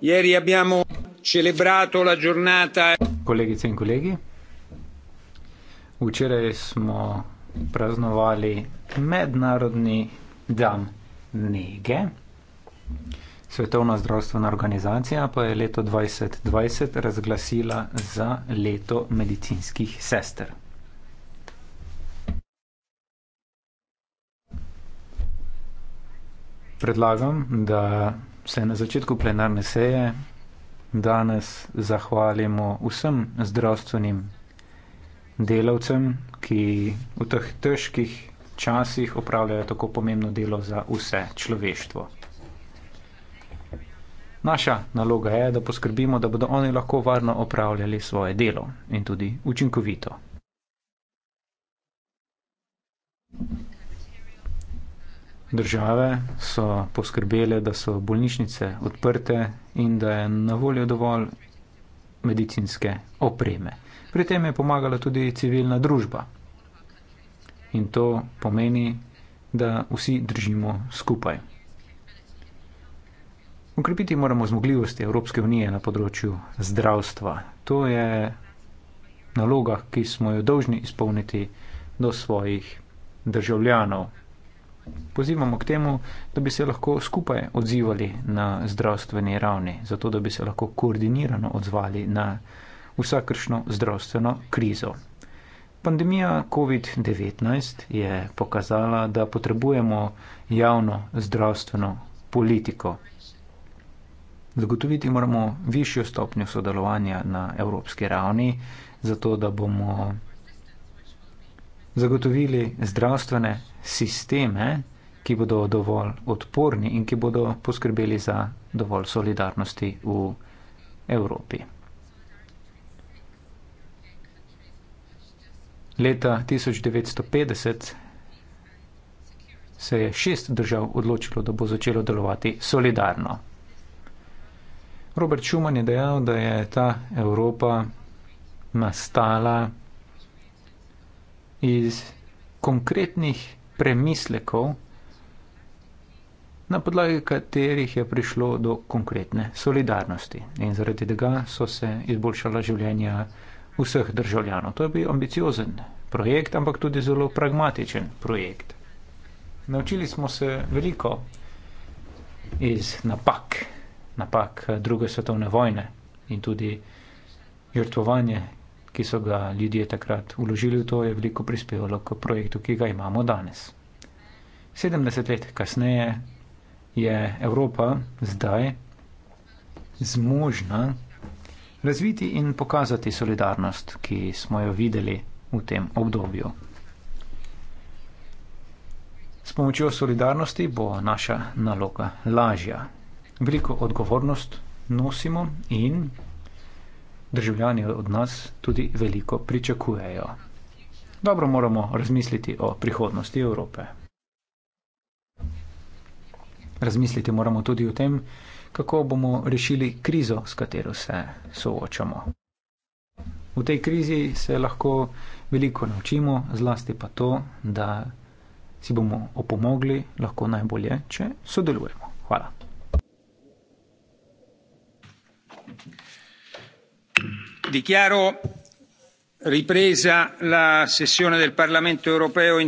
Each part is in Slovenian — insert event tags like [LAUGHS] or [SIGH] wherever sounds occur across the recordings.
Ieri abbiamo celebrato la giornata. Kolegice in kolegi, včeraj smo praznovali Mednarodni dan nege. Svetovna zdravstvena organizacija pa je leto 2020 razglasila za leto medicinskih sester. Predlagam, da se na začetku plenarne seje danes zahvalimo vsem zdravstvenim delavcem, ki v teh težkih časih opravljajo tako pomembno delo za vse človeštvo. Naša naloga je, da poskrbimo, da bodo oni lahko varno opravljali svoje delo in tudi učinkovito. Thank you države so poskrbele, da so bolnišnice odprte in da je na voljo dovolj medicinske opreme. Pri tem je pomagala tudi civilna družba. In to pomeni, da vsi držimo skupaj. Ukrepiti moramo zmogljivosti Evropske unije na področju zdravstva. To je naloga, ki smo jo dolžni izpolniti do svojih državljanov pozivamo k temu, da bi se lahko skupaj odzivali na zdravstveni ravni, zato da bi se lahko koordinirano odzvali na vsakršno zdravstveno krizo. Pandemija COVID-19 je pokazala, da potrebujemo javno zdravstveno politiko. Zagotoviti moramo višjo stopnjo sodelovanja na evropski ravni, zato da bomo zagotovili zdravstvene sisteme, ki bodo dovolj odporni in ki bodo poskrbeli za dovolj solidarnosti v Evropi. Leta 1950 se je šest držav odločilo, da bo začelo delovati solidarno. Robert Schuman je dejal, da je ta Evropa nastala iz konkretnih premislekov, na podlagi katerih je prišlo do konkretne solidarnosti. In zaradi tega so se izboljšala življenja vseh državljanov. To je bil ambiciozen projekt, ampak tudi zelo pragmatičen projekt. Naučili smo se veliko iz napak, napak druge svetovne vojne in tudi žrtvovanje ki so ga ljudje takrat vložili v to, je veliko prispevalo k projektu, ki ga imamo danes. 70 let kasneje je Evropa zdaj zmožna razviti in pokazati solidarnost, ki smo jo videli v tem obdobju. S pomočjo solidarnosti bo naša naloga lažja. Veliko odgovornost nosimo in državljani od nas tudi veliko pričakujejo. Dobro moramo razmisliti o prihodnosti Evrope. Razmisliti moramo tudi o tem, kako bomo rešili krizo, s katero se soočamo. V tej krizi se lahko veliko naučimo, zlasti pa to, da si bomo opomogli lahko najbolje, če sodelujemo. Hvala. dichiaro ripresa la sessione del parlamento europeo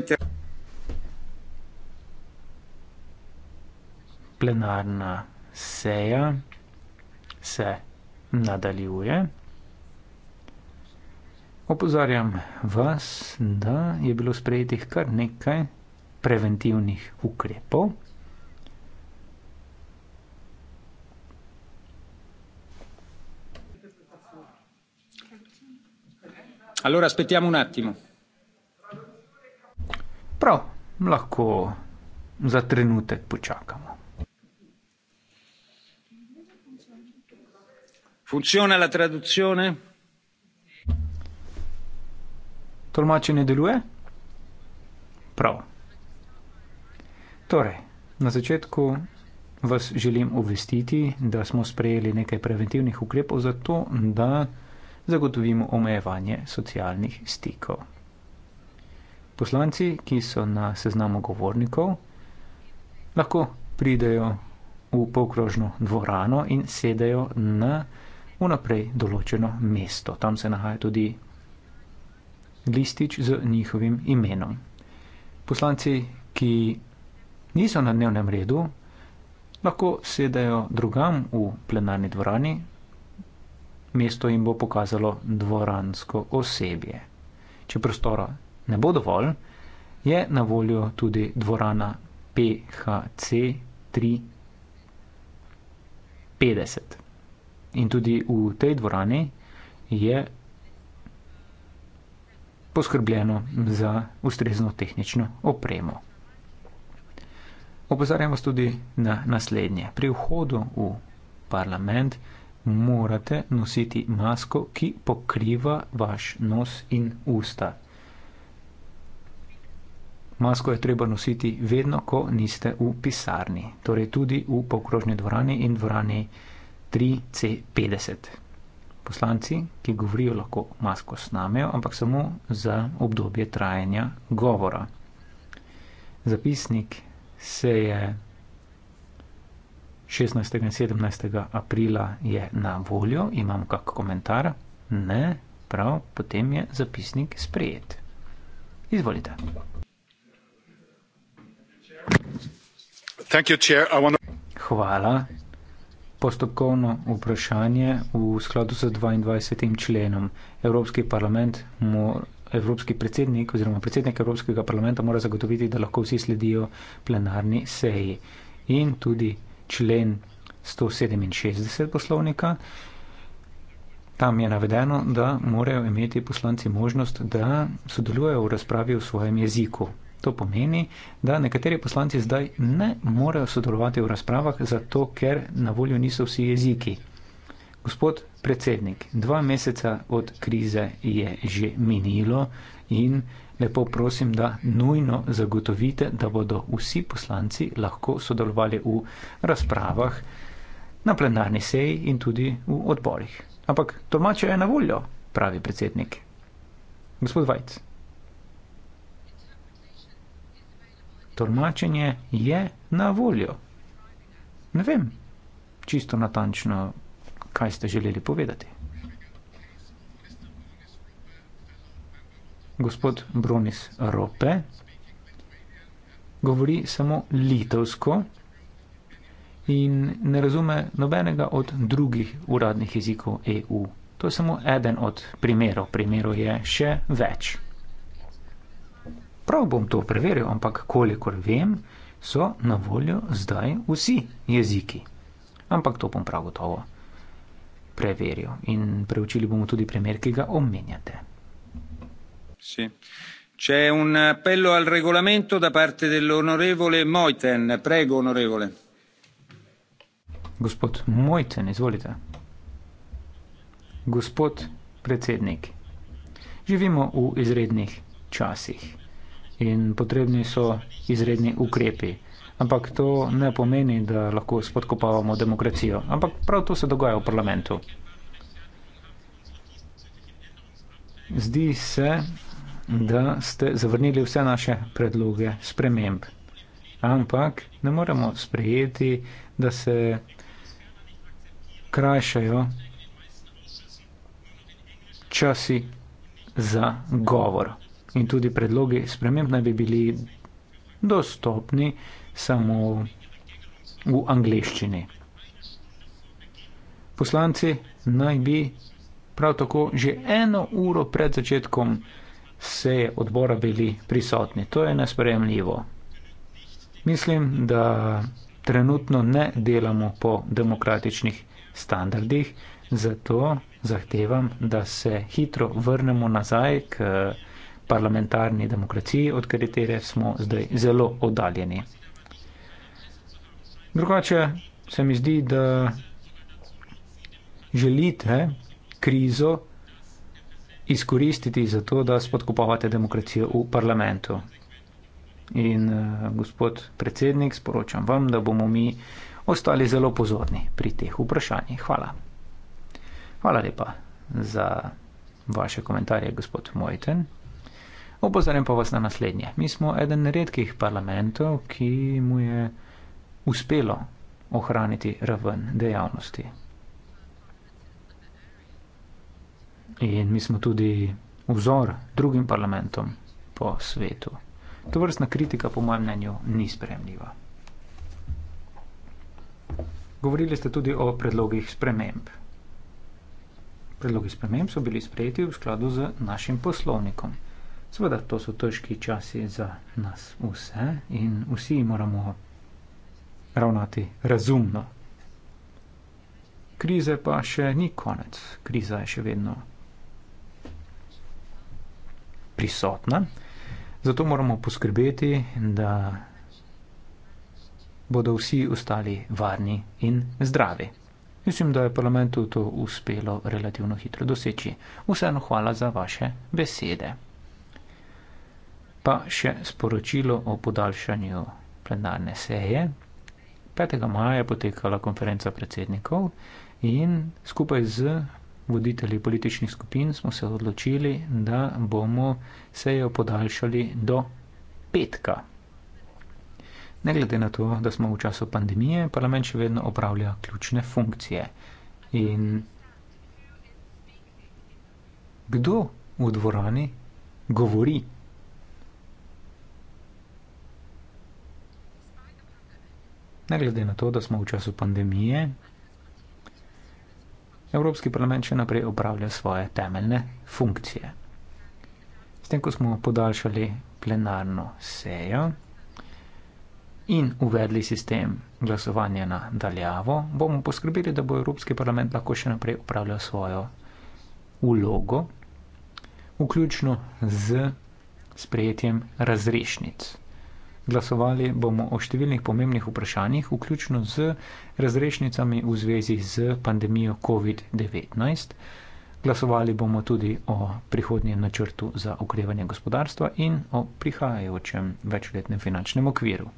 plenarna seja se nadaljuje opozarjam vas da je bilo sprejetih kar nekaj preventivnih ukrepov Allora aspettiamo un attimo. Però lahko za trenutek počakamo. Funziona la traduzione? Tolmačenje deluje? Prav. Torej, na začetku vas želim obvestiti, da smo sprejeli nekaj preventivnih ukrepov za to, da zagotovimo omejevanje socialnih stikov. Poslanci, ki so na seznamu govornikov, lahko pridejo v polkrožno dvorano in sedejo na unaprej določeno mesto. Tam se nahaja tudi listič z njihovim imenom. Poslanci, ki niso na dnevnem redu, lahko sedejo drugam v plenarni dvorani, mesto jim bo pokazalo dvoransko osebje. Če prostora ne bo dovolj, je na voljo tudi dvorana PHC 350. In tudi v tej dvorani je poskrbljeno za ustrezno tehnično opremo. Opozarjam vas tudi na naslednje. Pri vhodu v parlament morate nositi masko, ki pokriva vaš nos in usta. Masko je treba nositi vedno, ko niste v pisarni, torej tudi v pokrožni dvorani in dvorani 3C50. Poslanci, ki govorijo, lahko masko snamejo, ampak samo za obdobje trajanja govora. Zapisnik se je 16. in 17. aprila je na voljo, imam kak komentar? Ne, prav, potem je zapisnik sprejet. Izvolite. Hvala. Postopkovno vprašanje v skladu z 22. členom. Evropski parlament, evropski predsednik oziroma predsednik Evropskega parlamenta mora zagotoviti, da lahko vsi sledijo plenarni seji. In tudi člen 167 poslovnika. Tam je navedeno, da morajo imeti poslanci možnost, da sodelujejo v razpravi v svojem jeziku. To pomeni, da nekateri poslanci zdaj ne morejo sodelovati v razpravah, zato ker na voljo niso vsi jeziki. Gospod predsednik, dva meseca od krize je že minilo in lepo prosim, da nujno zagotovite, da bodo vsi poslanci lahko sodelovali v razpravah na plenarni seji in tudi v odborih. Ampak tolmače je na voljo, pravi predsednik. Gospod Vajc. Tolmačenje je na voljo. Ne vem čisto natančno, kaj ste želeli povedati. gospod Bronis Rope, govori samo litovsko in ne razume nobenega od drugih uradnih jezikov EU. To je samo eden od primerov, primerov je še več. Prav bom to preveril, ampak kolikor vem, so na voljo zdaj vsi jeziki. Ampak to bom prav gotovo preveril in preučili bomo tudi primer, ki ga omenjate c'è un appello al regolamento da parte dell'onorevole moiten prego onorevole gospod moiten izvolite gospod predsednik živimo v izrednih časih in potrebni so izredni ukrepi ampak to ne pomeni da lahko spodkopavamo demokracijo ampak prav to se dogaja v parlamentu Zdi se, da ste zavrnili vse naše predloge sprememb. Ampak ne moremo sprejeti, da se krajšajo časi za govor. In tudi predlogi sprememb naj bi bili dostopni samo v angleščini. Poslanci naj bi prav tako že eno uro pred začetkom seje odbora bili prisotni. To je nesprejemljivo. Mislim, da trenutno ne delamo po demokratičnih standardih, zato zahtevam, da se hitro vrnemo nazaj k eh, parlamentarni demokraciji, od katere smo zdaj zelo oddaljeni. Drugače se mi zdi, da želite krizo izkoristiti za to, da spodkopavate demokracijo v parlamentu. In eh, gospod predsednik, sporočam vam, da bomo mi ostali zelo pozorni pri teh vprašanjih. Hvala. Hvala lepa za vaše komentarje, gospod Mojten. Opozorim pa vas na naslednje. Mi smo eden redkih parlamentov, ki mu je uspelo ohraniti raven dejavnosti. in mi smo tudi vzor drugim parlamentom po svetu. To vrstna kritika, po mojem mnenju, ni spremljiva. Govorili ste tudi o predlogih sprememb. Predlogi sprememb so bili sprejeti v skladu z našim poslovnikom. Seveda, to so težki časi za nas vse in vsi moramo ravnati razumno. Krize pa še ni konec, kriza je še vedno prisotna. Zato moramo poskrbeti, da bodo vsi ostali varni in zdravi. Mislim, da je parlamentu to uspelo relativno hitro doseči. Vseeno hvala za vaše besede. Pa še sporočilo o podaljšanju plenarne seje. 5. maja je potekala konferenca predsednikov in skupaj z voditelji političnih skupin smo se odločili, da bomo sejo podaljšali do petka. Ne glede na to, da smo v času pandemije, parlament še vedno opravlja ključne funkcije. In kdo v dvorani govori? Ne glede na to, da smo v času pandemije, Evropski parlament še naprej opravlja svoje temeljne funkcije. S tem, ko smo podaljšali plenarno sejo in uvedli sistem glasovanja na daljavo, bomo poskrbeli, da bo Evropski parlament lahko še naprej upravljal svojo ulogo, vključno z sprejetjem razrešnic glasovali bomo o številnih pomembnih vprašanjih, vključno z razrešnicami v zvezi z pandemijo COVID-19. Glasovali bomo tudi o prihodnjem načrtu za okrevanje gospodarstva in o prihajajočem večletnem finančnem okviru.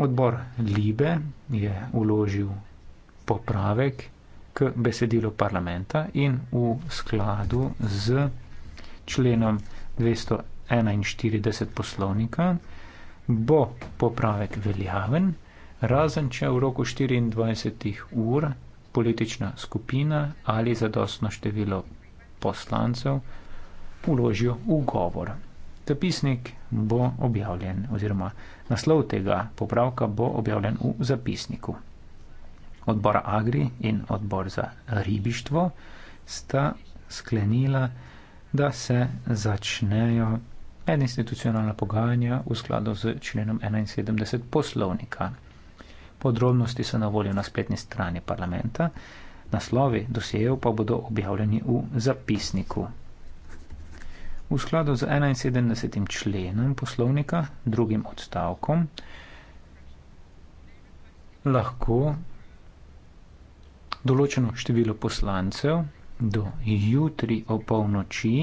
Odbor Libe je uložil popravek k besedilu parlamenta in v skladu z členom 201. 41 poslovnika, bo popravek veljaven, razen če v roku 24 ur politična skupina ali zadostno število poslancev uložijo ugovor. Zapisnik bo objavljen oziroma naslov tega popravka bo objavljen v zapisniku. Odbor Agri in odbor za ribištvo sta sklenila, da se začnejo en institucionalna pogajanja v skladu z členom 71 poslovnika. Podrobnosti so na voljo na spletni strani parlamenta, naslovi dosejev pa bodo objavljeni v zapisniku. V skladu z 71. členom poslovnika, drugim odstavkom, lahko določeno število poslancev do jutri o polnoči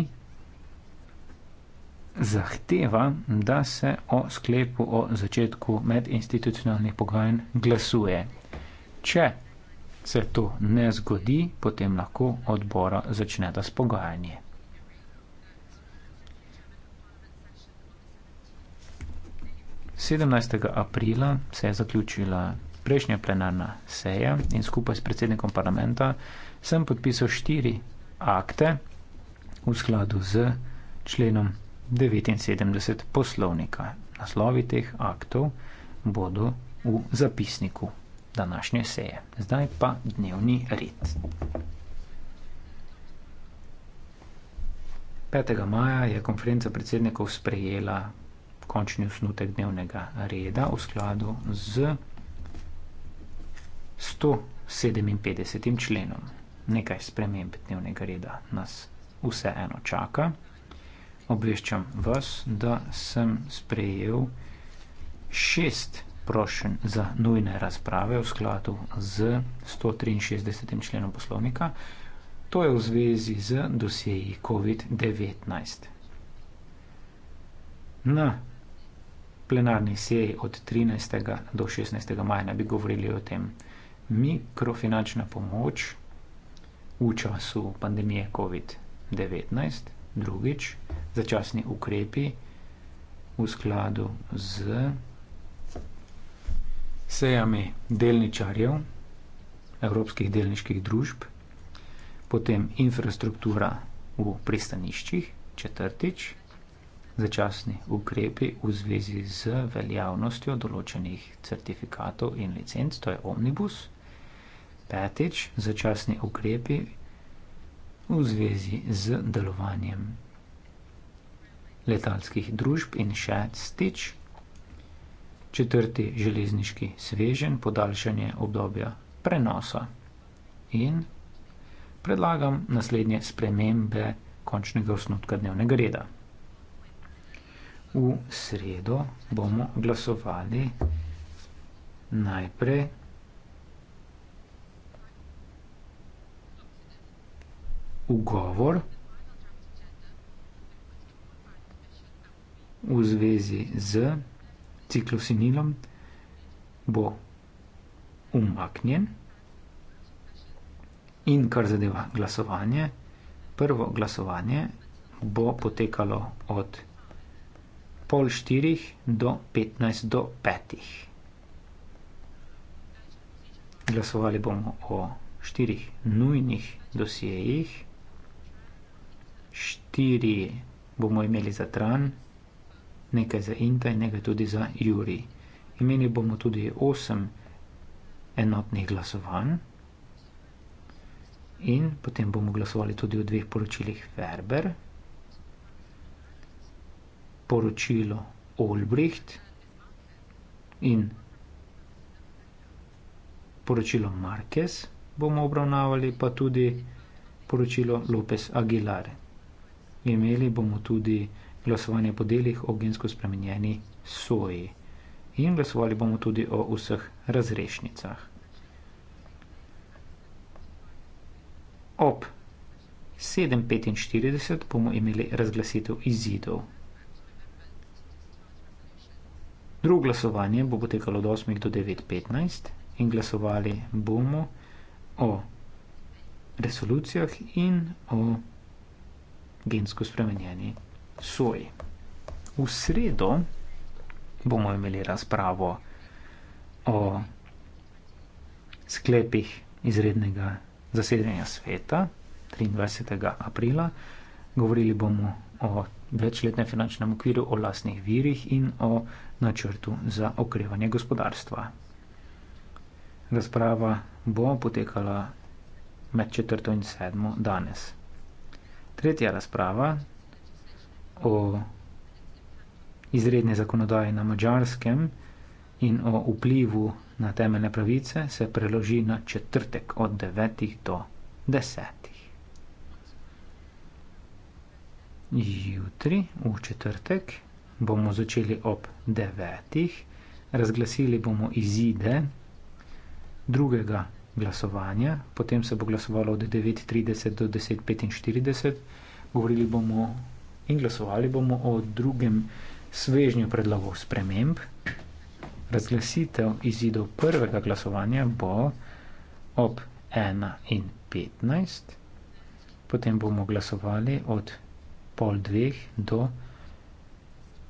zahteva, da se o sklepu o začetku medinstitucionalnih pogajanj glasuje. Če se to ne zgodi, potem lahko odbora začne da spogajanje. Sedemnajstega aprila se je zaključila prejšnja plenarna seja in skupaj s predsednikom parlamenta sem podpisal štiri akte v skladu z členom 79 poslovnika. Naslovi teh aktov bodo v zapisniku današnje seje. Zdaj pa dnevni red. 5. maja je konferenca predsednikov sprejela končni osnutek dnevnega reda v skladu z 157. členom. Nekaj sprememb dnevnega reda nas vseeno čaka obveščam vas, da sem sprejel šest prošen za nujne razprave v skladu z 163. členom poslovnika. To je v zvezi z dosjeji COVID-19. Na plenarni seji od 13. do 16. maja ne bi govorili o tem mikrofinančna pomoč v času pandemije COVID-19, drugič, začasni ukrepi v skladu z sejami delničarjev, evropskih delniških družb, potem infrastruktura v pristaniščih, četrtič, začasni ukrepi v zvezi z veljavnostjo določenih certifikatov in licenc, to je omnibus, petič, začasni ukrepi v zvezi z delovanjem letalskih družb in še stič. Četrti železniški svežen, podaljšanje obdobja prenosa. In predlagam naslednje spremembe končnega osnutka dnevnega reda. V sredo bomo glasovali najprej ugovor. v zvezi z ciklosinilom bo umaknjen. In kar zadeva glasovanje, prvo glasovanje bo potekalo od pol štirih do petnajst do petih. Glasovali bomo o štirih nujnih dosjejih, štiri bomo imeli za tran nekaj za Inta in nekaj tudi za Juri. Imeli bomo tudi 8 enotnih glasovanj in potem bomo glasovali tudi o dveh poročilih Ferber, poročilo Olbricht in poročilo Marquez bomo obravnavali, pa tudi poročilo Lopez Aguilar. Imeli bomo tudi glasovanje po delih o gensko spremenjeni soji. In glasovali bomo tudi o vseh razrešnicah. Ob 7.45 bomo imeli razglasitev izidov. Drugo glasovanje bo potekalo od 8. do 9.15 in glasovali bomo o resolucijah in o gensko spremenjeni soji soj. V sredo bomo imeli razpravo o sklepih izrednega zasedanja sveta 23. aprila. Govorili bomo o večletnem finančnem okviru, o lastnih virih in o načrtu za okrevanje gospodarstva. Razprava bo potekala med četrto in sedmo danes. Tretja razprava o izredni zakonodaji na mađarskem in o vplivu na temeljne pravice se preloži na četrtek od 9 do 10. Jutri, v četrtek, bomo začeli ob 9. Razglasili bomo izide drugega glasovanja, potem se bo glasovalo od 9.30 do 10.45. Govorili bomo in glasovali bomo o drugem svežnju predlogov sprememb. Razglasitev izidov prvega glasovanja bo ob 1 in 15, potem bomo glasovali od pol dveh do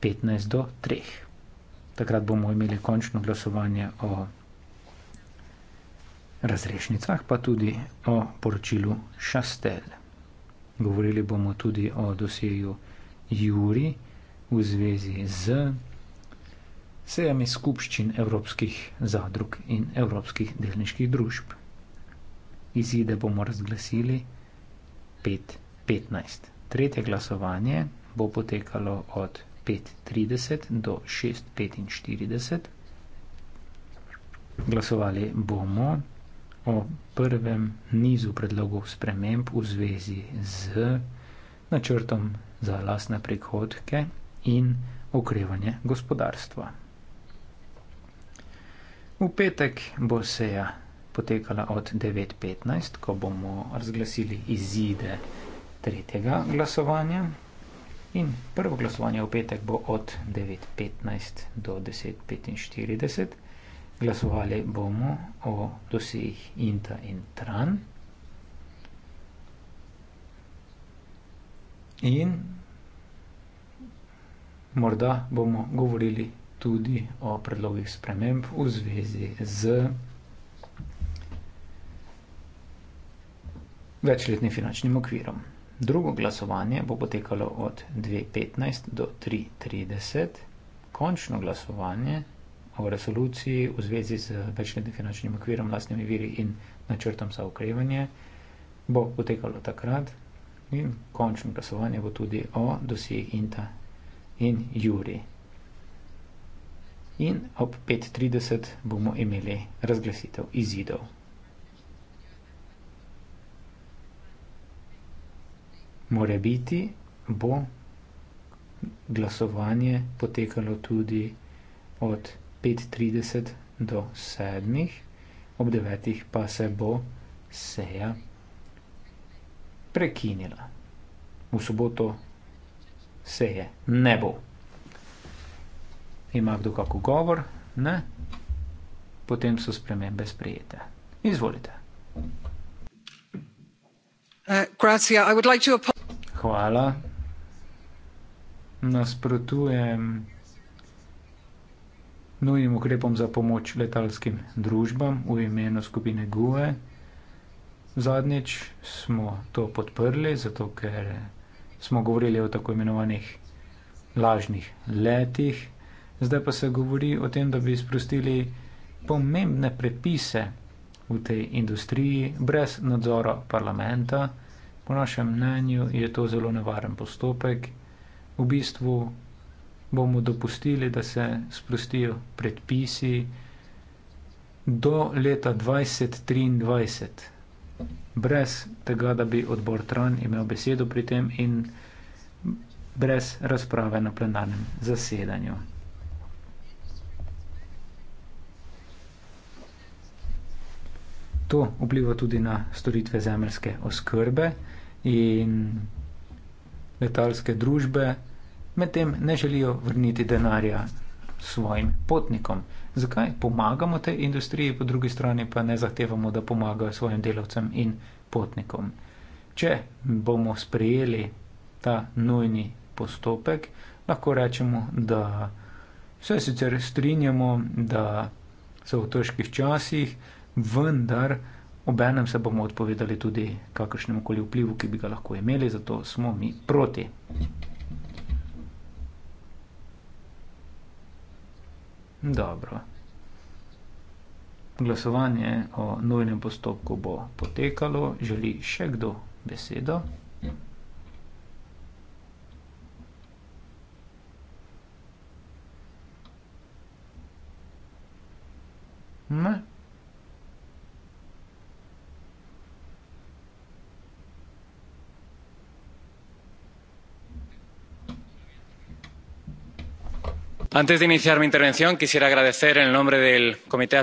15 do 3. Takrat bomo imeli končno glasovanje o razrešnicah, pa tudi o poročilu Šastel. Govorili bomo tudi o dosjeju Juri v zvezi z sejami skupščin evropskih zadrug in evropskih delniških družb. Izide bomo razglasili 5.15. Tretje glasovanje bo potekalo od 5.30 do 6.45. Glasovali bomo o prvem nizu predlogov sprememb v zvezi z načrtom za lastne prihodke in okrevanje gospodarstva. V petek bo seja potekala od 9.15, ko bomo razglasili izide tretjega glasovanja. In prvo glasovanje v petek bo od 9.15 do 10.45 glasovali bomo o dosejih INTA in TRAN in morda bomo govorili tudi o predlogih sprememb v zvezi z večletnim finančnim okvirom. Drugo glasovanje bo potekalo od 2.15 do 3.30. Končno glasovanje o resoluciji v zvezi z večletnim finančnim okvirom, lastnimi viri in načrtom za okrevanje, bo potekalo takrat in končno glasovanje bo tudi o dosih Inta in Juri. In ob 5.30 bomo imeli razglasitev izidov. Mora biti, bo glasovanje potekalo tudi od 5.30. 5.30 do 7. Ob 9. pa se bo seja prekinila. V soboto seje ne bo. Ima kdo kako govor? Ne? Potem so spremembe sprejete. Izvolite. Uh, Hvala. Nasprotujem nujnim ukrepom za pomoč letalskim družbam v imenu skupine GUE. Zadnjič smo to podprli, zato ker smo govorili o tako imenovanih lažnih letih. Zdaj pa se govori o tem, da bi sprostili pomembne prepise v tej industriji brez nadzora parlamenta. Po našem mnenju je to zelo nevaren postopek. V bistvu bomo dopustili, da se sprostijo predpisi do leta 2023, brez tega, da bi odbor Tran imel besedo pri tem in brez razprave na plenarnem zasedanju. To vpliva tudi na storitve zemljske oskrbe in letalske družbe, medtem ne želijo vrniti denarja svojim potnikom. Zakaj pomagamo tej industriji, po drugi strani pa ne zahtevamo, da pomagajo svojim delavcem in potnikom? Če bomo sprejeli ta nujni postopek, lahko rečemo, da se sicer strinjamo, da so v težkih časih, vendar obenem se bomo odpovedali tudi kakršnemu koli vplivu, ki bi ga lahko imeli, zato smo mi proti. Dobro. Glasovanje o nujnem postopku bo potekalo. Želi še kdo besedo? Ne. antes de iniciar mi intervención quisiera agradecer en nombre del comité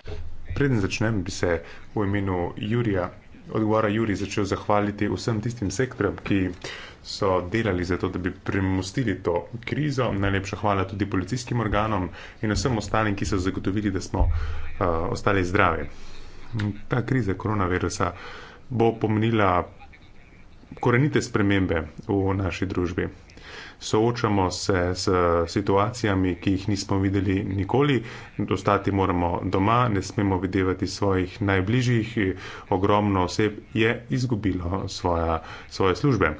Preden začnem, bi se v imenu Jurija, odgovora Juri, začel zahvaliti vsem tistim sektorjem, ki so delali za to, da bi premustili to krizo. Najlepša hvala tudi policijskim organom in vsem ostalim, ki so zagotovili, da smo uh, ostali zdravi. Ta kriza koronavirusa bo pomenila korenite spremembe v naši družbi soočamo se s situacijami, ki jih nismo videli nikoli, ostati moramo doma, ne smemo videti svojih najbližjih, ogromno oseb je izgubilo svoja, svoje službe.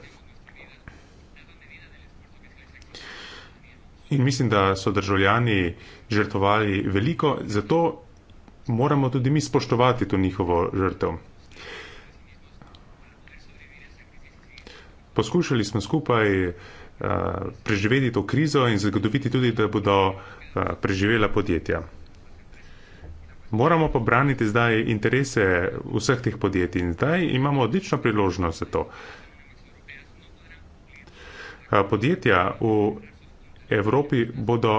In mislim, da so državljani žrtovali veliko, zato moramo tudi mi spoštovati to njihovo žrtev. Poskušali smo skupaj uh, Eh, preživeti to krizo in zagotoviti tudi, da bodo eh, preživela podjetja. Moramo pa braniti zdaj interese vseh teh podjetij in zdaj imamo odlično priložnost za to. Eh, podjetja v Evropi bodo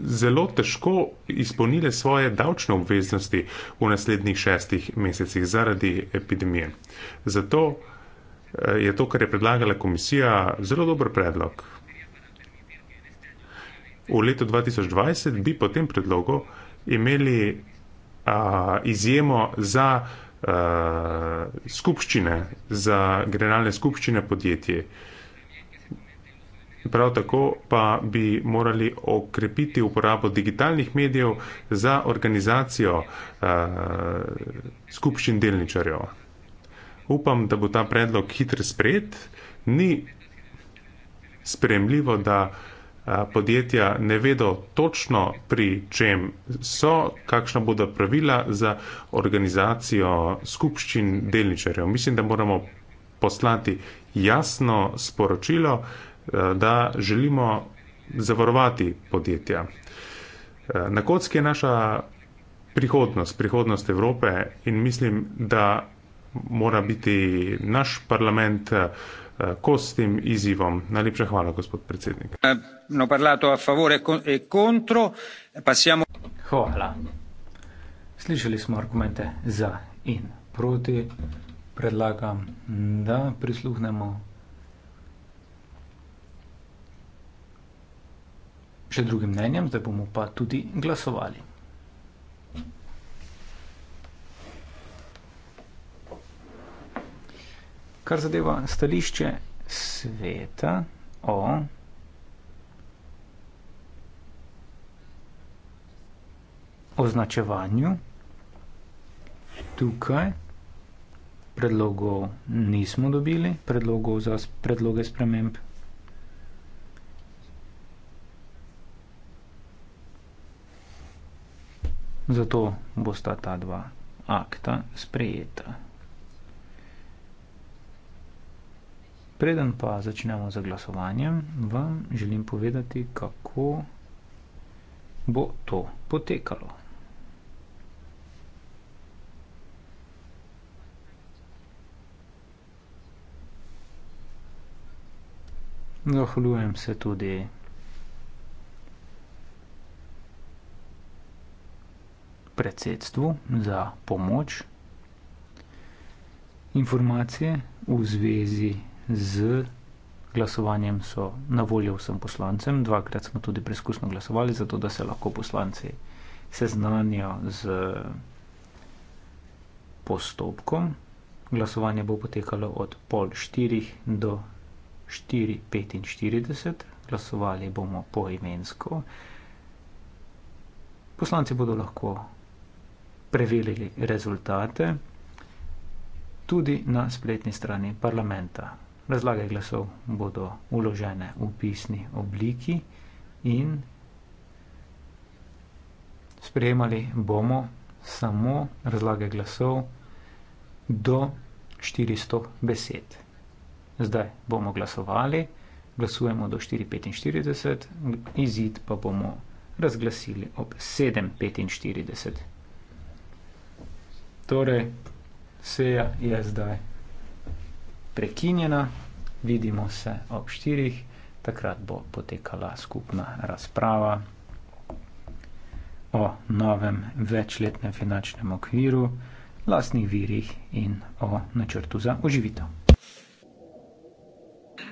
zelo težko izpolnile svoje davčne obveznosti v naslednjih šestih mesecih zaradi epidemije. Zato Eh, je to, kar je predlagala komisija, zelo dober predlog. V letu 2020 bi po tem predlogu imeli a, izjemo za a, skupščine, za generalne skupščine podjetje. Prav tako pa bi morali okrepiti uporabo digitalnih medijev za organizacijo a, skupščin delničarjev upam, da bo ta predlog hitro sprejet. Ni spremljivo, da podjetja ne vedo točno pri čem so, kakšna bodo pravila za organizacijo skupščin delničarjev. Mislim, da moramo poslati jasno sporočilo, da želimo zavarovati podjetja. Na kocki je naša prihodnost, prihodnost Evrope in mislim, da mora biti naš parlament eh, kos tem izzivom. Najlepša hvala, gospod predsednik. Eh, no, e e hvala. Slišali smo argumente za in proti. Predlagam, da prisluhnemo še drugim mnenjem, zdaj bomo pa tudi glasovali. kar zadeva stališče sveta o označevanju. Tukaj predlogov nismo dobili, predlogov za predloge sprememb. Zato bosta ta dva akta sprejeta. Preden pa začnemo z glasovanjem, vam želim povedati, kako bo to potekalo. Zahvaljujem se tudi predsedstvu za pomoč informacije v zvezi s z glasovanjem so na voljo vsem poslancem. Dvakrat smo tudi preizkusno glasovali, zato da se lahko poslanci seznanijo z postopkom. Glasovanje bo potekalo od pol štirih do 4.45. Glasovali bomo poimensko. Poslanci bodo lahko preverili rezultate tudi na spletni strani parlamenta. Razlage glasov bodo uložene v pisni obliki in sprejemali bomo samo razlage glasov do 400 besed. Zdaj bomo glasovali, glasujemo do 445, izid pa bomo razglasili ob 745. Torej, seja je zdaj prekinjena. Vidimo se ob štirih, takrat bo potekala skupna razprava o novem večletnem finančnem okviru, lastnih virih in o načrtu za oživitev.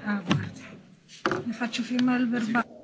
Ah, guarda. Ne faccio firmare il verbale.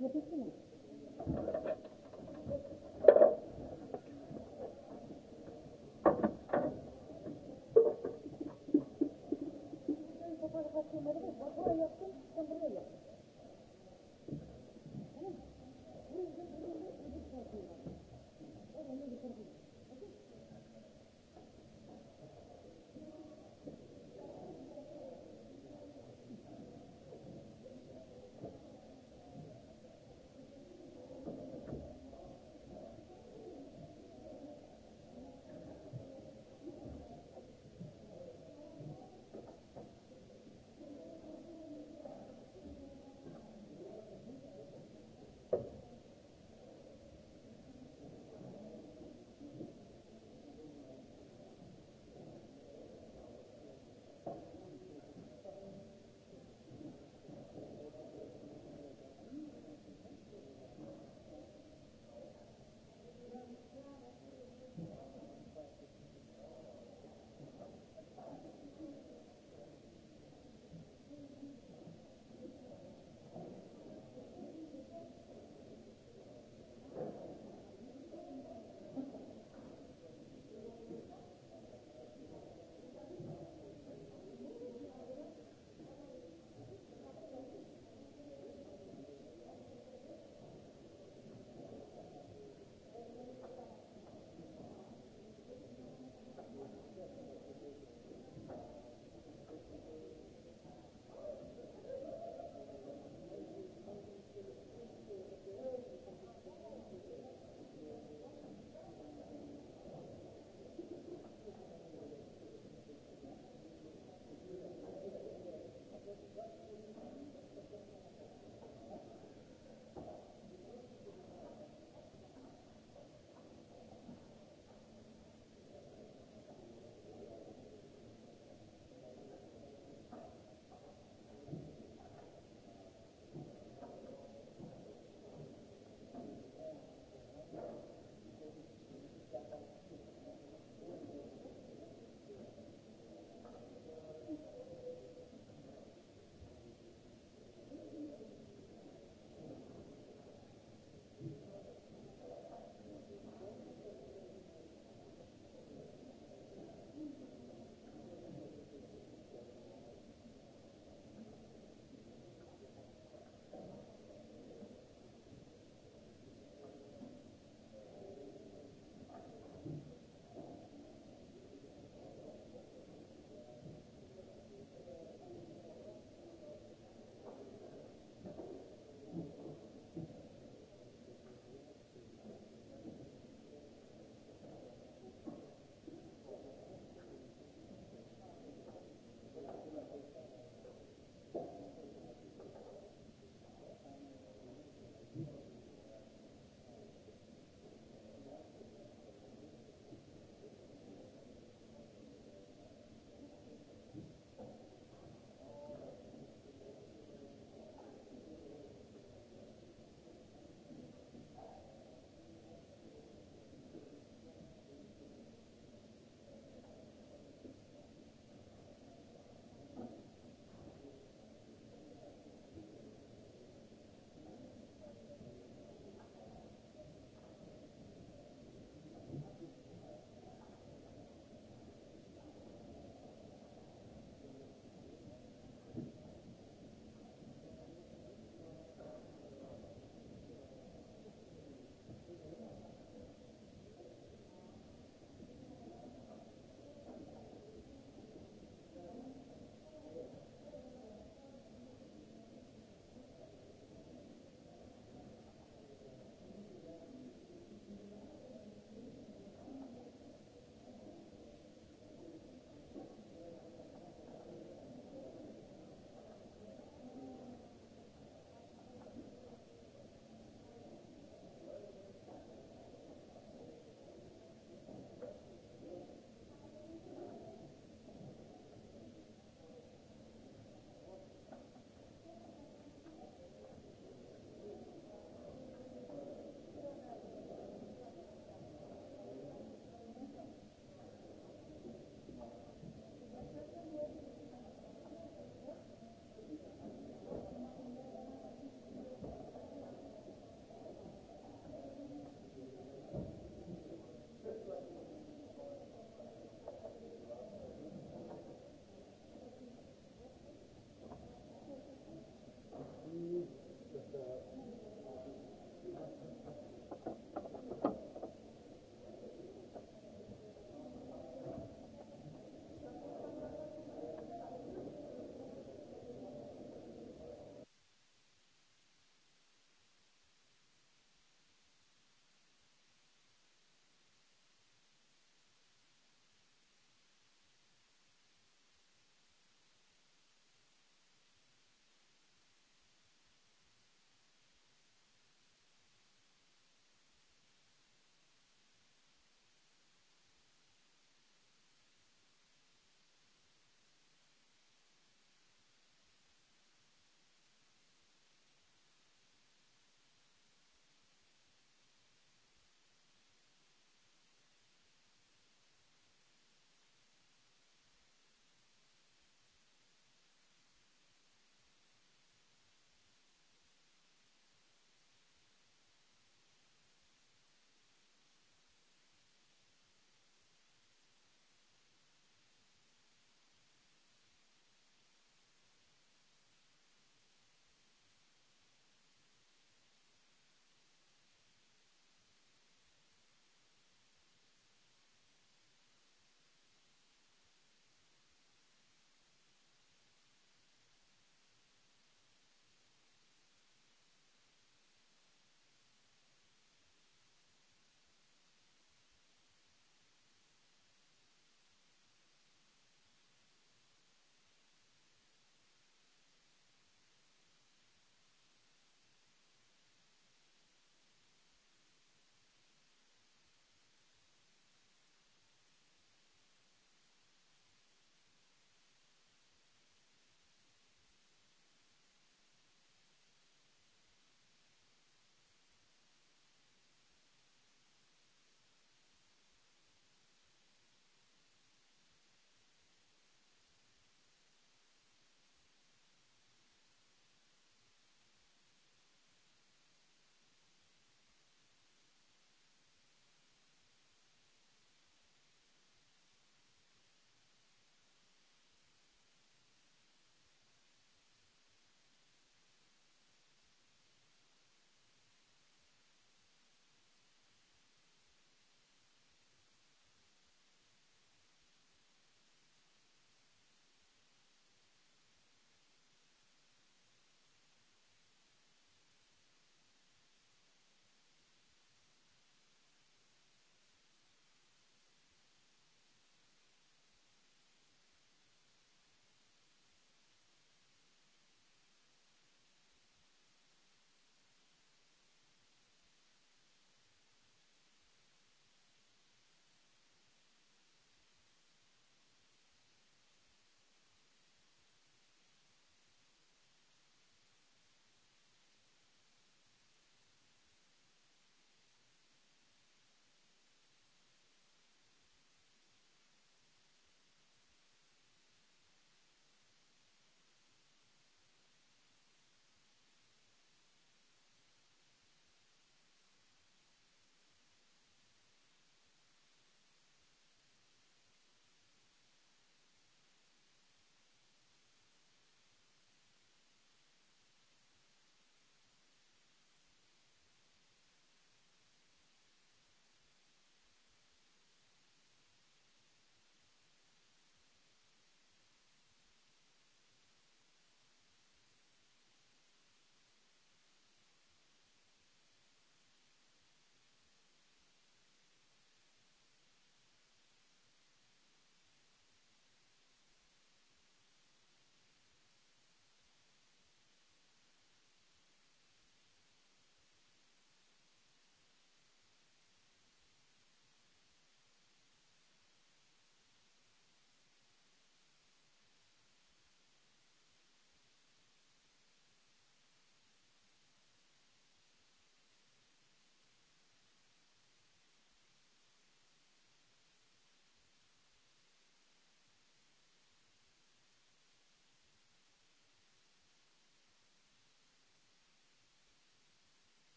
Я почему?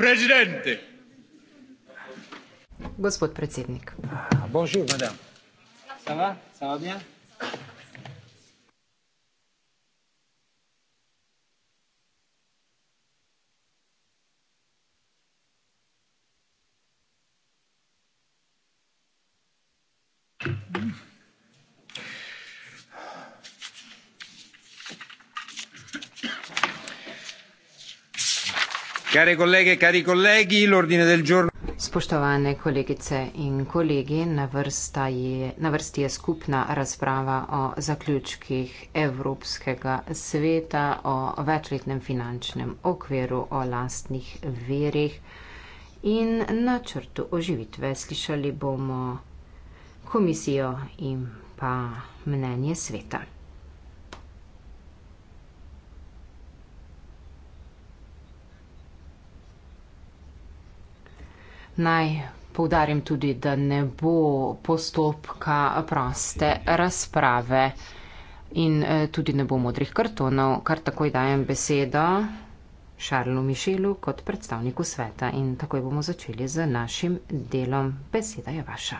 Presidente. Gospod predsednik. Bonjour, madame. Ça va? Ça va bien? Kare kolege, kari kolegi, l'ordine del giorno. Spoštovane kolegice in kolegi, na, je, na vrsti je skupna razprava o zaključkih Evropskega sveta, o večletnem finančnem okviru, o lastnih verjih in načrtu oživitve. Slišali bomo komisijo in pa mnenje sveta. Naj poudarim tudi, da ne bo postopka proste razprave in e, tudi ne bo modrih kartonov. Kar takoj dajem besedo Šarlu Mišelu kot predstavniku sveta in takoj bomo začeli z našim delom. Beseda je vaša.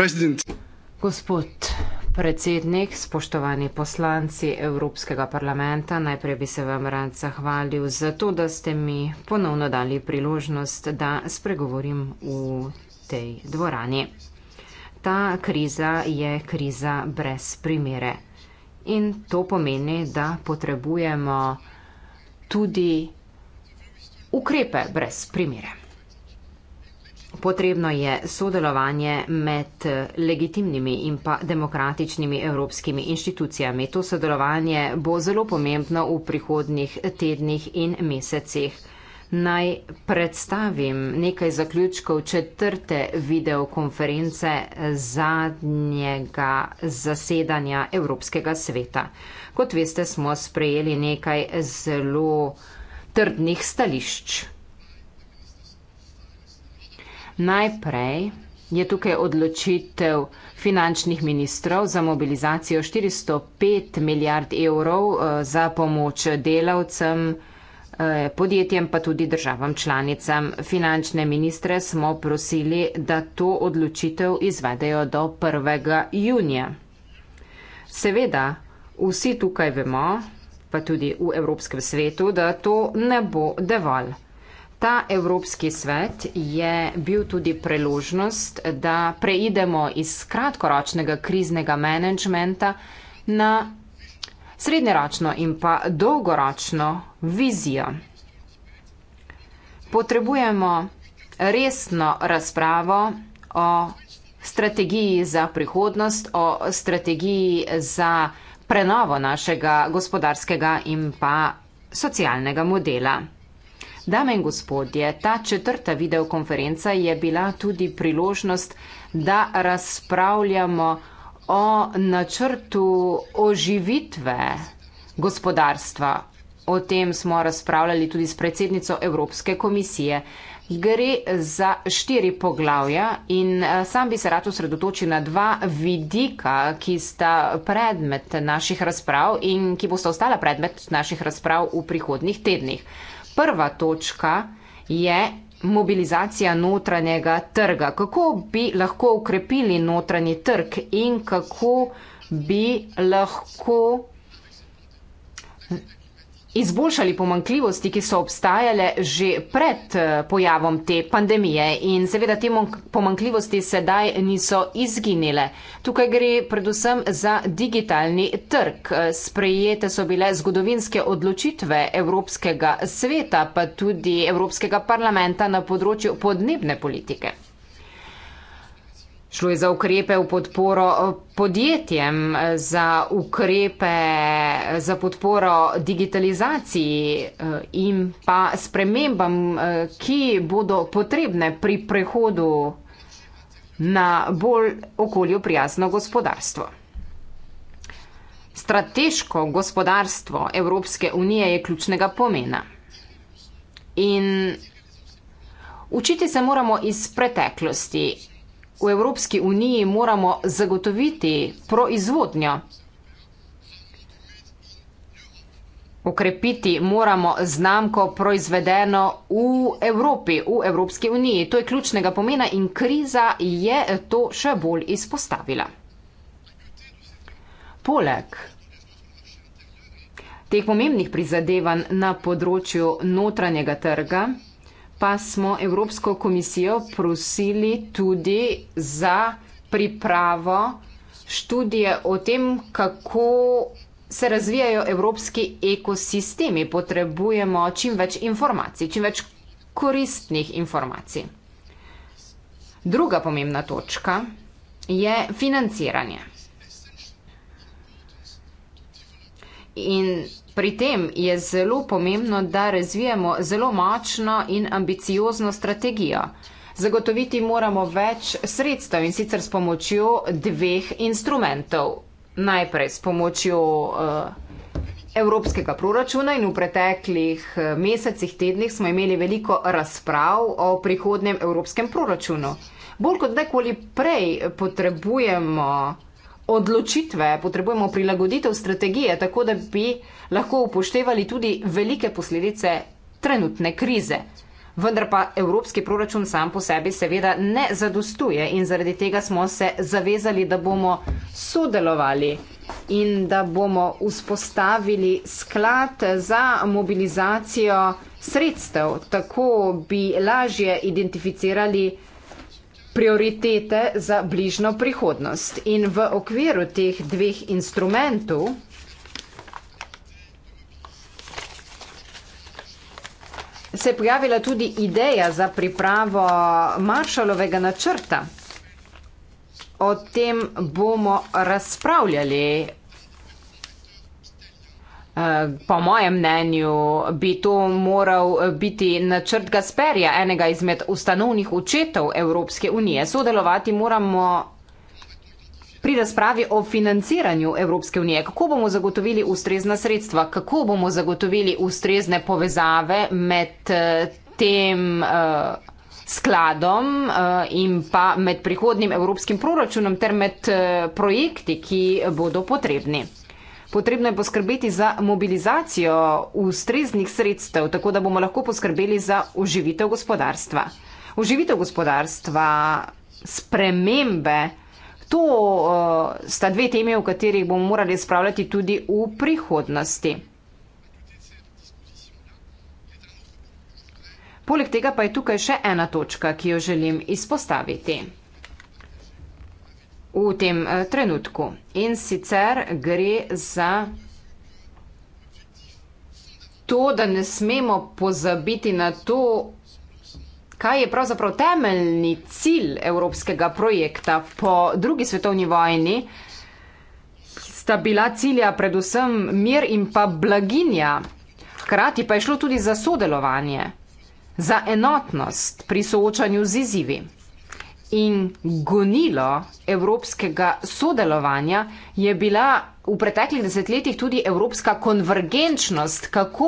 President. Gospod predsednik, spoštovani poslanci Evropskega parlamenta, najprej bi se vam rad zahvalil za to, da ste mi ponovno dali priložnost, da spregovorim v tej dvorani. Ta kriza je kriza brez primere in to pomeni, da potrebujemo tudi ukrepe brez primere. Potrebno je sodelovanje med legitimnimi in pa demokratičnimi evropskimi inštitucijami. To sodelovanje bo zelo pomembno v prihodnih tednih in mesecih. Naj predstavim nekaj zaključkov četrte videokonference zadnjega zasedanja Evropskega sveta. Kot veste, smo sprejeli nekaj zelo trdnih stališč. Najprej je tukaj odločitev finančnih ministrov za mobilizacijo 405 milijard evrov eh, za pomoč delavcem, eh, podjetjem pa tudi državam članicam. Finančne ministre smo prosili, da to odločitev izvedejo do 1. junija. Seveda, vsi tukaj vemo, pa tudi v Evropskem svetu, da to ne bo dovolj. Ta Evropski svet je bil tudi priložnost, da preidemo iz kratkoročnega kriznega menedžmenta na srednjeročno in pa dolgoročno vizijo. Potrebujemo resno razpravo o strategiji za prihodnost, o strategiji za prenovo našega gospodarskega in pa socialnega modela. Dame in gospodje, ta četrta videokonferenca je bila tudi priložnost, da razpravljamo o načrtu oživitve gospodarstva. O tem smo razpravljali tudi s predsednico Evropske komisije. Gre za štiri poglavja in eh, sam bi se rad osredotočil na dva vidika, ki sta predmet naših razprav in ki bosta ostala predmet naših razprav v prihodnih tednih prva točka je mobilizacija notranjega trga. Kako bi lahko ukrepili notranji trg in kako bi lahko izboljšali pomankljivosti, ki so obstajale že pred eh, pojavom te pandemije in seveda te pomankljivosti sedaj niso izginile. Tukaj gre predvsem za digitalni trg. Eh, sprejete so bile zgodovinske odločitve Evropskega sveta, pa tudi Evropskega parlamenta na področju podnebne politike. Šlo je za ukrepe v podporo eh, podjetjem, eh, za ukrepe eh, za podporo digitalizaciji in pa spremembam, ki bodo potrebne pri prehodu na bolj okolju prijazno gospodarstvo. Strateško gospodarstvo Evropske unije je ključnega pomena. In učiti se moramo iz preteklosti v Evropski uniji moramo zagotoviti proizvodnjo. Okrepiti moramo znamko proizvedeno v Evropi, v Evropski uniji. To je ključnega pomena in kriza je to še bolj izpostavila. Poleg teh pomembnih prizadevanj na področju notranjega trga, pa smo Evropsko komisijo prosili tudi za pripravo študije o tem, kako se razvijajo evropski ekosistemi. Potrebujemo čim več informacij, čim več koristnih informacij. Druga pomembna točka je financiranje. In Pri tem je zelo pomembno, da razvijemo zelo močno in ambiciozno strategijo. Zagotoviti moramo več sredstev in sicer s pomočjo dveh instrumentov. Najprej s pomočjo uh, evropskega proračuna in v preteklih eh, mesecih, tednih smo imeli veliko razprav o prihodnem evropskem proračunu. Bolj kot nekoli prej potrebujemo odločitve, potrebujemo prilagoditev strategije, tako da bi lahko upoštevali tudi velike posledice trenutne krize. Vendar pa evropski proračun sam po sebi seveda ne zadostuje in zaradi tega smo se zavezali, da bomo sodelovali in da bomo vzpostavili sklad za mobilizacijo sredstev, tako bi lažje identificirali prioritete za bližno prihodnost. In v okviru teh dveh instrumentov se je pojavila tudi ideja za pripravo maršalovega načrta. O tem bomo razpravljali Eh, po mojem mnenju, bi to moral biti načrt Gasperja, enega izmed ustanovnih očetov Evropske unije. Sodelovati moramo pri razpravi o financiranju Evropske unije. Kako bomo zagotovili ustrezna sredstva, kako bomo zagotovili ustrezne povezave med eh, tem eh, skladom in pa med prihodnim evropskim proračunom ter med projekti, ki bodo potrebni. Potrebno je poskrbeti za mobilizacijo ustreznih sredstev, tako da bomo lahko poskrbeli za oživitev gospodarstva. Oživitev gospodarstva, spremembe, to uh, sta dve teme, o katerih bomo morali spravljati tudi v prihodnosti. Poleg tega pa je tukaj še ena točka, ki jo želim izpostaviti v tem eh, trenutku. In sicer gre za to, da ne smemo pozabiti na to, kaj je pravzaprav temeljni cilj evropskega projekta po drugi svetovni vojni. Sta bila cilja predvsem mir in pa blaginja. Hkrati pa je šlo tudi za sodelovanje, za enotnost pri soočanju z izzivi in gonilo evropskega sodelovanja je bila v preteklih desetletjih tudi evropska konvergenčnost, kako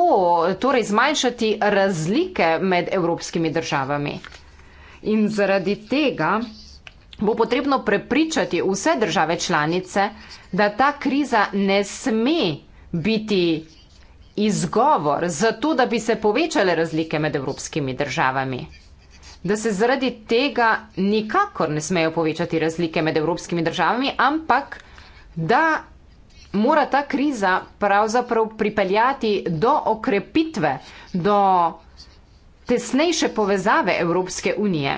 torej zmanjšati razlike med evropskimi državami. In zaradi tega bo potrebno prepričati vse države članice, da ta kriza ne sme biti izgovor za to, da bi se povečale razlike med evropskimi državami da se zaradi tega nikakor ne smejo povečati razlike med evropskimi državami, ampak da mora ta kriza pravzaprav pripeljati do okrepitve, do tesnejše povezave Evropske unije.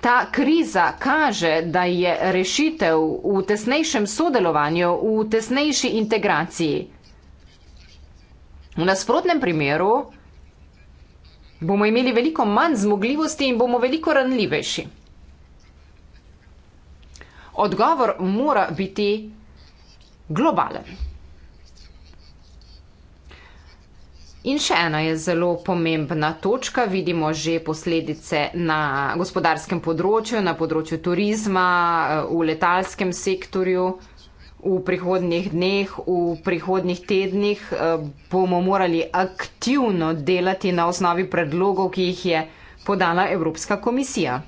Ta kriza kaže, da je rešitev v tesnejšem sodelovanju, v tesnejši integraciji. V nasprotnem primeru, bomo imeli veliko manj zmogljivosti in bomo veliko ranljivejši. Odgovor mora biti globalen. In še ena je zelo pomembna točka. Vidimo že posledice na gospodarskem področju, na področju turizma, v letalskem sektorju v prihodnih dneh, v prihodnih tednih eh, bomo morali aktivno delati na osnovi predlogov, ki jih je podala Evropska komisija.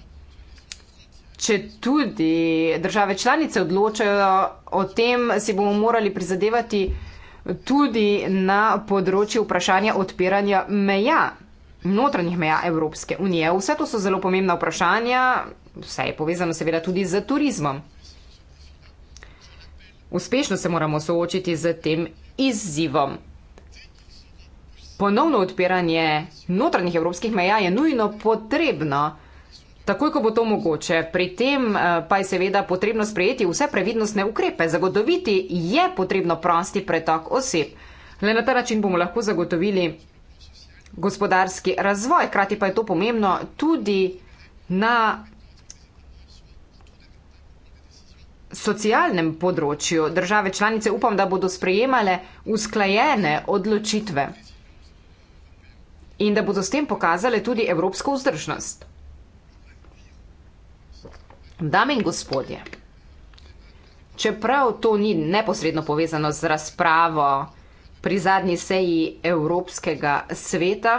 Če tudi države članice odločajo o tem, si bomo morali prizadevati tudi na področju vprašanja odpiranja meja, notranjih meja Evropske unije. Vse to so zelo pomembna vprašanja, vse je povezano seveda tudi z turizmom. Uspešno se moramo soočiti z tem izzivom. Ponovno odpiranje notranjih evropskih meja je nujno potrebno, takoj ko bo to mogoče. Pri tem eh, pa je seveda potrebno sprejeti vse previdnostne ukrepe. Zagotoviti je potrebno prosti pretok oseb. Le na ta način bomo lahko zagotovili gospodarski razvoj. Hkrati pa je to pomembno tudi na socialnem področju države članice upam, da bodo sprejemale usklajene odločitve in da bodo s tem pokazale tudi evropsko vzdržnost. Dame in gospodje, čeprav to ni neposredno povezano z razpravo pri zadnji seji Evropskega sveta,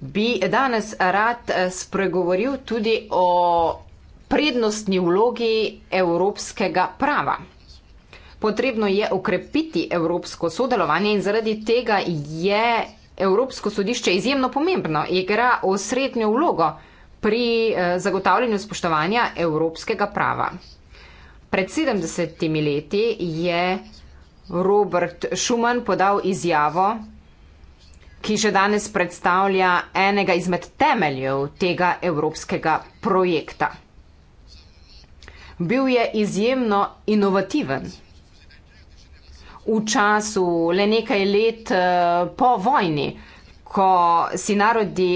bi danes rad spregovoril tudi o prednostni vlogi evropskega prava. Potrebno je ukrepiti evropsko sodelovanje in zaradi tega je Evropsko sodišče izjemno pomembno, igra osrednjo vlogo pri eh, zagotavljanju spoštovanja evropskega prava. Pred 70 leti je Robert Schuman podal izjavo, ki še danes predstavlja enega izmed temeljev tega evropskega projekta. Bil je izjemno inovativen. V času le nekaj let eh, po vojni, ko si narodi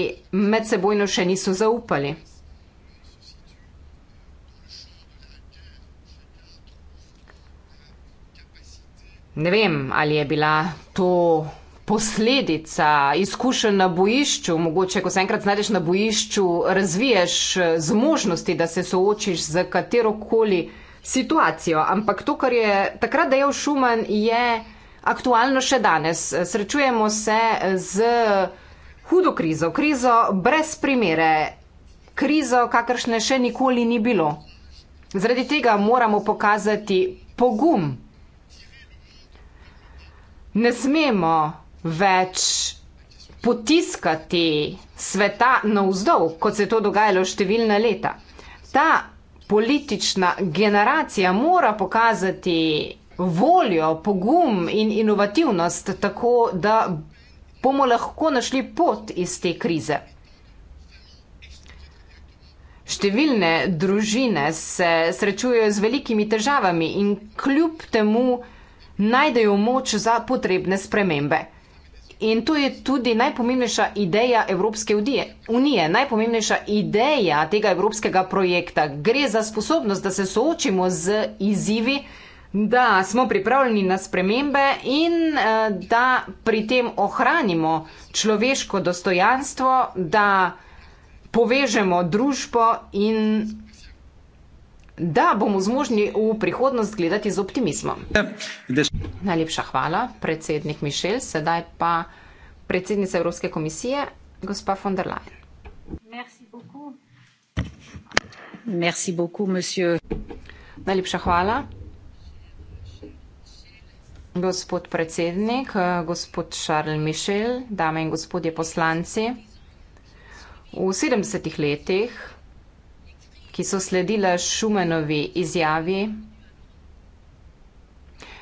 med sebojno še niso zaupali. Ne vem, ali je bila to posledica izkušenj na bojišču. Mogoče, ko se enkrat znaš na bojišču, razviješ eh, zmožnosti, da se soočiš z katero koli situacijo. Ampak to, kar je takrat dejal Šuman, je aktualno še danes. Srečujemo se eh, z hudo krizo, krizo brez primere, krizo, kakršne še nikoli ni bilo. Zaradi tega moramo pokazati pogum. Ne smemo več potiskati sveta navzdol, kot se je to dogajalo številna leta. Ta politična generacija mora pokazati voljo, pogum in inovativnost, tako da bomo lahko našli pot iz te krize. Številne družine se srečujejo z velikimi težavami in kljub temu najdejo moč za potrebne spremembe. In to je tudi najpomembnejša ideja Evropske unije, najpomembnejša ideja tega evropskega projekta. Gre za sposobnost, da se soočimo z izzivi, da smo pripravljeni na spremembe in eh, da pri tem ohranimo človeško dostojanstvo, da povežemo družbo in da bomo zmožni v prihodnost gledati z optimizmom. Najlepša hvala, predsednik Mišel, sedaj pa predsednica Evropske komisije, gospa von der Leyen. Merci beaucoup. Merci beaucoup, Najlepša hvala. Gospod predsednik, gospod Charles Michel, dame in gospodje poslanci, v 70 letih ki so sledila Šumenovi izjavi,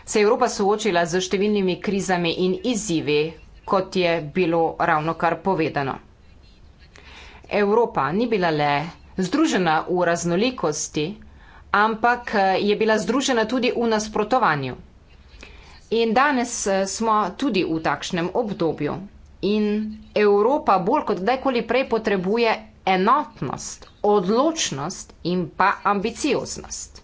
se je Evropa soočila z številnimi krizami in izzivi, kot je bilo ravno kar povedano. Evropa ni bila le združena v raznolikosti, ampak je bila združena tudi v nasprotovanju. In danes smo tudi v takšnem obdobju. In Evropa bolj kot kdajkoli prej potrebuje enotnost, odločnost in pa ambicioznost.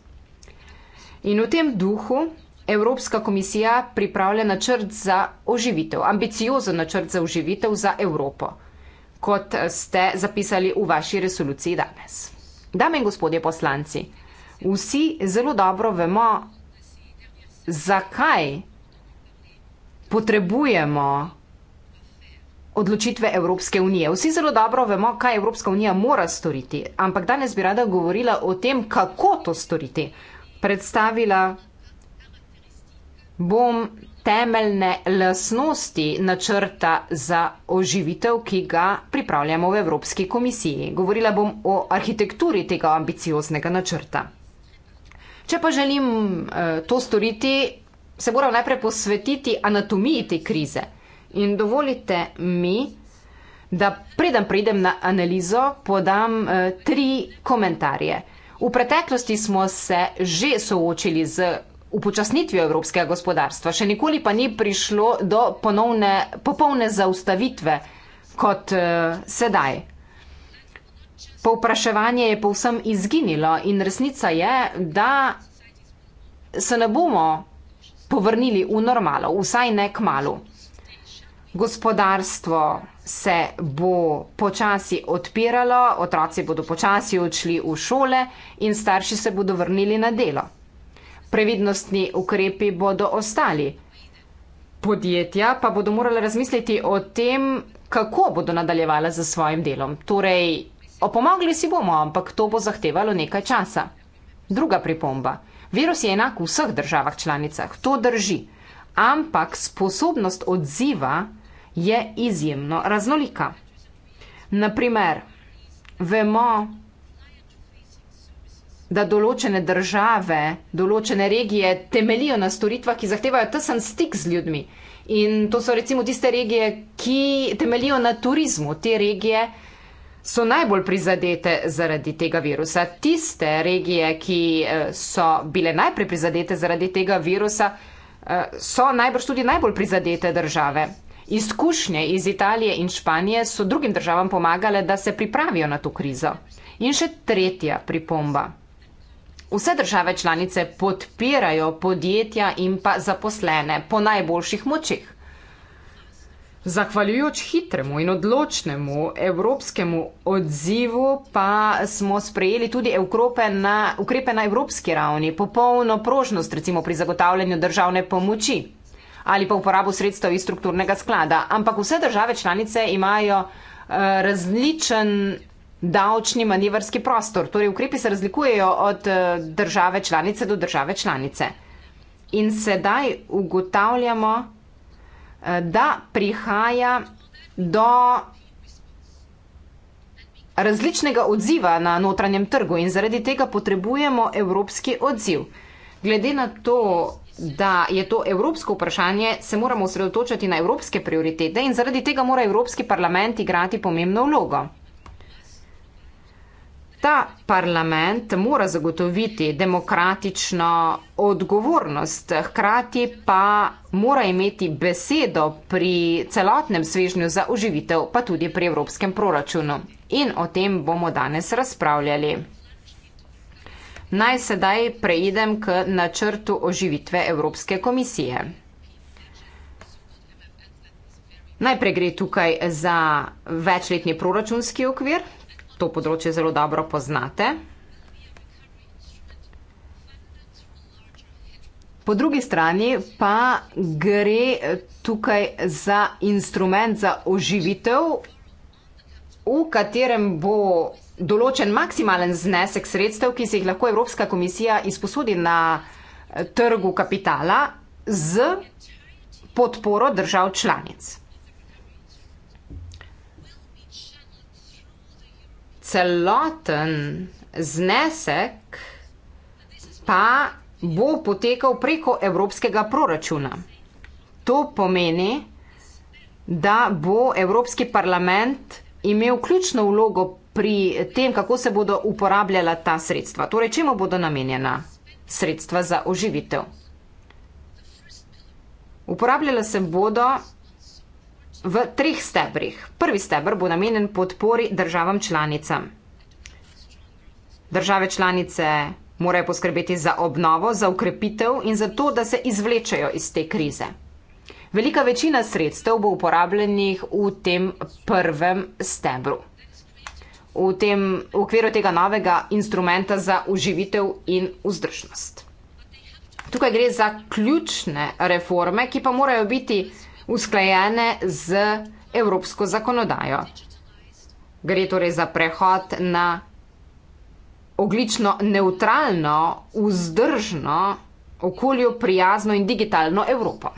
In v tem duhu Evropska komisija pripravlja načrt za oživitev, ambiciozen načrt za oživitev za Evropo, kot ste zapisali v vaši resoluciji danes. Dame in gospodje poslanci, vsi zelo dobro vemo, zakaj potrebujemo odločitve Evropske unije. Vsi zelo dobro vemo, kaj Evropska unija mora storiti, ampak danes bi rada govorila o tem, kako to storiti. Predstavila bom temeljne lasnosti načrta za oživitev, ki ga pripravljamo v Evropski komisiji. Govorila bom o arhitekturi tega ambicioznega načrta. Če pa želim eh, to storiti, se moram najprej posvetiti anatomiji te krize. In dovolite mi, da predem pridem na analizo, podam uh, tri komentarje. V preteklosti smo se že soočili z upočasnitvijo evropskega gospodarstva, še nikoli pa ni prišlo do ponovne, popolne zaustavitve kot uh, sedaj. Povpraševanje je povsem izginilo in resnica je, da se ne bomo povrnili v normalo, vsaj ne k malu gospodarstvo se bo počasi odpiralo, otroci bodo počasi odšli v šole in starši se bodo vrnili na delo. Previdnostni ukrepi bodo ostali. Podjetja pa bodo morala razmisliti o tem, kako bodo nadaljevala z svojim delom. Torej, opomogli si bomo, ampak to bo zahtevalo nekaj časa. Druga pripomba. Virus je enak v vseh državah članicah. To drži. Ampak sposobnost odziva je izjemno raznolika. Naprimer, vemo, da določene države, določene regije temelijo na storitvah, ki zahtevajo tesen stik z ljudmi. In to so recimo tiste regije, ki temelijo na turizmu. Te regije so najbolj prizadete zaradi tega virusa. Tiste regije, ki eh, so bile najprej prizadete zaradi tega virusa, eh, so najbrž tudi najbolj prizadete države. Izkušnje iz Italije in Španije so drugim državam pomagale, da se pripravijo na to krizo. In še tretja pripomba. Vse države članice podpirajo podjetja in pa zaposlene po najboljših močeh. Zahvaljujoč hitremu in odločnemu evropskemu odzivu pa smo sprejeli tudi na, ukrepe na evropski ravni, popolno prožnost recimo pri zagotavljanju državne pomoči ali pa uporabo sredstev iz strukturnega sklada. Ampak vse države članice imajo eh, različen davčni manevrski prostor, torej ukrepi se razlikujejo od eh, države članice do države članice. In sedaj ugotavljamo, eh, da prihaja do različnega odziva na notranjem trgu in zaradi tega potrebujemo evropski odziv. Glede na to, da je to evropsko vprašanje, se moramo osredotočati na evropske prioritete in zaradi tega mora Evropski parlament igrati pomembno vlogo. Ta parlament mora zagotoviti demokratično odgovornost, hkrati pa mora imeti besedo pri celotnem svežnju za oživitev, pa tudi pri evropskem proračunu. In o tem bomo danes razpravljali. Naj sedaj preidem k načrtu oživitve Evropske komisije. Najprej gre tukaj za večletni proračunski okvir, to področje zelo dobro poznate. Po drugi strani pa gre tukaj za instrument za oživitev, v katerem bo določen maksimalen znesek sredstev, ki se jih lahko Evropska komisija izposodi na eh, trgu kapitala z podporo držav članic. Celoten znesek pa bo potekal preko evropskega proračuna. To pomeni, da bo Evropski parlament imel ključno vlogo pri tem, kako se bodo uporabljala ta sredstva. Torej, čemu bodo namenjena sredstva za oživitev? Uporabljala se bodo v treh stebrih. Prvi stebr bo namenjen podpori državam članicam. Države članice morajo poskrbeti za obnovo, za ukrepitev in za to, da se izvlečejo iz te krize. Velika večina sredstev bo uporabljenih v tem prvem stebru v, tem, v okviru tega novega instrumenta za uživitev in vzdržnost. Tukaj gre za ključne reforme, ki pa morajo biti usklajene z evropsko zakonodajo. Gre torej za prehod na oglično neutralno, vzdržno, okolju prijazno in digitalno Evropo.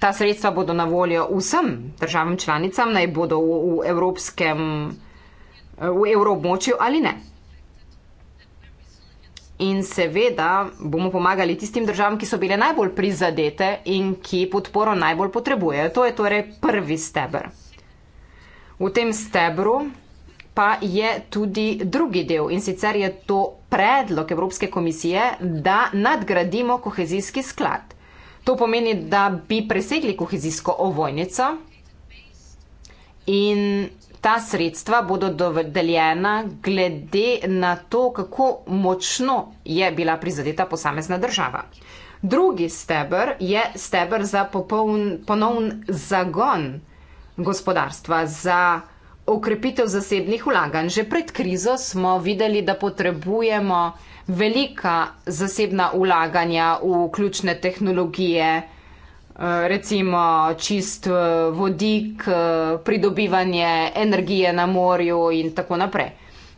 Ta sredstva bodo na voljo vsem državam članicam, naj bodo v, v evropskem v evroobmočju ali ne. In seveda bomo pomagali tistim državam, ki so bile najbolj prizadete in ki podporo najbolj potrebujejo. To je torej prvi stebr. V tem stebru pa je tudi drugi del in sicer je to predlog Evropske komisije, da nadgradimo kohezijski sklad. To pomeni, da bi presegli kohezijsko ovojnico in Ta sredstva bodo dodeljena glede na to, kako močno je bila prizadeta posamezna država. Drugi stebr je stebr za popoln, ponovn zagon gospodarstva, za okrepitev zasebnih vlaganj. Že pred krizo smo videli, da potrebujemo velika zasebna vlaganja v ključne tehnologije, recimo čist eh, vodik, eh, pridobivanje energije na morju in tako naprej.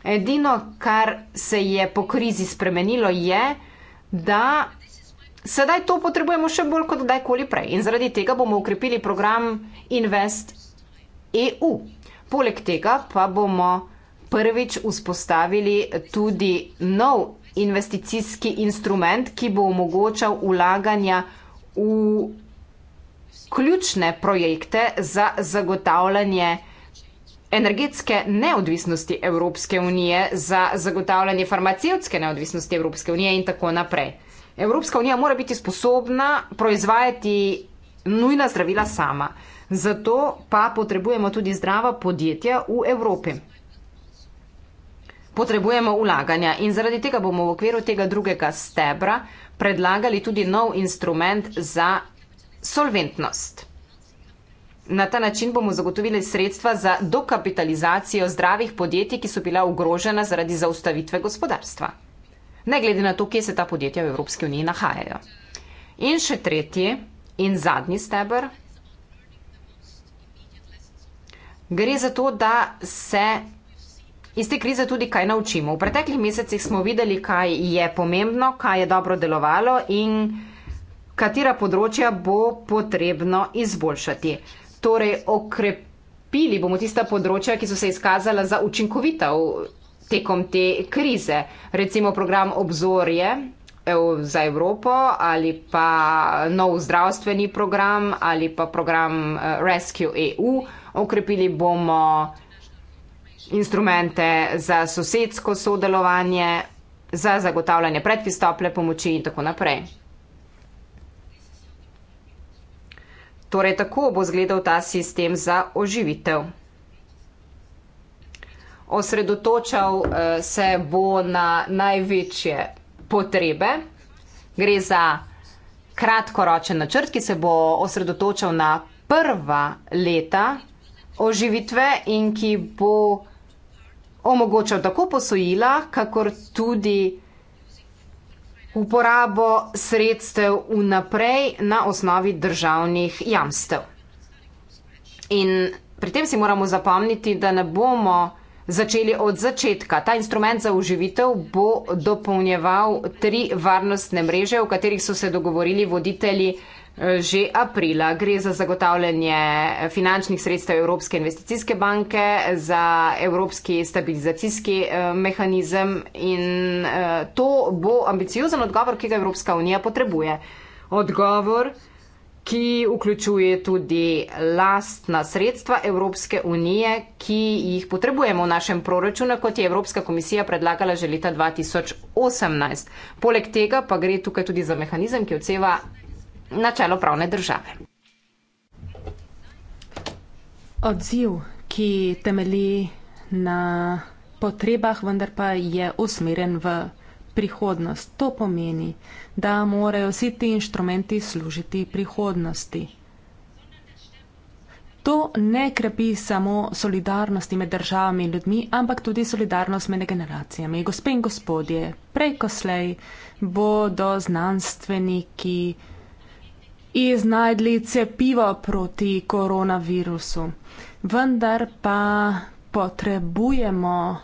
Edino, kar se je po krizi spremenilo, je, da sedaj to potrebujemo še bolj kot kdajkoli prej in zaradi tega bomo ukrepili program Invest EU. Poleg tega pa bomo prvič vzpostavili tudi nov investicijski instrument, ki bo omogočal ulaganja v ključne projekte za zagotavljanje energetske neodvisnosti Evropske unije, za zagotavljanje farmacevtske neodvisnosti Evropske unije in tako naprej. Evropska unija mora biti sposobna proizvajati nujna zdravila sama. Zato pa potrebujemo tudi zdrava podjetja v Evropi. Potrebujemo ulaganja in zaradi tega bomo v okviru tega drugega stebra predlagali tudi nov instrument za solventnost. Na ta način bomo zagotovili sredstva za dokapitalizacijo zdravih podjetij, ki so bila ogrožena zaradi zaustavitve gospodarstva. Ne glede na to, kje se ta podjetja v Evropski uniji nahajajo. In še tretji in zadnji stebr. Gre za to, da se iz te krize tudi kaj naučimo. V preteklih mesecih smo videli, kaj je pomembno, kaj je dobro delovalo in kaj katera področja bo potrebno izboljšati. Torej, okrepili bomo tista področja, ki so se izkazala za učinkovita v tekom te krize. Recimo program Obzorje e, za Evropo ali pa nov zdravstveni program ali pa program e, Rescue EU. Okrepili bomo instrumente za sosedsko sodelovanje, za zagotavljanje predpristopne pomoči in tako naprej. Torej, tako bo izgledal ta sistem za oživitev. Osredotočal eh, se bo na največje potrebe. Gre za kratkoročen načrt, ki se bo osredotočal na prva leta oživitve in ki bo omogočal tako posojila, kakor tudi uporabo sredstev vnaprej na osnovi državnih jamstev. In pri tem si moramo zapomniti, da ne bomo začeli od začetka. Ta instrument za uživitev bo dopolnjeval tri varnostne mreže, v katerih so se dogovorili voditelji že aprila. Gre za zagotavljanje finančnih sredstev Evropske investicijske banke za Evropski stabilizacijski eh, mehanizem in eh, to bo ambiciozen odgovor, ki ga Evropska unija potrebuje. Odgovor, ki vključuje tudi lastna sredstva Evropske unije, ki jih potrebujemo v našem proračunu, kot je Evropska komisija predlagala že leta 2018. Poleg tega pa gre tukaj tudi za mehanizem, ki odseva na čelo pravne države. Odziv, ki temelji na potrebah, vendar pa je usmeren v prihodnost. To pomeni, da morajo vsi ti inštrumenti služiti prihodnosti. To ne krepi samo solidarnosti med državami in ljudmi, ampak tudi solidarnost med generacijami. Gospe in gospodje, prej ko slej bodo znanstveniki, ki iznajdli cepivo proti koronavirusu. Vendar pa potrebujemo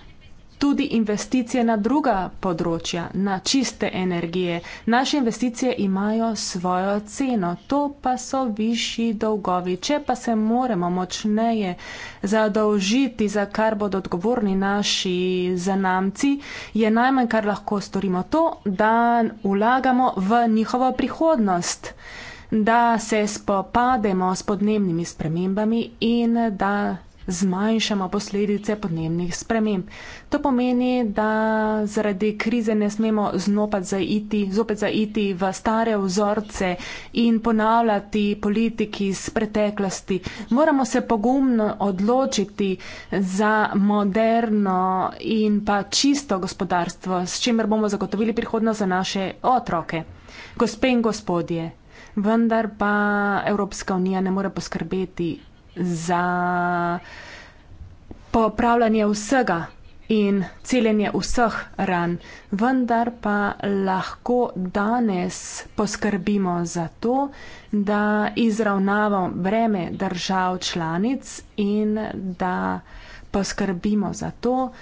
tudi investicije na druga področja, na čiste energije. Naše investicije imajo svojo ceno, to pa so višji dolgovi. Če pa se moramo močneje zadolžiti, za kar bodo odgovorni naši zanamci, je najmanj, kar lahko storimo, to, da vlagamo v njihovo prihodnost da se spopademo s podnebnimi spremembami in da zmanjšamo posledice podnebnih sprememb. To pomeni, da zaradi krize ne smemo zaiti, zopet zaiti v stare vzorce in ponavljati politiki iz preteklosti. Moramo se pogumno odločiti za moderno in pa čisto gospodarstvo, s čimer bomo zagotovili prihodnost za naše otroke. Gospe in gospodje, vendar pa Evropska unija ne more poskrbeti za popravljanje vsega in celjenje vseh ran. Vendar pa lahko danes poskrbimo za to, da izravnavamo breme držav članic in da poskrbimo za to, da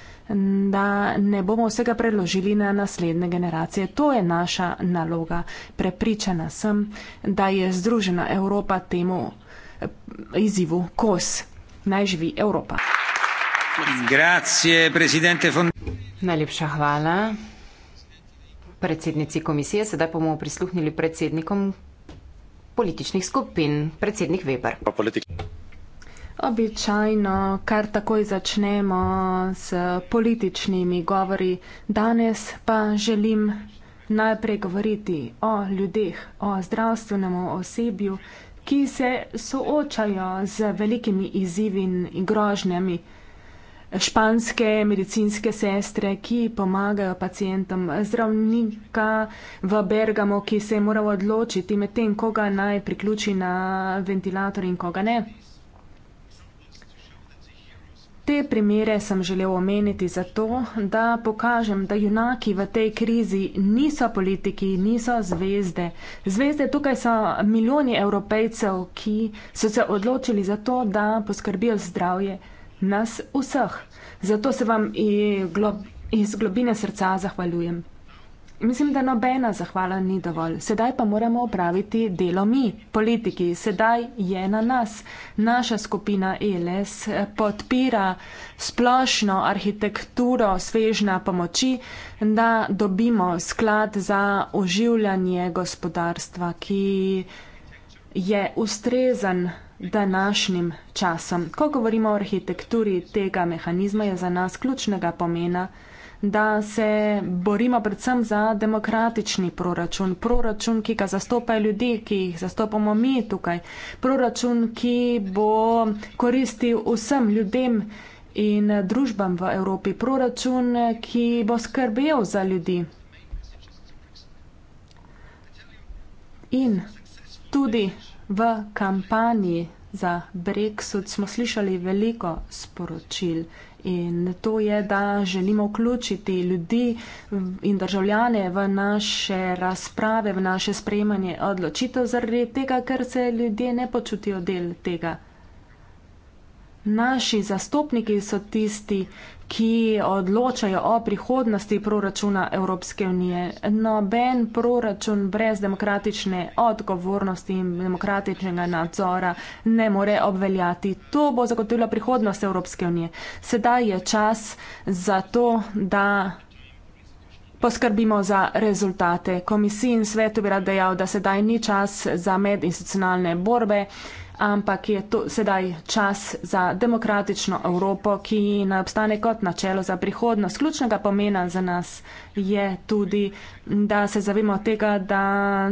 da ne bomo vsega predložili na naslednje generacije. To je naša naloga. Prepričana sem, da je Združena Evropa temu eh, izzivu kos. Naj živi Evropa. Grazie, presidente von... Najlepša hvala predsednici komisije. Sedaj bomo prisluhnili predsednikom političnih skupin, predsednik Weber. Politik. Običajno kar takoj začnemo s političnimi govori, danes pa želim najprej govoriti o ljudeh, o zdravstvenem osebju, ki se soočajo z velikimi izzivi in grožnjami. Španske medicinske sestre, ki pomagajo pacijentom, zdravnika v Bergamo, ki se je moral odločiti med tem, koga naj priključi na ventilator in koga ne. Te primere sem želel omeniti zato, da pokažem, da junaki v tej krizi niso politiki, niso zvezde. Zvezde tukaj so milijoni evropejcev, ki so se odločili za to, da poskrbijo zdravje nas vseh. Zato se vam iz globine srca zahvaljujem. Mislim, da nobena zahvala ni dovolj. Sedaj pa moramo opraviti delo mi, politiki. Sedaj je na nas. Naša skupina ELS podpira splošno arhitekturo svežna pomoči, da dobimo sklad za oživljanje gospodarstva, ki je ustrezan današnjim časom. Ko govorimo o arhitekturi tega mehanizma, je za nas ključnega pomena, da da se borimo predvsem za demokratični proračun, proračun, ki ga zastopajo ljudi, ki jih zastopamo mi tukaj, proračun, ki bo koristil vsem ljudem in družbam v Evropi, proračun, ki bo skrbel za ljudi. In tudi v kampanji za Brexit smo slišali veliko sporočil in to je, da želimo vključiti ljudi in državljane v naše razprave, v naše sprejemanje odločitev zaradi tega, ker se ljudje ne počutijo del tega. Naši zastopniki so tisti, ki odločajo o prihodnosti proračuna Evropske unije. Noben proračun brez demokratične odgovornosti in demokratičnega nadzora ne more obveljati. To bo zagotovilo prihodnost Evropske unije. Sedaj je čas za to, da poskrbimo za rezultate. Komisiji in svetu bi rad dejal, da sedaj ni čas za medinstitucionalne borbe ampak je to sedaj čas za demokratično Evropo, ki naj obstane kot načelo za prihodnost. Ključnega pomena za nas je tudi, da se zavemo tega, da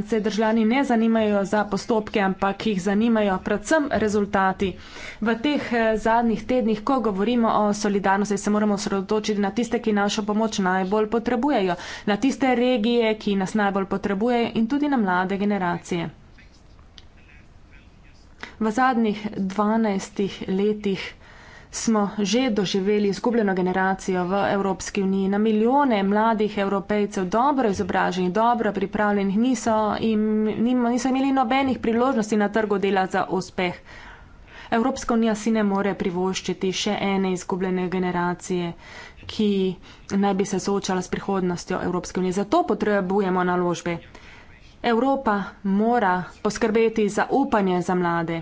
se državljani ne zanimajo za postopke, ampak jih zanimajo predvsem rezultati. V teh eh, zadnjih tednih, ko govorimo o solidarnosti, se moramo osredotočiti na tiste, ki našo pomoč najbolj potrebujejo, na tiste regije, ki nas najbolj potrebujejo in tudi na mlade generacije. V zadnjih 12 letih smo že doživeli izgubljeno generacijo v Evropski uniji. Na milijone mladih evropejcev, dobro izobraženih, dobro pripravljenih, niso, im, niso imeli nobenih priložnosti na trgu dela za uspeh. Evropska unija si ne more privoščiti še ene izgubljene generacije, ki naj bi se soočala s prihodnostjo Evropske unije. Zato potrebujemo naložbe. Evropa mora poskrbeti za upanje za mlade.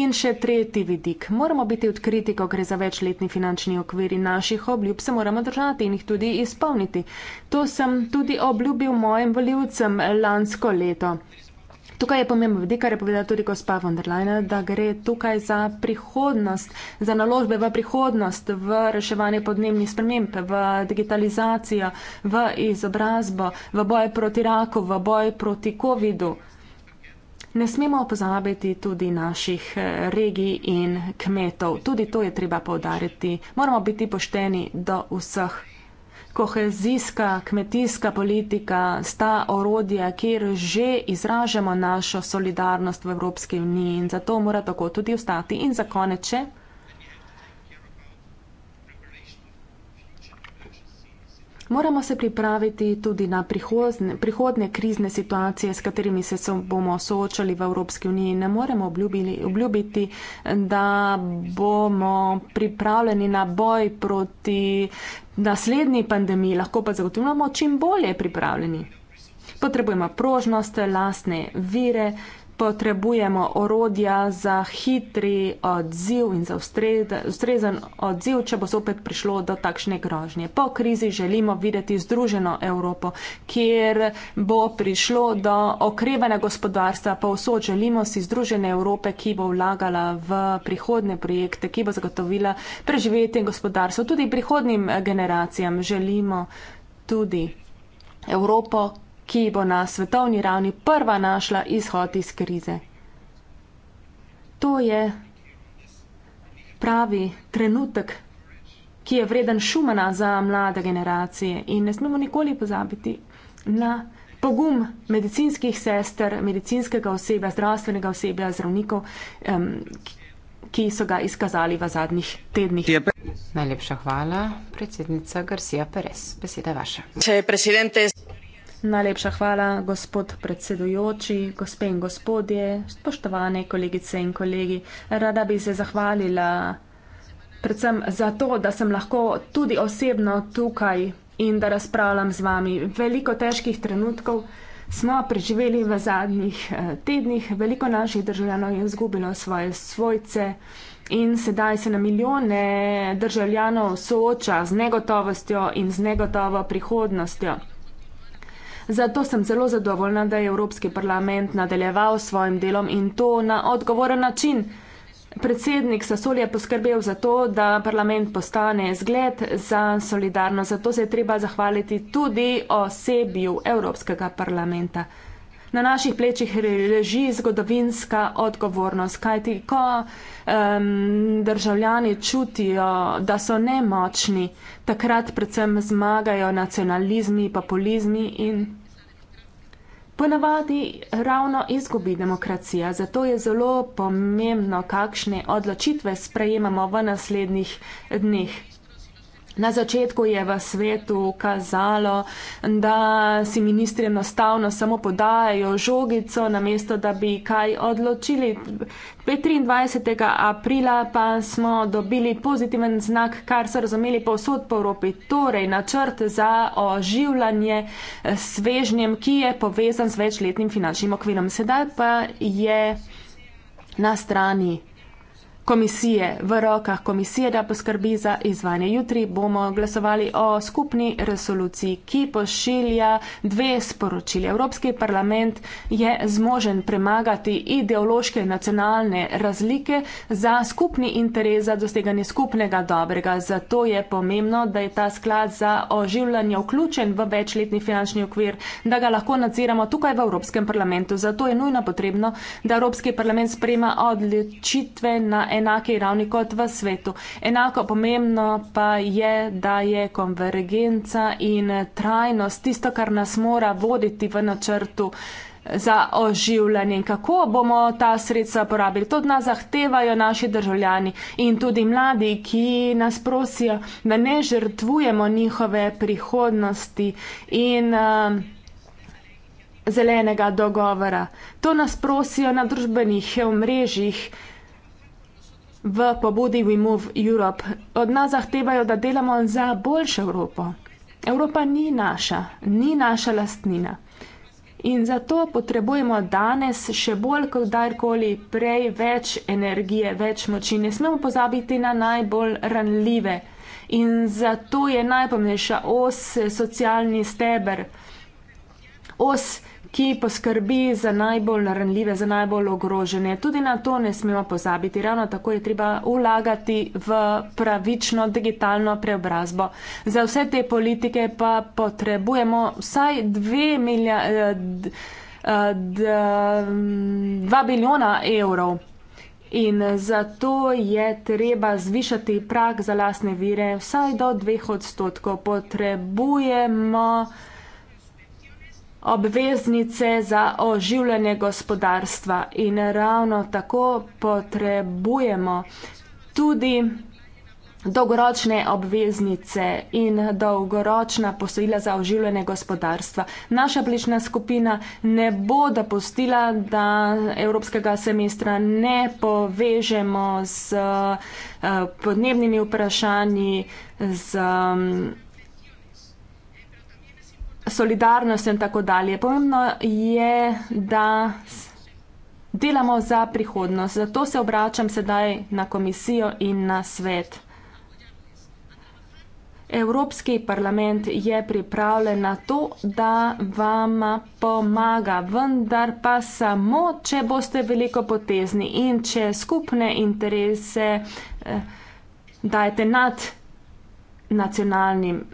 In še tretji vidik. Moramo biti odkriti, ko gre za večletni finančni okvir in naših obljub se moramo držati in jih tudi izpolniti. To sem tudi obljubil mojim voljivcem lansko leto. Tukaj je pomembno, kar je povedala tudi gospa von der Leyen, da gre tukaj za prihodnost, za naložbe v prihodnost, v reševanje podnebnih sprememb, v digitalizacijo, v izobrazbo, v boj proti raku, v boj proti COVID-u. Ne smemo pozabiti tudi naših regij in kmetov. Tudi to je treba povdariti. Moramo biti pošteni do vseh kohezijska, kmetijska politika sta orodja, kjer že izražamo našo solidarnost v Evropski uniji in zato mora tako tudi ostati. In za koneče. Moramo se pripraviti tudi na prihodne, prihodne krizne situacije, s katerimi se bomo soočali v Evropski uniji. Ne moremo obljubiti, da bomo pripravljeni na boj proti naslednji pandemiji lahko pa zagotovimo čim bolje pripravljeni. Potrebujemo prožnost, lastne vire, potrebujemo orodja za hitri odziv in za ustrezen odziv, če bo zopet prišlo do takšne grožnje. Po krizi želimo videti združeno Evropo, kjer bo prišlo do okrevanja gospodarstva, pa vso želimo si združene Evrope, ki bo vlagala v prihodne projekte, ki bo zagotovila preživetje gospodarstva. Tudi prihodnim generacijam želimo tudi. Evropo, ki bo na svetovni ravni prva našla izhod iz krize. To je pravi trenutek, ki je vreden šumana za mlade generacije in ne smemo nikoli pozabiti na pogum medicinskih sester, medicinskega osebja, zdravstvenega osebja, zdravnikov, ki so ga izkazali v zadnjih tednih. Najlepša hvala, predsednica Garcia Perez. Beseda vaša. Najlepša hvala, gospod predsedujoči, gospe in gospodje, spoštovane kolegice in kolegi. Rada bi se zahvalila predvsem za to, da sem lahko tudi osebno tukaj in da razpravljam z vami. Veliko težkih trenutkov smo preživeli v zadnjih eh, tednih, veliko naših državljanov je izgubilo svoje svojce. In sedaj se na milijone državljanov sooča z negotovostjo in z negotovo prihodnostjo. Zato sem zelo zadovoljna, da je Evropski parlament nadaljeval s svojim delom in to na odgovoren način. Predsednik Sasol je poskrbel za to, da parlament postane zgled za solidarnost. Zato se je treba zahvaliti tudi osebju Evropskega parlamenta na naših plečih leži zgodovinska odgovornost. Kajti, ko um, državljani čutijo, da so nemočni, takrat predvsem zmagajo nacionalizmi, populizmi in ponavadi ravno izgubi demokracija. Zato je zelo pomembno, kakšne odločitve sprejemamo v naslednjih dneh. Na začetku je v svetu kazalo, da si ministri enostavno samo podajajo žogico, namesto da bi kaj odločili. 23. aprila pa smo dobili pozitiven znak, kar so razumeli povsod po Evropi, torej načrt za oživljanje svežnjem, ki je povezan z večletnim finančnim okvirom. Sedaj pa je na strani komisije, v rokah komisije, da poskrbi za izvanje. Jutri bomo glasovali o skupni resoluciji, ki pošilja dve sporočili. Evropski parlament je zmožen premagati ideološke nacionalne razlike za skupni interes, za doseganje skupnega dobrega. Zato je pomembno, da je ta sklad za oživljanje vključen v večletni finančni okvir, da ga lahko nadziramo tukaj v Evropskem parlamentu. Zato je nujno potrebno, da Evropski parlament sprema odločitve na enaki ravni kot v svetu. Enako pomembno pa je, da je konvergenca in trajnost tisto, kar nas mora voditi v načrtu za oživljanje in kako bomo ta sredstva porabili. To od nas zahtevajo naši državljani in tudi mladi, ki nas prosijo, da ne žrtvujemo njihove prihodnosti in uh, zelenega dogovora. To nas prosijo na družbenih omrežjih. Uh, v pobudi We Move Europe od nas zahtevajo, da delamo za boljšo Evropo. Evropa ni naša, ni naša lastnina. In zato potrebujemo danes še bolj kot kdajkoli prej več energije, več moči. Ne smemo pozabiti na najbolj ranljive. In zato je najpomembnejša os socialni steber, os ki poskrbi za najbolj ranljive, za najbolj ogrožene. Tudi na to ne smemo pozabiti. Ravno tako je treba vlagati v pravično digitalno preobrazbo. Za vse te politike pa potrebujemo vsaj dve milija, eh, eh, mm, dva biliona evrov. In zato je treba zvišati prak za lasne vire vsaj do dveh odstotkov. Potrebujemo obveznice za oživljanje gospodarstva in ravno tako potrebujemo tudi dolgoročne obveznice in dolgoročna posojila za oživljanje gospodarstva. Naša bližna skupina ne bo dopustila, da evropskega semestra ne povežemo z eh, podnebnimi vprašanji, z solidarnost in tako dalje. Pomembno je, da delamo za prihodnost. Zato se obračam sedaj na komisijo in na svet. Evropski parlament je pripravljen na to, da vam pomaga, vendar pa samo, če boste veliko potezni in če skupne interese eh, dajete nad nacionalnim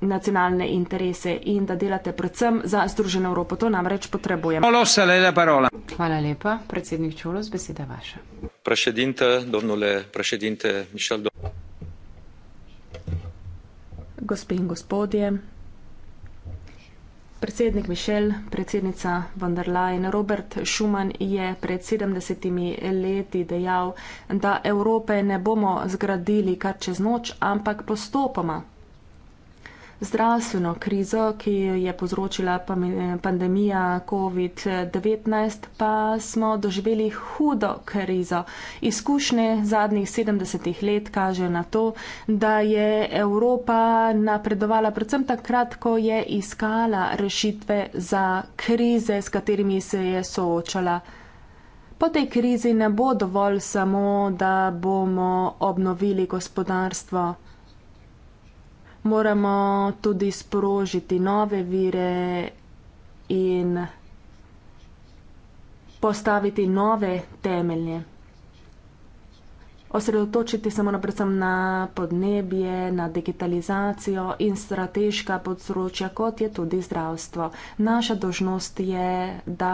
nacionalne interese in da delate predvsem za Združeno Evropo. To nam reč potrebujemo. Hvala lepa, predsednik Čolo, Hvala lepa, predsednik Čolo, beseda vaša. Prašedinte, domnule, prašedinte, Mišel Dom. Gospe in gospodje, predsednik Mišel, predsednica von der Leyen, Robert Schuman je pred 70 leti dejal, da Evrope ne bomo zgradili kar čez noč, ampak postopoma zdravstveno krizo, ki jo je povzročila pandemija COVID-19, pa smo doživeli hudo krizo. Izkušnje zadnjih 70 let kaže na to, da je Evropa napredovala predvsem takrat, ko je iskala rešitve za krize, s katerimi se je soočala. Po tej krizi ne bo dovolj samo, da bomo obnovili gospodarstvo moramo tudi sprožiti nove vire in postaviti nove temelje. Osredotočiti se moramo predvsem na podnebje, na digitalizacijo in strateška področja, kot je tudi zdravstvo. Naša dožnost je, da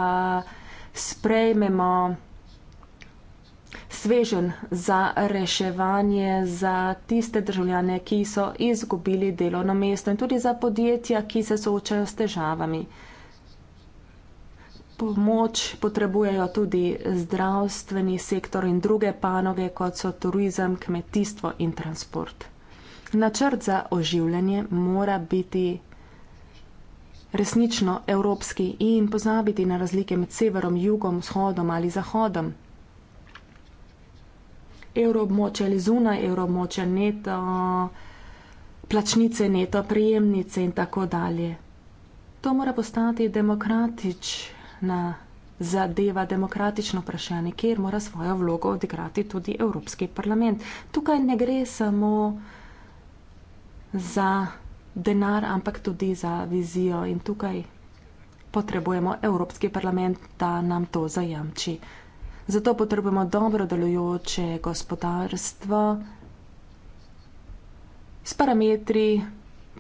sprejmemo svežen za reševanje za tiste državljane, ki so izgubili delovno mesto in tudi za podjetja, ki se soočajo s težavami. Pomoč potrebujejo tudi zdravstveni sektor in druge panoge, kot so turizem, kmetijstvo in transport. Načrt za oživljanje mora biti resnično evropski in pozabiti na razlike med severom, jugom, vzhodom ali zahodom evroobmočja ali zunaj evroobmočja, neto plačnice, neto prejemnice in tako dalje. To mora postati demokratična zadeva, demokratično vprašanje, kjer mora svojo vlogo odigrati tudi Evropski parlament. Tukaj ne gre samo za denar, ampak tudi za vizijo in tukaj potrebujemo Evropski parlament, da nam to zajamči. Zato potrebujemo dobro delujoče gospodarstvo s parametri,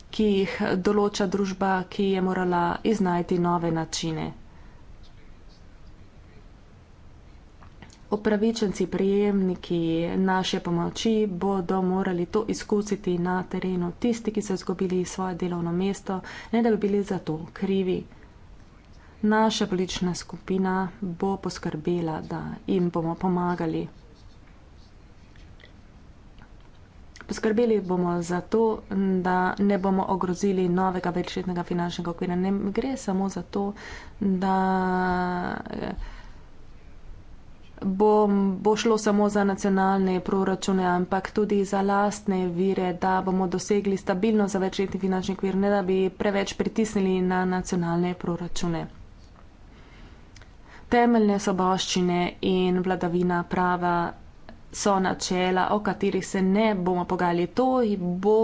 ki jih določa družba, ki je morala iznajti nove načine. Opravičenci, prijemniki naše pomoči bodo morali to izkusiti na terenu. Tisti, ki so izgubili svoje delovno mesto, ne da bi bili za to krivi naša politična skupina bo poskrbela, da jim bomo pomagali. Poskrbeli bomo za to, da ne bomo ogrozili novega večletnega finančnega okvira. Ne gre samo za to, da eh, bo, bo šlo samo za nacionalne proračune, ampak tudi za lastne vire, da bomo dosegli stabilnost za večletni finančni okvir, ne da bi preveč pritisnili na nacionalne proračune temeljne soboščine in vladavina prava so načela, o katerih se ne bomo pogajali. To bo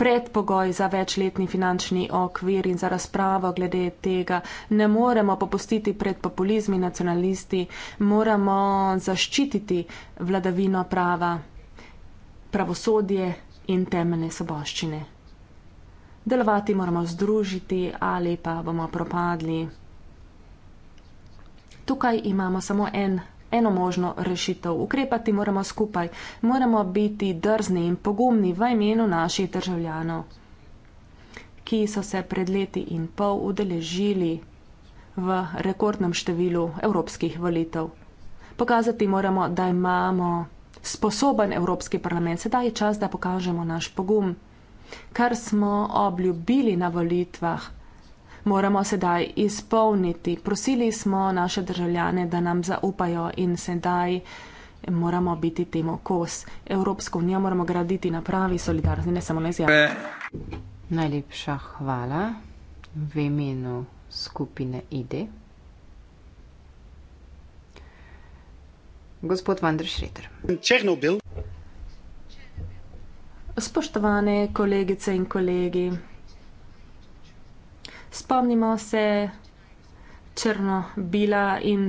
predpogoj za večletni finančni okvir in za razpravo glede tega. Ne moremo popustiti pred populizmi nacionalisti, moramo zaščititi vladavino prava, pravosodje in temeljne soboščine. Delovati moramo združiti ali pa bomo propadli. Tukaj imamo samo en, eno možno rešitev. Ukrepati moramo skupaj, moramo biti drzni in pogumni v imenu naših državljanov, ki so se pred leti in pol udeležili v rekordnem številu evropskih volitev. Pokazati moramo, da imamo sposoben Evropski parlament. Sedaj je čas, da pokažemo naš pogum, kar smo obljubili na volitvah moramo sedaj izpolniti. Prosili smo naše državljane, da nam zaupajo in sedaj moramo biti temu kos. Evropsko unijo moramo graditi na pravi solidarni, ne samo na izjavi. Najlepša hvala v imenu skupine ID. Gospod Vandr Šreter. Černobil. Spoštovane kolegice in kolegi. Spomnimo se črno-bila in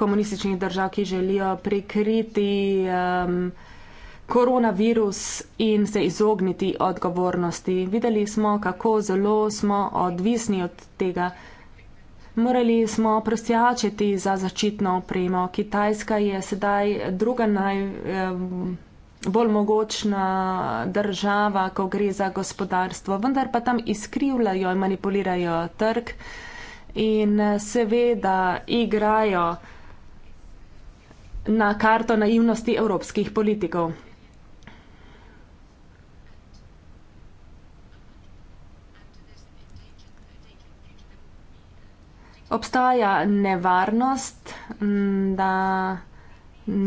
komunističnih držav, ki želijo prikriti um, koronavirus in se izogniti odgovornosti. Videli smo, kako zelo smo odvisni od tega. Morali smo prosjačiti za začitno opremo. Kitajska je sedaj druga največja. Um, bolj mogočna država, ko gre za gospodarstvo, vendar pa tam izkrivljajo in manipulirajo trg in seveda igrajo na karto naivnosti evropskih politikov. Obstaja nevarnost, da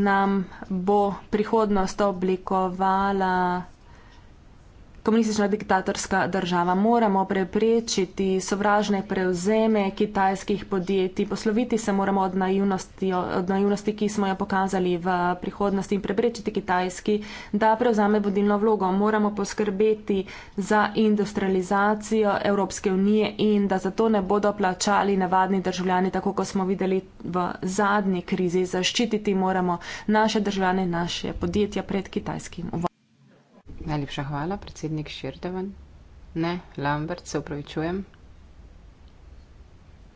nam bo prihodnost oblikovala komunistična diktatorska država. Moramo preprečiti sovražne prevzeme kitajskih podjetij, posloviti se moramo od naivnosti, od naivnosti, ki smo jo pokazali v prihodnosti in preprečiti kitajski, da prevzame vodilno vlogo. Moramo poskrbeti za industrializacijo Evropske unije in da zato ne bodo plačali navadni državljani, tako kot smo videli v zadnji krizi. Zaščititi moramo naše državljane, naše podjetja pred kitajskim. Najlepša hvala, predsednik Širdevan. Ne, Lambert, se upravičujem.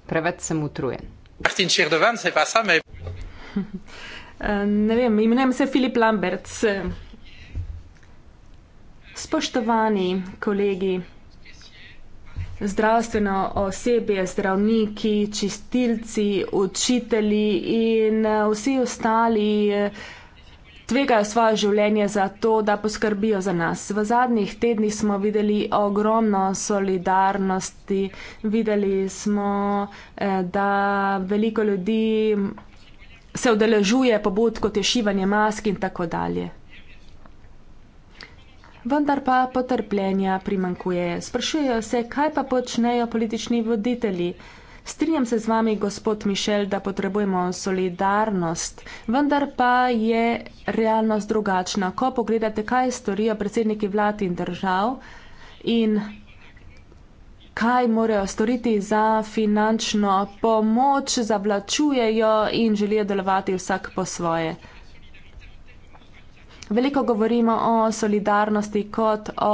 Preveč sem utrujen. Kristin Širdevan, se pa same. ne vem, imenujem se Filip Lambert. Spoštovani kolegi, zdravstveno osebje, zdravniki, čistilci, učitelji in vsi ostali tvegajo svoje življenje za to, da poskrbijo za nas. V zadnjih tednih smo videli ogromno solidarnosti, videli smo, eh, da veliko ljudi se udeležuje pobud kot je šivanje mask in tako dalje. Vendar pa potrpljenja primankuje. Sprašujejo se, kaj pa počnejo politični voditelji. Strinjam se z vami, gospod Mišel, da potrebujemo solidarnost, vendar pa je realnost drugačna. Ko pogledate, kaj storijo predsedniki vlad in držav in kaj morajo storiti za finančno pomoč, zavlačujejo in želijo delovati vsak po svoje. Veliko govorimo o solidarnosti kot o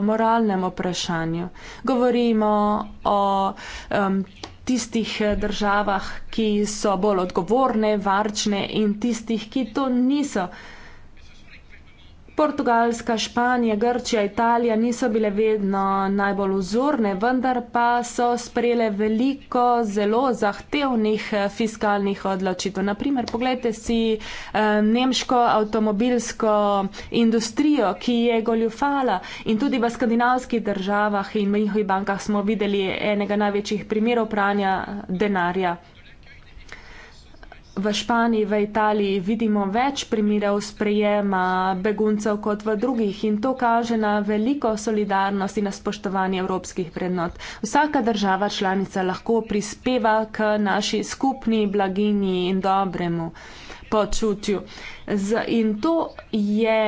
moralnem vprašanju. Govorimo o um, tistih eh, državah, ki so bolj odgovorne, varčne in tistih, ki to niso. Portugalska, Španija, Grčija, Italija niso bile vedno najbolj vzorne, vendar pa so sprejele veliko zelo zahtevnih eh, fiskalnih odločitev. Naprimer, pogledajte si eh, nemško avtomobilsko industrijo, ki je goljufala in tudi v skandinavskih državah in v njihovih bankah smo videli enega največjih primerov pranja denarja v Španiji, v Italiji vidimo več primerov sprejema beguncev kot v drugih in to kaže na veliko solidarnost in na spoštovanje evropskih prednot. Vsaka država članica lahko prispeva k naši skupni blaginji in dobremu počutju. In to je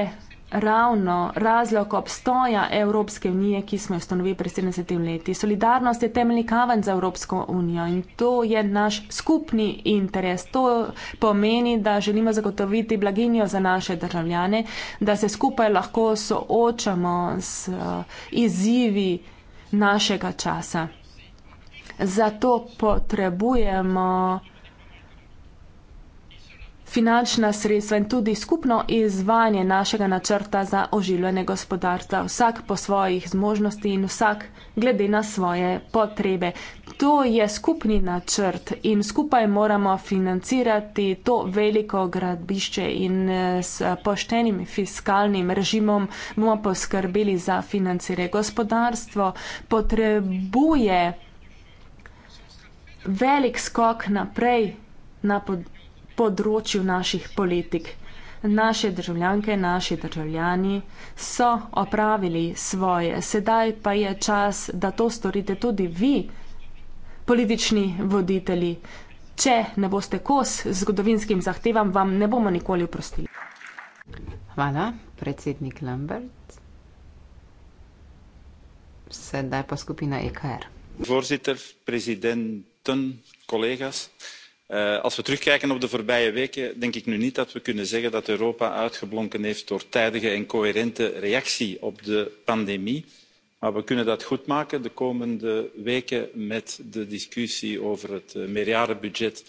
ravno razlog obstoja Evropske unije, ki smo jo ustanovili pred 70 leti. Solidarnost je temeljni kaven za Evropsko unijo in to je naš skupni interes. To pomeni, da želimo zagotoviti blaginjo za naše državljane, da se skupaj lahko soočamo z uh, izzivi našega časa. Zato potrebujemo finančna sredstva in tudi skupno izvanje našega načrta za oživljanje gospodarstva, vsak po svojih zmožnosti in vsak glede na svoje potrebe. To je skupni načrt in skupaj moramo financirati to veliko gradbišče in eh, s poštenim fiskalnim režimom bomo poskrbeli za financire. Gospodarstvo potrebuje velik skok naprej na področju področju naših politik. Naše državljanke, naši državljani so opravili svoje, sedaj pa je čas, da to storite tudi vi, politični voditelji. Če ne boste kos zgodovinskim zahtevam, vam ne bomo nikoli oprostili. Hvala, predsednik Lambert. Sedaj pa skupina EKR. Vorzitelj, prezidenten, kolegas. Eh, als we terugkijken op de voorbije weken, denk ik nu niet dat we kunnen zeggen dat Europa uitgeblonken heeft door tijdige en coherente reactie op de pandemie. Maar we kunnen dat goedmaken de komende weken met de discussie over het eh, meerjarenbudget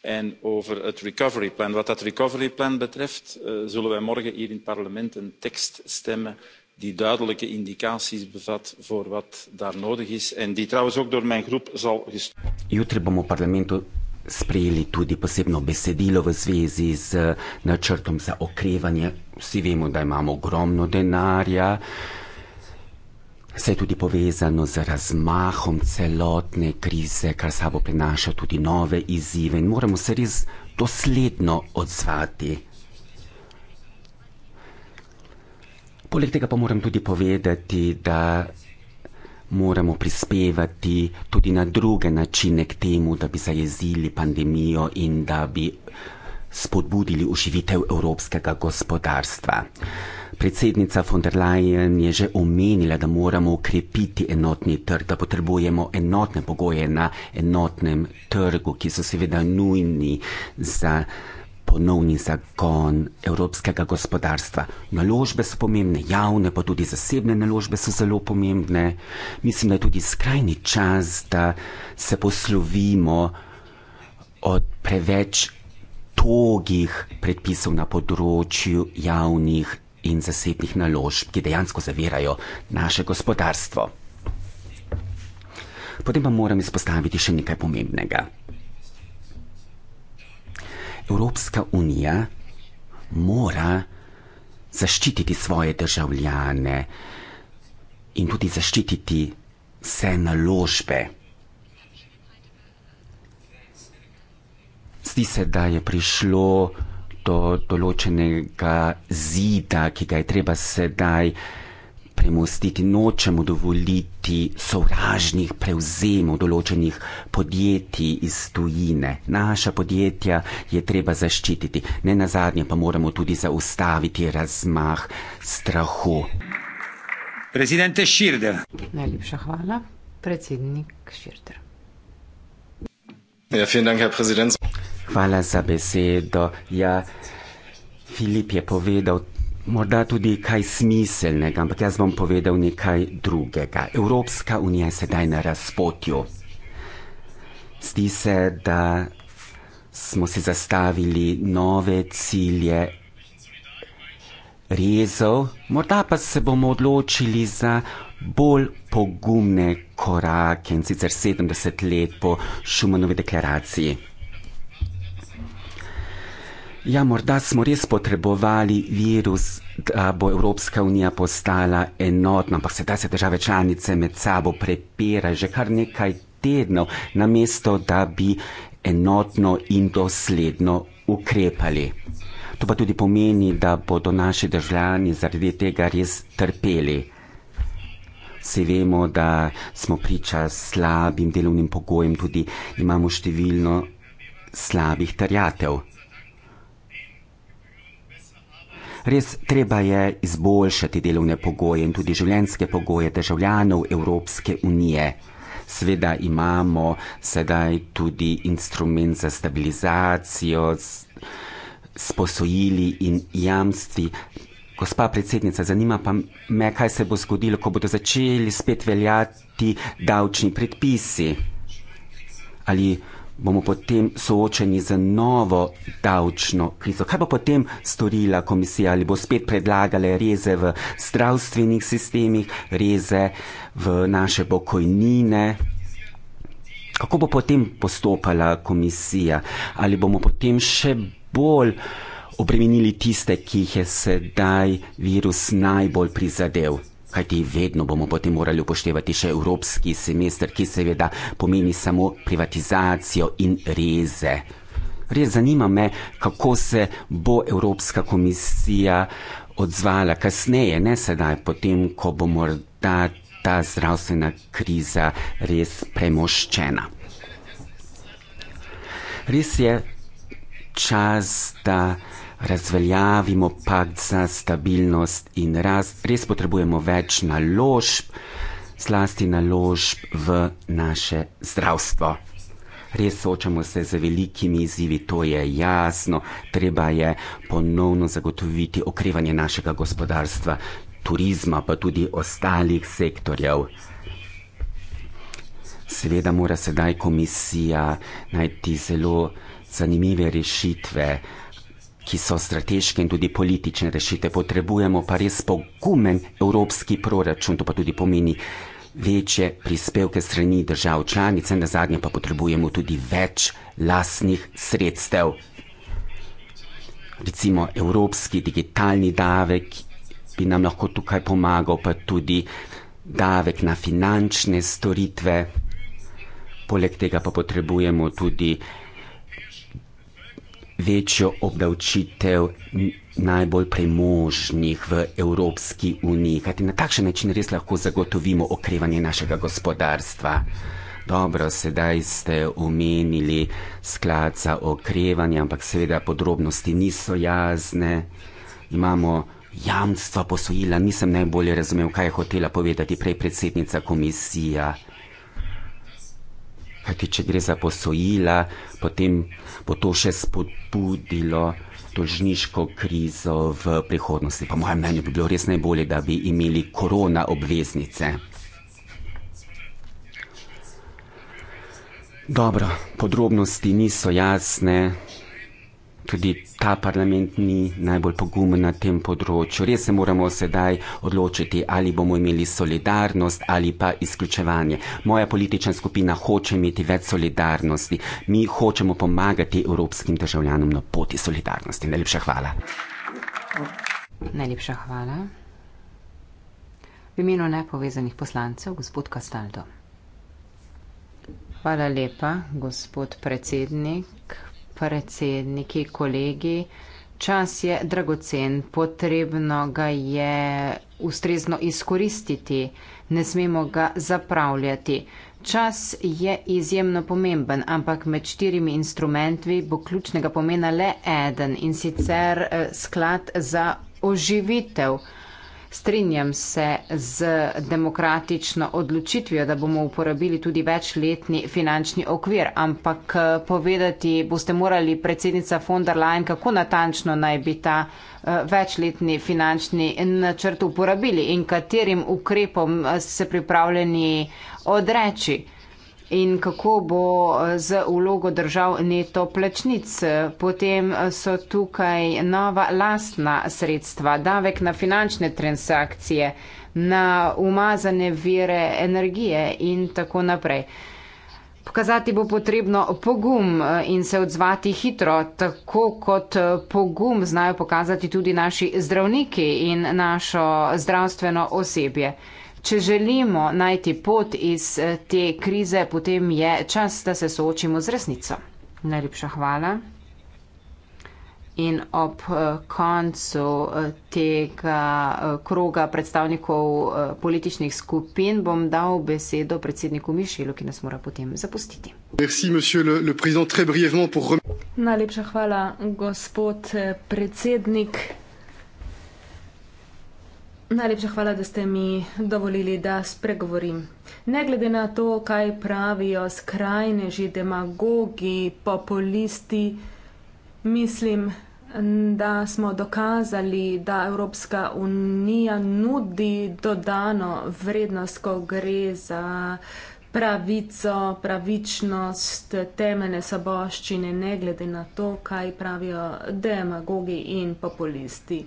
en over het recovery plan. Wat dat recovery plan betreft, eh, zullen wij morgen hier in het parlement een tekst stemmen die duidelijke indicaties bevat voor wat daar nodig is en die trouwens ook door mijn groep zal gestuurd worden sprejeli tudi posebno besedilo v zvezi z eh, načrtom za okrevanje. Vsi vemo, da imamo ogromno denarja. Se je tudi povezano z razmahom celotne krize, kar sabo prinaša tudi nove izzive in moramo se res dosledno odzvati. Poleg tega pa moram tudi povedati, da moramo prispevati tudi na druge načine k temu, da bi zajezili pandemijo in da bi spodbudili uživitev evropskega gospodarstva. Predsednica von der Leyen je že omenila, da moramo ukrepiti enotni trg, da potrebujemo enotne pogoje na enotnem trgu, ki so seveda nujni za ponovni zagon evropskega gospodarstva. Naložbe so pomembne, javne, pa tudi zasebne naložbe so zelo pomembne. Mislim, da je tudi skrajni čas, da se poslovimo od preveč togih predpisov na področju javnih in zasebnih naložb, ki dejansko zavirajo naše gospodarstvo. Potem pa moram izpostaviti še nekaj pomembnega. Evropska unija mora zaščititi svoje državljane in tudi zaščititi vse naložbe. Zdi se, da je prišlo do določenega zida, ki ga je treba sedaj premostiti, nočemo dovoliti sovražnih prevzemov določenih podjetij iz tujine. Naša podjetja je treba zaščititi, ne na zadnje pa moramo tudi zaustaviti razmah strahu. Predsednik Širder. Najlepša hvala, predsednik Širder. Ja, dank, hvala za besedo. Ja, Filip je povedal Morda tudi kaj smiselnega, ampak jaz bom povedal nekaj drugega. Evropska unija je sedaj na razpotju. Zdi se, da smo si zastavili nove cilje rezov, morda pa se bomo odločili za bolj pogumne korake in sicer 70 let po Šumanovi deklaraciji. Ja, morda smo res potrebovali virus, da bo Evropska unija postala enotna, ampak sedaj se države članice med sabo prepirajo že kar nekaj tednov, namesto da bi enotno in dosledno ukrepali. To pa tudi pomeni, da bodo naši državljani zaradi tega res trpeli. Vsi vemo, da smo priča slabim delovnim pogojem, tudi imamo številno slabih trjatev. Res treba je izboljšati delovne pogoje in tudi življenjske pogoje državljanov Evropske unije. Sveda imamo sedaj tudi instrument za stabilizacijo s, s posojili in jamstvi. Gospa predsednica, zanima pa me, kaj se bo zgodilo, ko bodo začeli spet veljati davčni predpisi. Ali bomo potem soočeni z novo davčno krizo. Kaj bo potem storila komisija? Ali bo spet predlagala reze v zdravstvenih sistemih, reze v naše pokojnine? Kako bo potem postopala komisija? Ali bomo potem še bolj obremenili tiste, ki jih je sedaj virus najbolj prizadel? Kajti vedno bomo potem morali upoštevati še evropski semester, ki seveda pomeni samo privatizacijo in reze. Res zanima me, kako se bo Evropska komisija odzvala kasneje, ne sedaj, potem, ko bo morda ta zdravstvena kriza res premoščena. Res je čas, da razveljavimo pakt za stabilnost in rast, res potrebujemo več naložb, zlasti naložb v naše zdravstvo. Res soočamo se z velikimi izzivi, to je jasno. Treba je ponovno zagotoviti okrevanje našega gospodarstva, turizma, pa tudi ostalih sektorjev. Seveda mora sedaj komisija najti zelo zanimive rešitve, ki so strateške in tudi politične rešite. Potrebujemo pa res pogumen evropski proračun, to pa tudi pomeni večje prispevke strani držav članice, na zadnje pa potrebujemo tudi več lasnih sredstev. Recimo evropski digitalni davek bi nam lahko tukaj pomagal, pa tudi davek na finančne storitve. Poleg tega pa potrebujemo tudi večjo obdavčitev najbolj premožnih v Evropski uniji. Kajti na takšen način res lahko zagotovimo okrevanje našega gospodarstva. Dobro, sedaj ste omenili sklad za okrevanje, ampak seveda podrobnosti niso jasne. Imamo jamstva posojila, nisem najbolje razumel, kaj je hotela povedati prej predsednica komisija. Kajti, če gre za posojila, potem bo to še spodbudilo dolžniško krizo v prihodnosti. Po mojem mnenju bi bilo res najbolje, da bi imeli korona obveznice. Dobro, podrobnosti niso jasne tudi ta parlament ni najbolj pogumen na tem področju. Res se moramo sedaj odločiti, ali bomo imeli solidarnost ali pa izključevanje. Moja politična skupina hoče imeti več solidarnosti. Mi hočemo pomagati evropskim državljanom na poti solidarnosti. Najlepša hvala. Najlepša hvala. V imenu nepovezanih poslancev, gospod Kastaldo. Hvala lepa, gospod predsednik predsedniki, kolegi. Čas je dragocen, potrebno ga je ustrezno izkoristiti, ne smemo ga zapravljati. Čas je izjemno pomemben, ampak med štirimi instrumenti bo ključnega pomena le eden in sicer eh, sklad za oživitev. Strinjam se z demokratično odločitvijo, da bomo uporabili tudi večletni finančni okvir, ampak eh, povedati boste morali predsednica von der Leyen, kako natančno naj bi ta eh, večletni finančni načrt uporabili in katerim ukrepom eh, se pripravljeni odreči in kako bo eh, z vlogo držav neto plačnic. Potem eh, so tukaj nova lastna sredstva, davek na finančne transakcije, na umazane vire energije in tako naprej. Pokazati bo potrebno pogum eh, in se odzvati hitro, tako kot pogum znajo pokazati tudi naši zdravniki in našo zdravstveno osebje. Če želimo najti pot iz eh, te krize, potem je čas, da se soočimo z resnico. Najlepša hvala. In ob eh, koncu eh, tega kroga predstavnikov političnih skupin bom dal besedo predsedniku Mišelu, ki nas mora potem zapustiti. Merci, le, le pour... Najlepša hvala, gospod predsednik. Najlepša hvala, da ste mi dovolili, da spregovorim. Ne glede na to, kaj pravijo skrajneži, demagogi, populisti, mislim, da smo dokazali, da Evropska unija nudi dodano vrednost, ko gre za pravico, pravičnost, temene saboščine, ne glede na to, kaj pravijo demagogi in populisti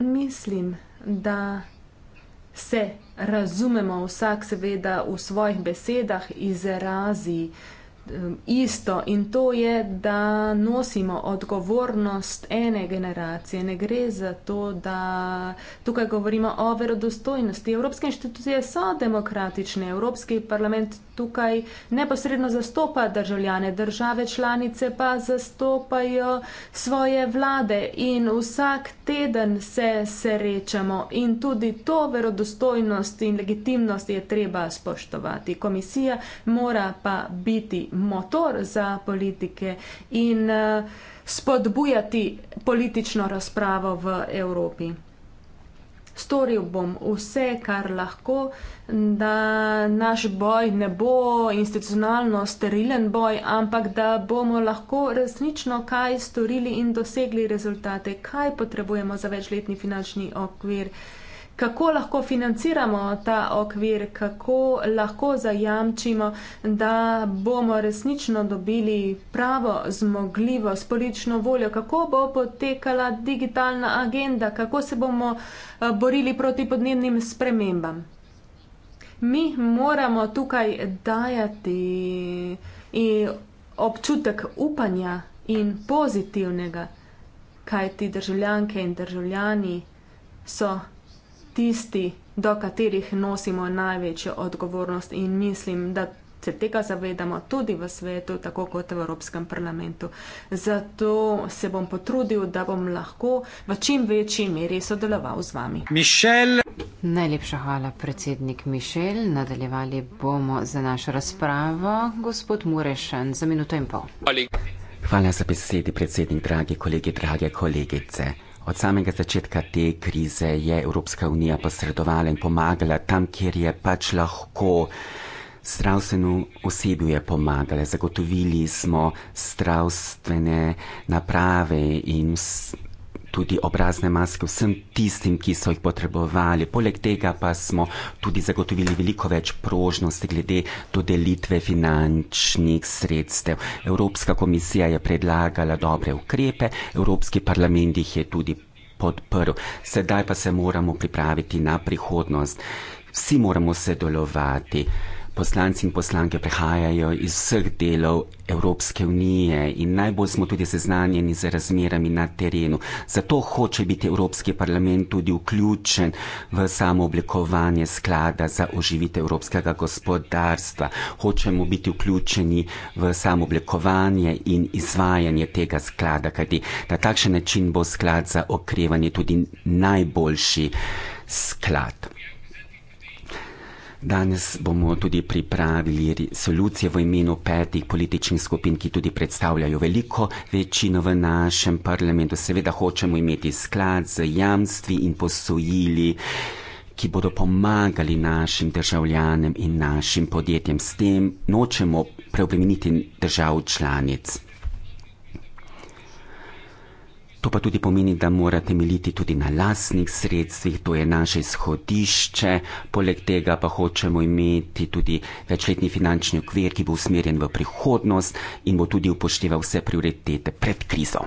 mislim, da se razumemo vsak seveda v svojih besedah izrazi um, isto in to je, da nosimo odgovornost ene generacije. Ne gre za to, da tukaj govorimo o verodostojnosti. Evropske inštitucije so demokratične, Evropski parlament tukaj neposredno zastopa državljane, države članice pa zastopajo svoje vlade in vsak teden se srečamo in tudi to verodostojnost in legitimnost je treba spoštovati. Komisija mora pa biti motor za politike in eh, spodbujati politično razpravo v Evropi. Storil bom vse, kar lahko, da naš boj ne bo institucionalno sterilen boj, ampak da bomo lahko resnično kaj storili in dosegli rezultate, kaj potrebujemo za večletni finančni okvir kako lahko financiramo ta okvir, kako lahko zajamčimo, da bomo resnično dobili pravo zmogljivost, politično voljo, kako bo potekala digitalna agenda, kako se bomo eh, borili proti podnebnim spremembam. Mi moramo tukaj dajati eh, občutek upanja in pozitivnega, kaj ti državljanke in državljani so tisti, do katerih nosimo največjo odgovornost in mislim, da se tega zavedamo tudi v svetu, tako kot v Evropskem parlamentu. Zato se bom potrudil, da bom lahko v čim večji meri sodeloval z vami. Mišel. Najlepša hvala, predsednik Mišel. Nadaljevali bomo za našo razpravo. Gospod Murešen, za minuto in pol. Ali. Hvala za besedi, predsednik, dragi kolegi, drage kolegice. Od samega začetka te krize je Evropska unija posredovala in pomagala tam, kjer je pač lahko. Zdravstveno osebju je pomagala, zagotovili smo zdravstvene naprave in tudi obrazne maske vsem tistim, ki so jih potrebovali. Poleg tega pa smo tudi zagotovili veliko več prožnosti glede dodelitve finančnih sredstev. Evropska komisija je predlagala dobre ukrepe, Evropski parlament jih je tudi podprl. Sedaj pa se moramo pripraviti na prihodnost. Vsi moramo sodelovati poslanci in poslanke prihajajo iz vseh delov Evropske unije in najbolj smo tudi seznanjeni z razmerami na terenu. Zato hoče biti Evropski parlament tudi vključen v samo oblikovanje sklada za oživitev evropskega gospodarstva. Hočemo biti vključeni v samo oblikovanje in izvajanje tega sklada, kajti na takšen način bo sklad za okrevanje tudi najboljši sklad. Danes bomo tudi pripravili resolucije v imenu petih političnih skupin, ki tudi predstavljajo veliko večino v našem parlamentu. Seveda hočemo imeti sklad z jamstvi in posojili ki bodo pomagali našim državljanem in našim podjetjem. S tem nočemo preobremeniti držav članic. To pa tudi pomeni, da mora temeljiti tudi na lasnih sredstvih, to je naše izhodišče, poleg tega pa hočemo imeti tudi večletni finančni okvir, ki bo usmerjen v prihodnost in bo tudi upošteval vse prioritete pred krizo.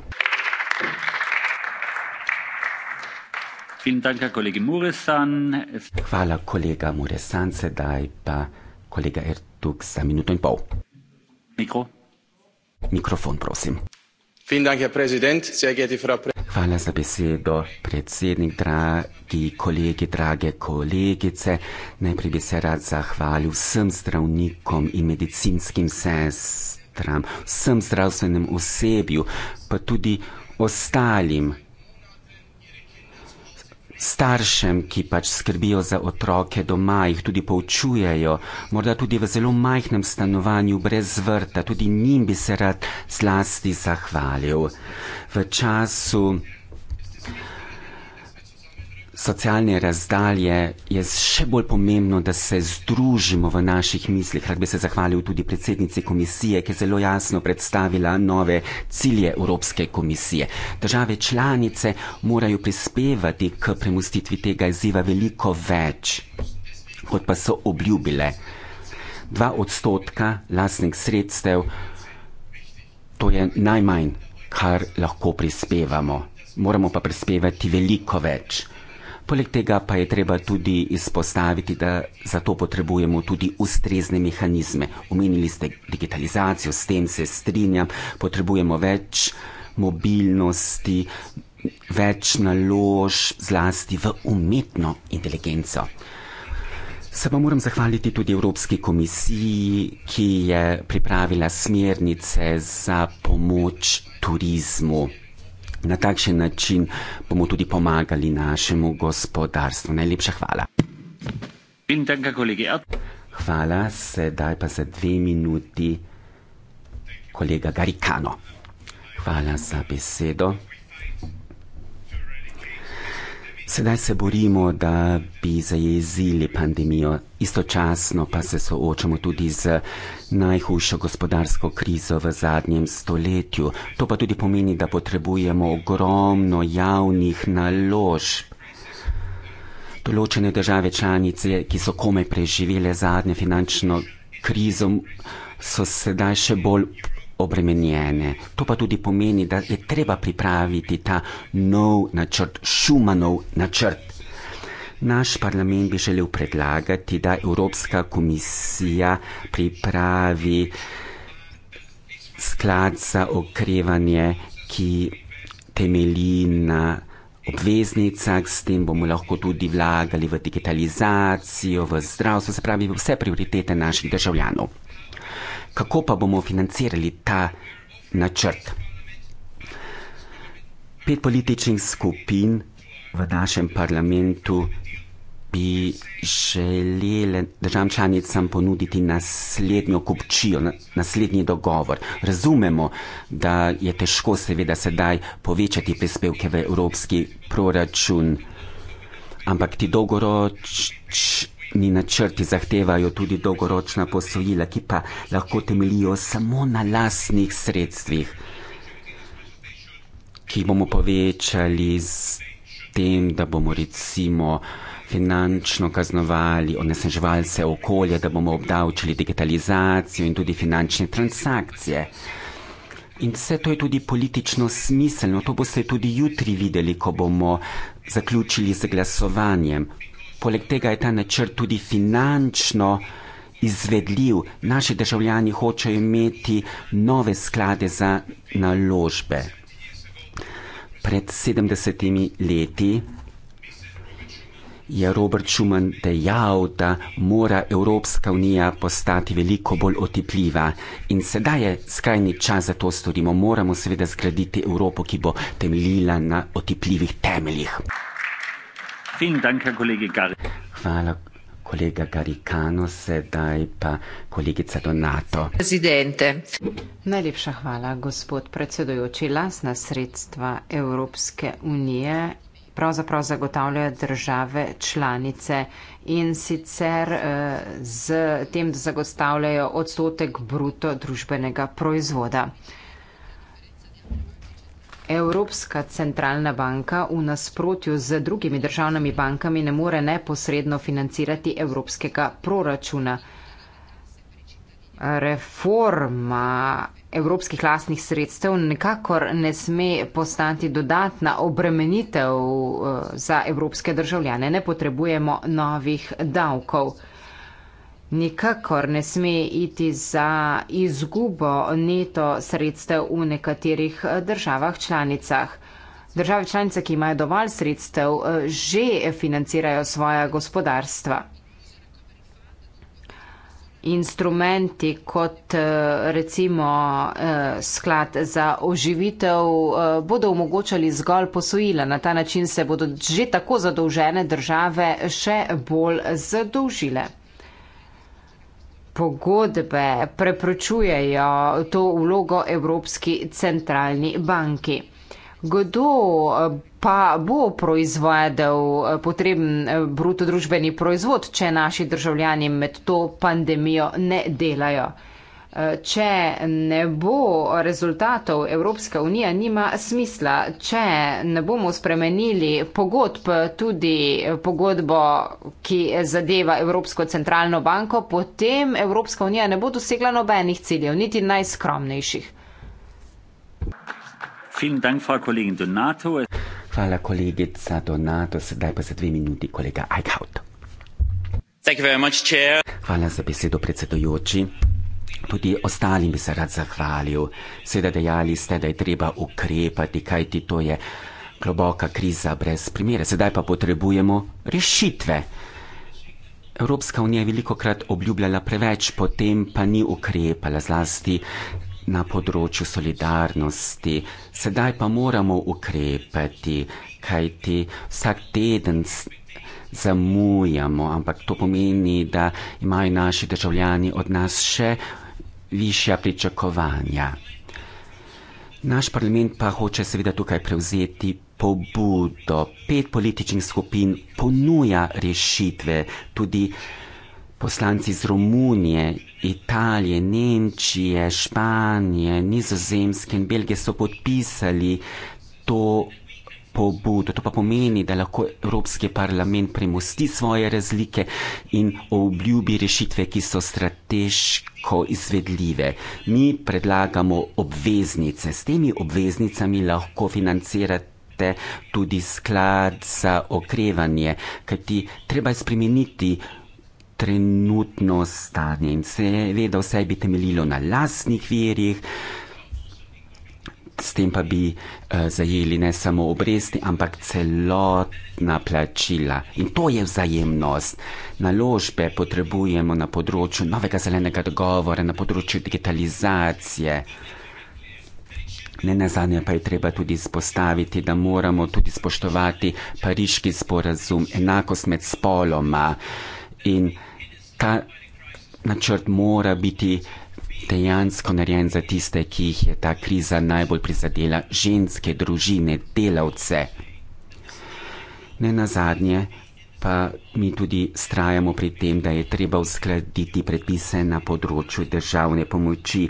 Hvala, kolega Muresan, sedaj pa kolega Ertug za minuto in pol. Mikro. Mikrofon, prosim. Hvala za besedo, predsednik, dragi kolegi, drage kolegice. Najprej bi se rad zahvalil vsem zdravnikom in medicinskim sestram, vsem zdravstvenem osebju, pa tudi ostalim staršem, ki pač skrbijo za otroke doma, jih tudi poučujejo, morda tudi v zelo majhnem stanovanju brez vrta, tudi njim bi se rad zlasti zahvalil. V času socialne razdalje, je še bolj pomembno, da se združimo v naših mislih. Rad bi se zahvalil tudi predsednici komisije, ki je zelo jasno predstavila nove cilje Evropske komisije. Države članice morajo prispevati k premustitvi tega izziva veliko več, kot pa so obljubile. Dva odstotka lastnih sredstev, to je najmanj, kar lahko prispevamo. Moramo pa prispevati veliko več. Poleg tega pa je treba tudi izpostaviti, da za to potrebujemo tudi ustrezne mehanizme. Omenili ste digitalizacijo, s tem se strinjam, potrebujemo več mobilnosti, več nalož, zlasti v umetno inteligenco. Se pa moram zahvaliti tudi Evropski komisiji, ki je pripravila smernice za pomoč turizmu na takšen način bomo tudi pomagali našemu gospodarstvu. Najlepša hvala. Hvala, sedaj pa za dve minuti kolega Garikano. Hvala za besedo. Sedaj se borimo, da bi zajezili pandemijo, istočasno pa se soočamo tudi z najhujšo gospodarsko krizo v zadnjem stoletju. To pa tudi pomeni, da potrebujemo ogromno javnih naložb. Določene države članice, ki so komaj preživele zadnje finančno krizo, so sedaj še bolj obremenjene. To pa tudi pomeni, da je treba pripraviti ta nov načrt, šumanov načrt. Naš parlament bi želel predlagati, da Evropska komisija pripravi sklad za okrevanje, ki temelji na obveznicah, s tem bomo lahko tudi vlagali v digitalizacijo, v zdravstvo, se pravi vse prioritete naših državljanov kako pa bomo financirali ta načrt. Pet političnih skupin v našem parlamentu bi želeli državam članicam ponuditi naslednjo kupčijo, naslednji dogovor. Razumemo, da je težko seveda sedaj povečati prispevke v evropski proračun, ampak ti dolgoročni Ni načrti zahtevajo tudi dolgoročna posojila, ki pa lahko temelijo samo na lasnih sredstvih, ki bomo povečali z tem, da bomo recimo finančno kaznovali onesnaževalce okolja, da bomo obdavčili digitalizacijo in tudi finančne transakcije. In vse to je tudi politično smiselno, to boste tudi jutri videli, ko bomo zaključili z glasovanjem. Poleg tega je ta načrt tudi finančno izvedljiv. Naši državljani hočejo imeti nove sklade za naložbe. Pred 70 leti je Robert Schuman dejal, da mora Evropska unija postati veliko bolj otipljiva. In sedaj je skrajni čas, da to storimo. Moramo seveda zgraditi Evropo, ki bo temeljila na otipljivih temeljih. Hvala, kolega Garikano, sedaj pa kolegica Donato. Presidente. Najlepša hvala, gospod predsedujoči. Lasna sredstva Evropske unije pravzaprav zagotavljajo države članice in sicer z eh, tem, da zagotavljajo odstotek bruto družbenega proizvoda. Evropska centralna banka v nasprotju z drugimi državnimi bankami ne more neposredno financirati evropskega proračuna. Reforma evropskih lastnih sredstev nekakor ne sme postati dodatna obremenitev eh, za evropske državljane. Ne potrebujemo novih davkov nikakor ne sme iti za izgubo neto sredstev v nekaterih eh, državah članicah. Države članice, ki imajo dovolj sredstev, eh, že financirajo svoja gospodarstva. Instrumenti kot eh, recimo sklad za oživitev bodo omogočali zgolj posojila. Na ta način se bodo že tako zadolžene države še bolj zadolžile pogodbe preprečujejo to vlogo Evropski centralni banki. Kdo eh, pa bo proizvedel eh, potreben eh, brutodružbeni proizvod, če naši državljani med to pandemijo ne delajo? Če ne bo rezultatov, Evropska unija nima smisla. Če ne bomo spremenili pogodb, tudi pogodbo, ki zadeva Evropsko centralno banko, potem Evropska unija ne bo dosegla nobenih ciljev, niti najskromnejših. Hvala, kolegica Donato. Sedaj pa za dve minuti, kolega Eichhout. Hvala za besedo, predsedujoči. Tudi ostalim bi se rad zahvalil. Seveda dejali ste, da je treba ukrepati, kaj ti to je globoka kriza brez primere. Sedaj pa potrebujemo rešitve. Evropska unija je veliko krat obljubljala preveč, potem pa ni ukrepala zlasti na področju solidarnosti. Sedaj pa moramo ukrepati, kaj ti vsak teden zamujamo, ampak to pomeni, da imajo naši državljani od nas še višja pričakovanja. Naš parlament pa hoče seveda tukaj prevzeti pobudo. Pet političnih skupin ponuja rešitve, tudi poslanci iz Romunije, Italije, Nemčije, Španije, Nizozemske in Belgije so podpisali to pobudo. To pa pomeni, da lahko Evropski parlament premosti svoje razlike in obljubi rešitve, ki so strateško izvedljive. Mi predlagamo obveznice. S temi obveznicami lahko financirate tudi sklad za okrevanje, kajti treba je spremeniti trenutno stanje in seveda vse bi temeljilo na lasnih verjih s tem pa bi uh, zajeli ne samo obresti, ampak celotna plačila. In to je vzajemnost. Naložbe potrebujemo na področju novega zelenega dogovora, na področju digitalizacije. Ne na zadnje pa je treba tudi izpostaviti, da moramo tudi spoštovati pariški sporazum, enakost med spoloma. In ta načrt mora biti uh, dejansko narejen za tiste, ki jih je ta kriza najbolj prizadela, ženske, družine, delavce. Ne na zadnje, pa mi tudi strajamo pri tem, da je treba uskladiti predpise na področju državne pomoči.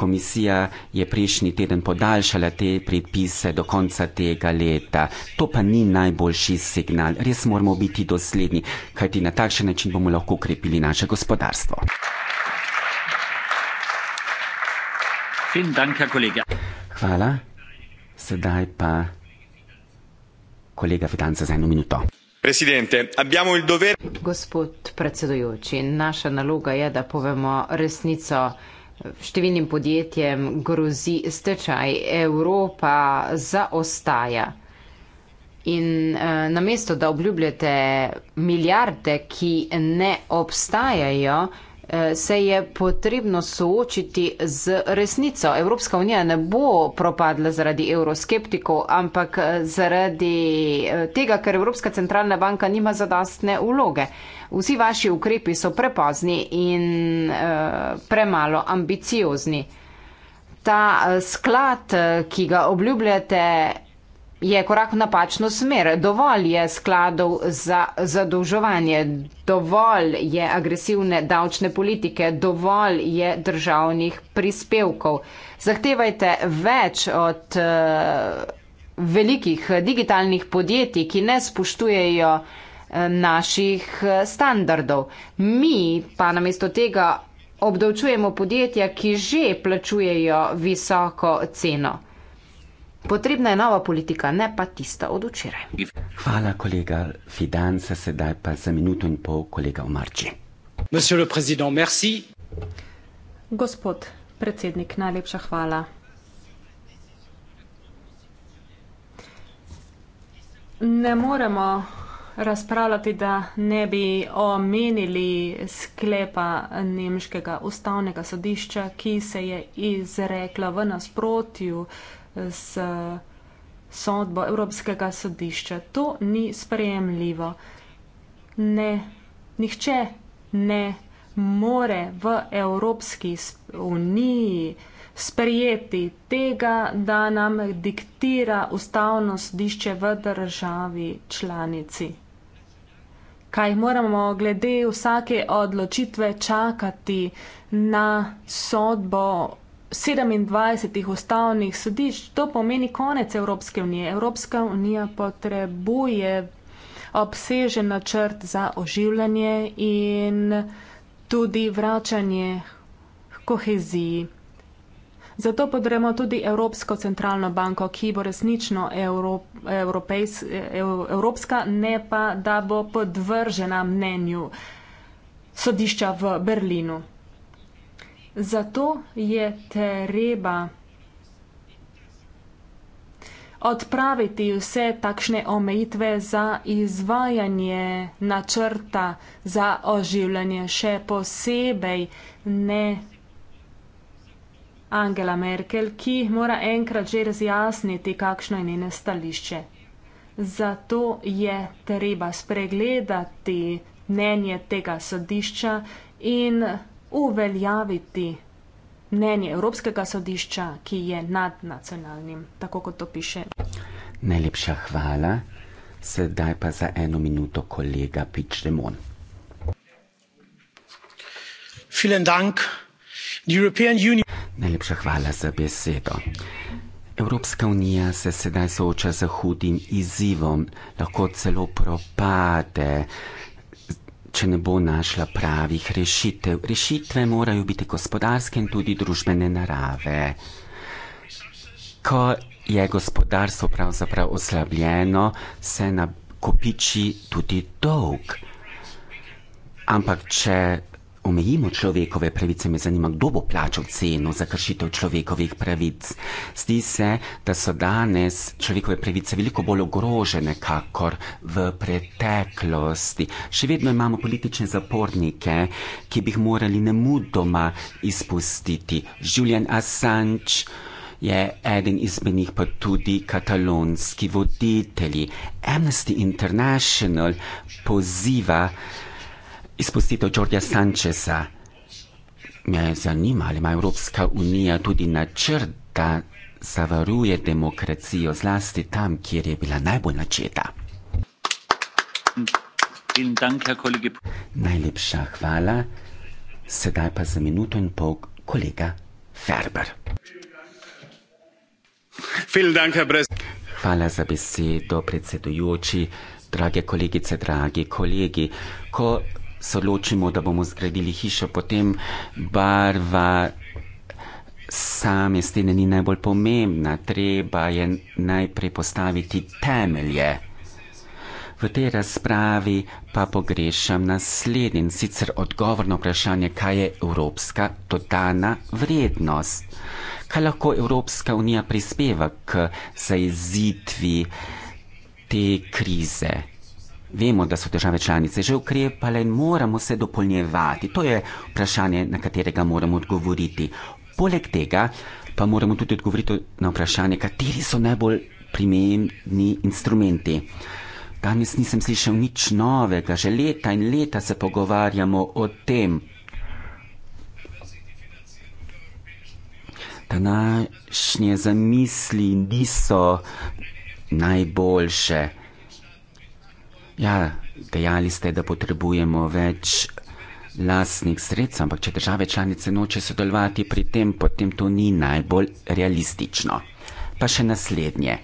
Komisija je prejšnji teden podaljšala te predpise do konca tega leta. To pa ni najboljši signal. Res moramo biti dosledni, kajti na takšen način bomo lahko ukrepili naše gospodarstvo. Hvala. Sedaj pa kolega Fidanca za eno minuto. Dover... Gospod predsedujoči, naša naloga je, da povemo resnico. Številnim podjetjem grozi stečaj, Evropa zaostaja. In e, namesto, da obljubljate milijarde, ki ne obstajajo, se je potrebno soočiti z resnico. Evropska unija ne bo propadla zaradi euroskeptikov, ampak eh, zaradi eh, tega, ker Evropska centralna banka nima zadostne uloge. Vsi vaši ukrepi so prepozni in eh, premalo ambiciozni. Ta sklad, ki ga obljubljate, je korak v napačno smer. Dovolj je skladov za zadolževanje, dovolj je agresivne davčne politike, dovolj je državnih prispevkov. Zahtevajte več od eh, velikih digitalnih podjetij, ki ne spoštujejo eh, naših eh, standardov. Mi pa namesto tega obdavčujemo podjetja, ki že plačujejo visoko ceno. Potrebna je nova politika, ne pa tista od včeraj. Hvala, kolega Fidanca, sedaj pa za minuto in pol, kolega Omarči. Gospod predsednik, najlepša hvala. Ne moremo razpravljati, da ne bi omenili sklepa nemškega ustavnega sodišča, ki se je izrekla v nasprotju s sodbo Evropskega sodišča. To ni sprejemljivo. Ne, nihče ne more v Evropski uniji sprejeti tega, da nam diktira ustavno sodišče v državi članici. Kaj moramo glede vsake odločitve čakati na sodbo 27 ustavnih sodišč, to pomeni konec Evropske unije. Evropska unija potrebuje obsežen načrt za oživljanje in tudi vračanje koheziji. Zato podremo tudi Evropsko centralno banko, ki bo resnično evrop, evropska, ne pa da bo podvržena mnenju sodišča v Berlinu. Zato je treba odpraviti vse takšne omejitve za izvajanje načrta za oživljanje, še posebej ne Angela Merkel, ki mora enkrat že razjasniti, kakšno je njene stališče. Zato je treba spregledati mnenje tega sodišča in uveljaviti mnenje Evropskega sodišča, ki je nadnacionalnim, tako kot to piše. Najlepša hvala. Sedaj pa za eno minuto kolega Pičremon. Najlepša hvala za besedo. Evropska unija se sedaj sooča z hudim izzivom, lahko celo propade če ne bo našla pravih rešitev. Rešitve morajo biti gospodarske in tudi družbene narave. Ko je gospodarstvo pravzaprav oslabljeno, se nakopiči tudi dolg. Ampak, če omejimo človekove pravice, me zanima, kdo bo plačal ceno za kršitev človekovih pravic. Zdi se, da so danes človekove pravice veliko bolj ogrožene, kakor v preteklosti. Še vedno imamo politične zapornike, ki bi jih morali nemudoma izpustiti. Julian Assange je eden izmed njih, pa tudi katalonski voditelji. Amnesty International poziva, izpustitev Džordja Sančesa. Me zanima, ali ima Evropska unija tudi načrt, da zavaruje demokracijo zlasti tam, kjer je bila najbolj načeta. Najlepša hvala. Sedaj pa za minuto in pol kolega Ferber. Hvala za besedo, predsedujoči. Drage kolegice, dragi kolegi, ko se odločimo, da bomo zgradili hišo, potem barva same stene ni najbolj pomembna. Treba je najprej postaviti temelje. V tej razpravi pa pogrešam naslednji in sicer odgovor na vprašanje, kaj je evropska dodana vrednost. Kaj lahko Evropska unija prispeva k zaizitvi te krize? Vemo, da so države članice že ukrepale in moramo se dopolnjevati. To je vprašanje, na katerega moramo odgovoriti. Poleg tega pa moramo tudi odgovoriti na vprašanje, kateri so najbolj primerni instrumenti. Danes nisem slišal nič novega, že leta in leta se pogovarjamo o tem. Današnje zamisli niso najboljše. Ja, dejali ste, da potrebujemo več lastnih sredstev, ampak če države članice noče sodelovati pri tem, potem to ni najbolj realistično. Pa še naslednje.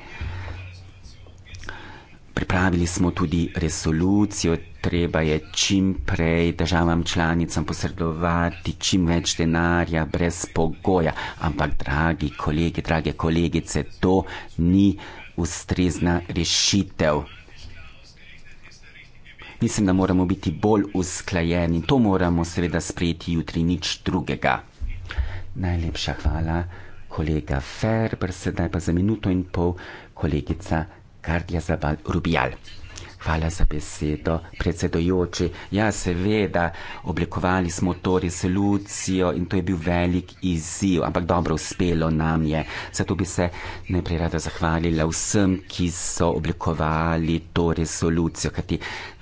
Pripravili smo tudi resolucijo, treba je čim prej državam članicam posredovati čim več denarja brez pogoja. Ampak, dragi kolegi, drage kolegice, to ni ustrezna rešitev mislim, da moramo biti bolj usklajeni in to moramo seveda sprejeti jutri, nič drugega. Najlepša hvala, kolega Ferber, sedaj pa za minuto in pol, kolegica Kardja Zabal Rubijal. Hvala za besedo, predsedojoči. Ja, seveda, oblikovali smo to resolucijo in to je bil velik izziv, ampak dobro uspelo nam je. Zato bi se najprej rada zahvalila vsem, ki so oblikovali to resolucijo, kajti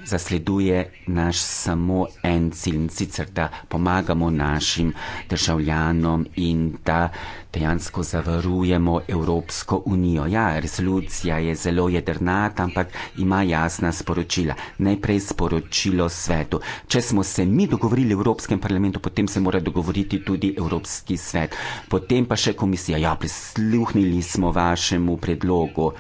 zasleduje naš samo en cilj in sicer, da pomagamo našim državljanom in da dejansko zavarujemo Evropsko unijo. Ja, resolucija je zelo jedrnata, ampak ima jasna sporočila. Najprej sporočilo svetu. Če smo se mi dogovorili v Evropskem parlamentu, potem se mora dogovoriti tudi Evropski svet. Potem pa še komisija. Ja, prisluhnili smo vašemu predlogu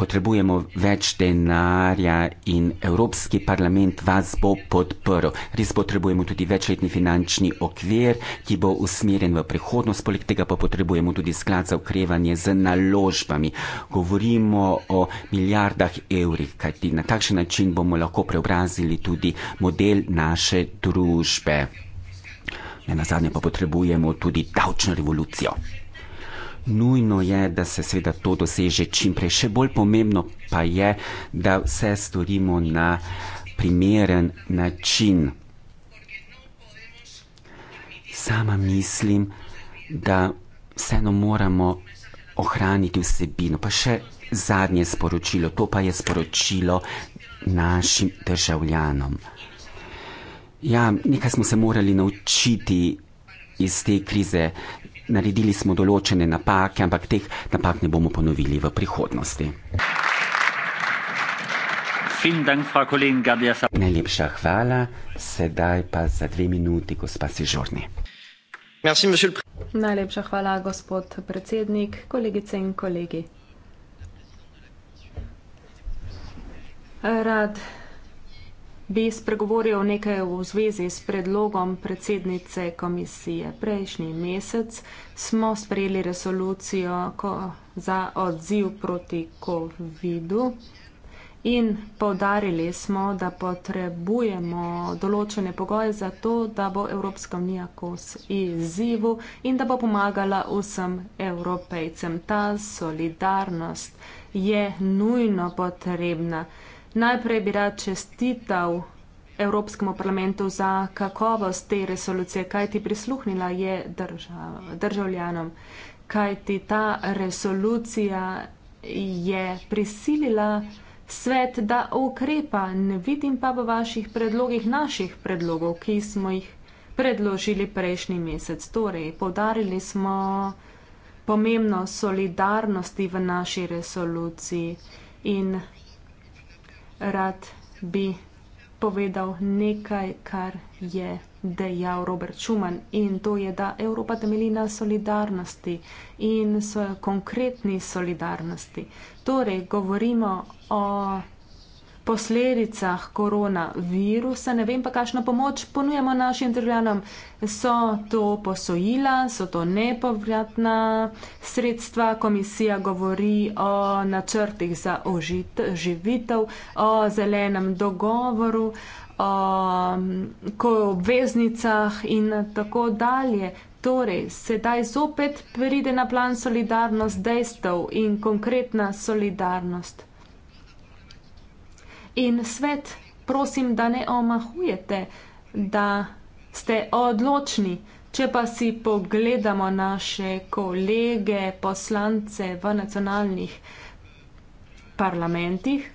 potrebujemo več denarja in Evropski parlament vas bo podprl. Res potrebujemo tudi večletni finančni okvir, ki bo usmerjen v prihodnost, poleg tega pa potrebujemo tudi sklad za ukrevanje z naložbami. Govorimo o milijardah evrih, kajti na takšen način bomo lahko preobrazili tudi model naše družbe. Na zadnje pa potrebujemo tudi davčno revolucijo nujno je, da se seveda to doseže čim prej. Še bolj pomembno pa je, da vse storimo na primeren način. Sama mislim, da vseeno moramo ohraniti vsebino. Pa še zadnje sporočilo, to pa je sporočilo našim državljanom. Ja, nekaj smo se morali naučiti iz te krize, naredili smo določene napake, ampak teh napak ne bomo ponovili v prihodnosti. Najlepša hvala, sedaj pa za dve minuti, gospa Sižurni. Najlepša hvala, gospod predsednik, kolegice in kolegi. Rad bi spregovoril nekaj v zvezi s predlogom predsednice komisije. Prejšnji mesec smo sprejeli resolucijo za odziv proti COVID-u in povdarili smo, da potrebujemo določene pogoje za to, da bo Evropska unija kos izzivu in da bo pomagala vsem evropejcem. Ta solidarnost je nujno potrebna. Najprej bi rad čestital Evropskemu parlamentu za kakovost te resolucije, kaj ti prisluhnila je držav, državljanom, kaj ti ta resolucija je prisilila svet, da ukrepa. Ne vidim pa v vaših predlogih naših predlogov, ki smo jih predložili prejšnji mesec. Torej, povdarili smo pomembno solidarnosti v naši resoluciji. In rad bi povedal nekaj, kar je dejal Robert Schuman in to je, da Evropa temelji na solidarnosti in konkretni solidarnosti. Torej, govorimo o posledicah koronavirusa. Ne vem pa, kakšno pomoč ponujamo našim državljanom. So to posojila, so to nepovratna sredstva. Komisija govori o načrtih za oživitev, o zelenem dogovoru, o obveznicah in tako dalje. Torej, sedaj zopet pride na plan solidarnost dejstev in konkretna solidarnost in svet, prosim, da ne omahujete, da ste odločni. Če pa si pogledamo naše kolege, poslance v nacionalnih parlamentih,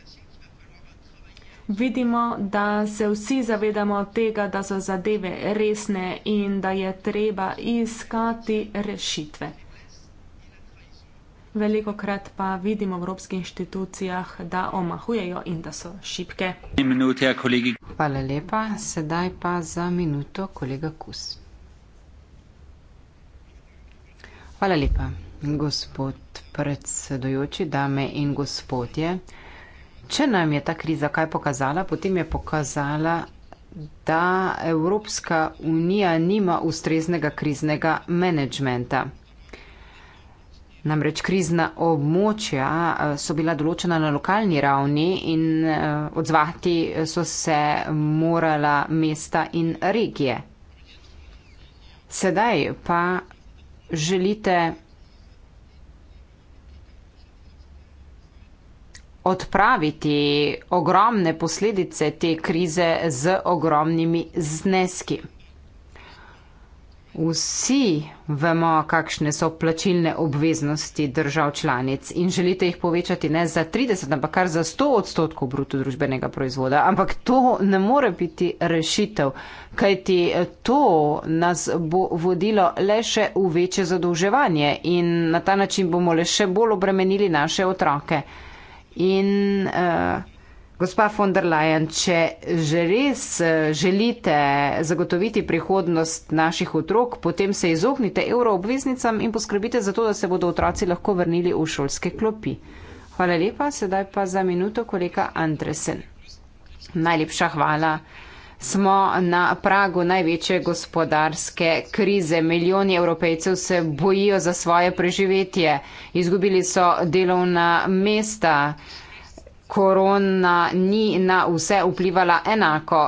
vidimo, da se vsi zavedamo tega, da so zadeve resne in da je treba iskati rešitve veliko krat pa vidimo v evropskih inštitucijah, da omahujejo in da so šipke. Minute, ja, Hvala lepa, sedaj pa za minuto kolega Kus. Hvala lepa, gospod predsedojoči, dame in gospodje. Če nam je ta kriza kaj pokazala, potem je pokazala, da Evropska unija nima ustreznega kriznega menedžmenta. Namreč krizna območja eh, so bila določena na lokalni ravni in eh, odzvati so se morala mesta in regije. Sedaj pa želite odpraviti ogromne posledice te krize z ogromnimi zneski. Vsi vemo, kakšne so plačilne obveznosti držav članic in želite jih povečati ne za 30, ampak kar za 100 odstotkov bruto družbenega proizvoda. Ampak to ne more biti rešitev, kajti to nas bo vodilo le še v večje zadolževanje in na ta način bomo le še bolj obremenili naše otroke. In, uh, Gospa von der Leyen, če že res eh, želite zagotoviti prihodnost naših otrok, potem se izognite euroobveznicam in poskrbite za to, da se bodo otroci lahko vrnili v šolske klopi. Hvala lepa, sedaj pa za minuto kolega Andresen. Najlepša hvala. Smo na pragu največje gospodarske krize. Milijoni evropejcev se bojijo za svoje preživetje. Izgubili so delovna mesta korona ni na vse vplivala enako.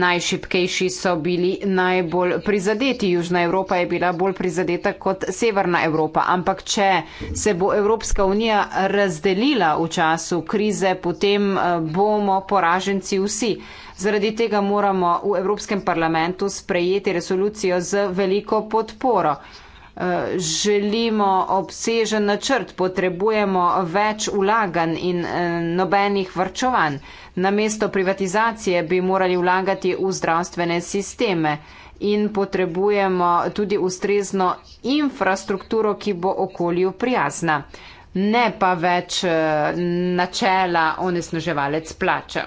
Najšipkejši so bili najbolj prizadeti. Južna Evropa je bila bolj prizadeta kot Severna Evropa. Ampak, če se bo Evropska unija razdelila v času krize, potem eh, bomo poraženci vsi. Zaradi tega moramo v Evropskem parlamentu sprejeti resolucijo z veliko podporo želimo obsežen načrt, potrebujemo več ulagan in eh, nobenih vrčovanj. Namesto privatizacije bi morali vlagati v zdravstvene sisteme in potrebujemo tudi ustrezno infrastrukturo, ki bo okolju prijazna, ne pa več eh, načela onesnaževalec plača.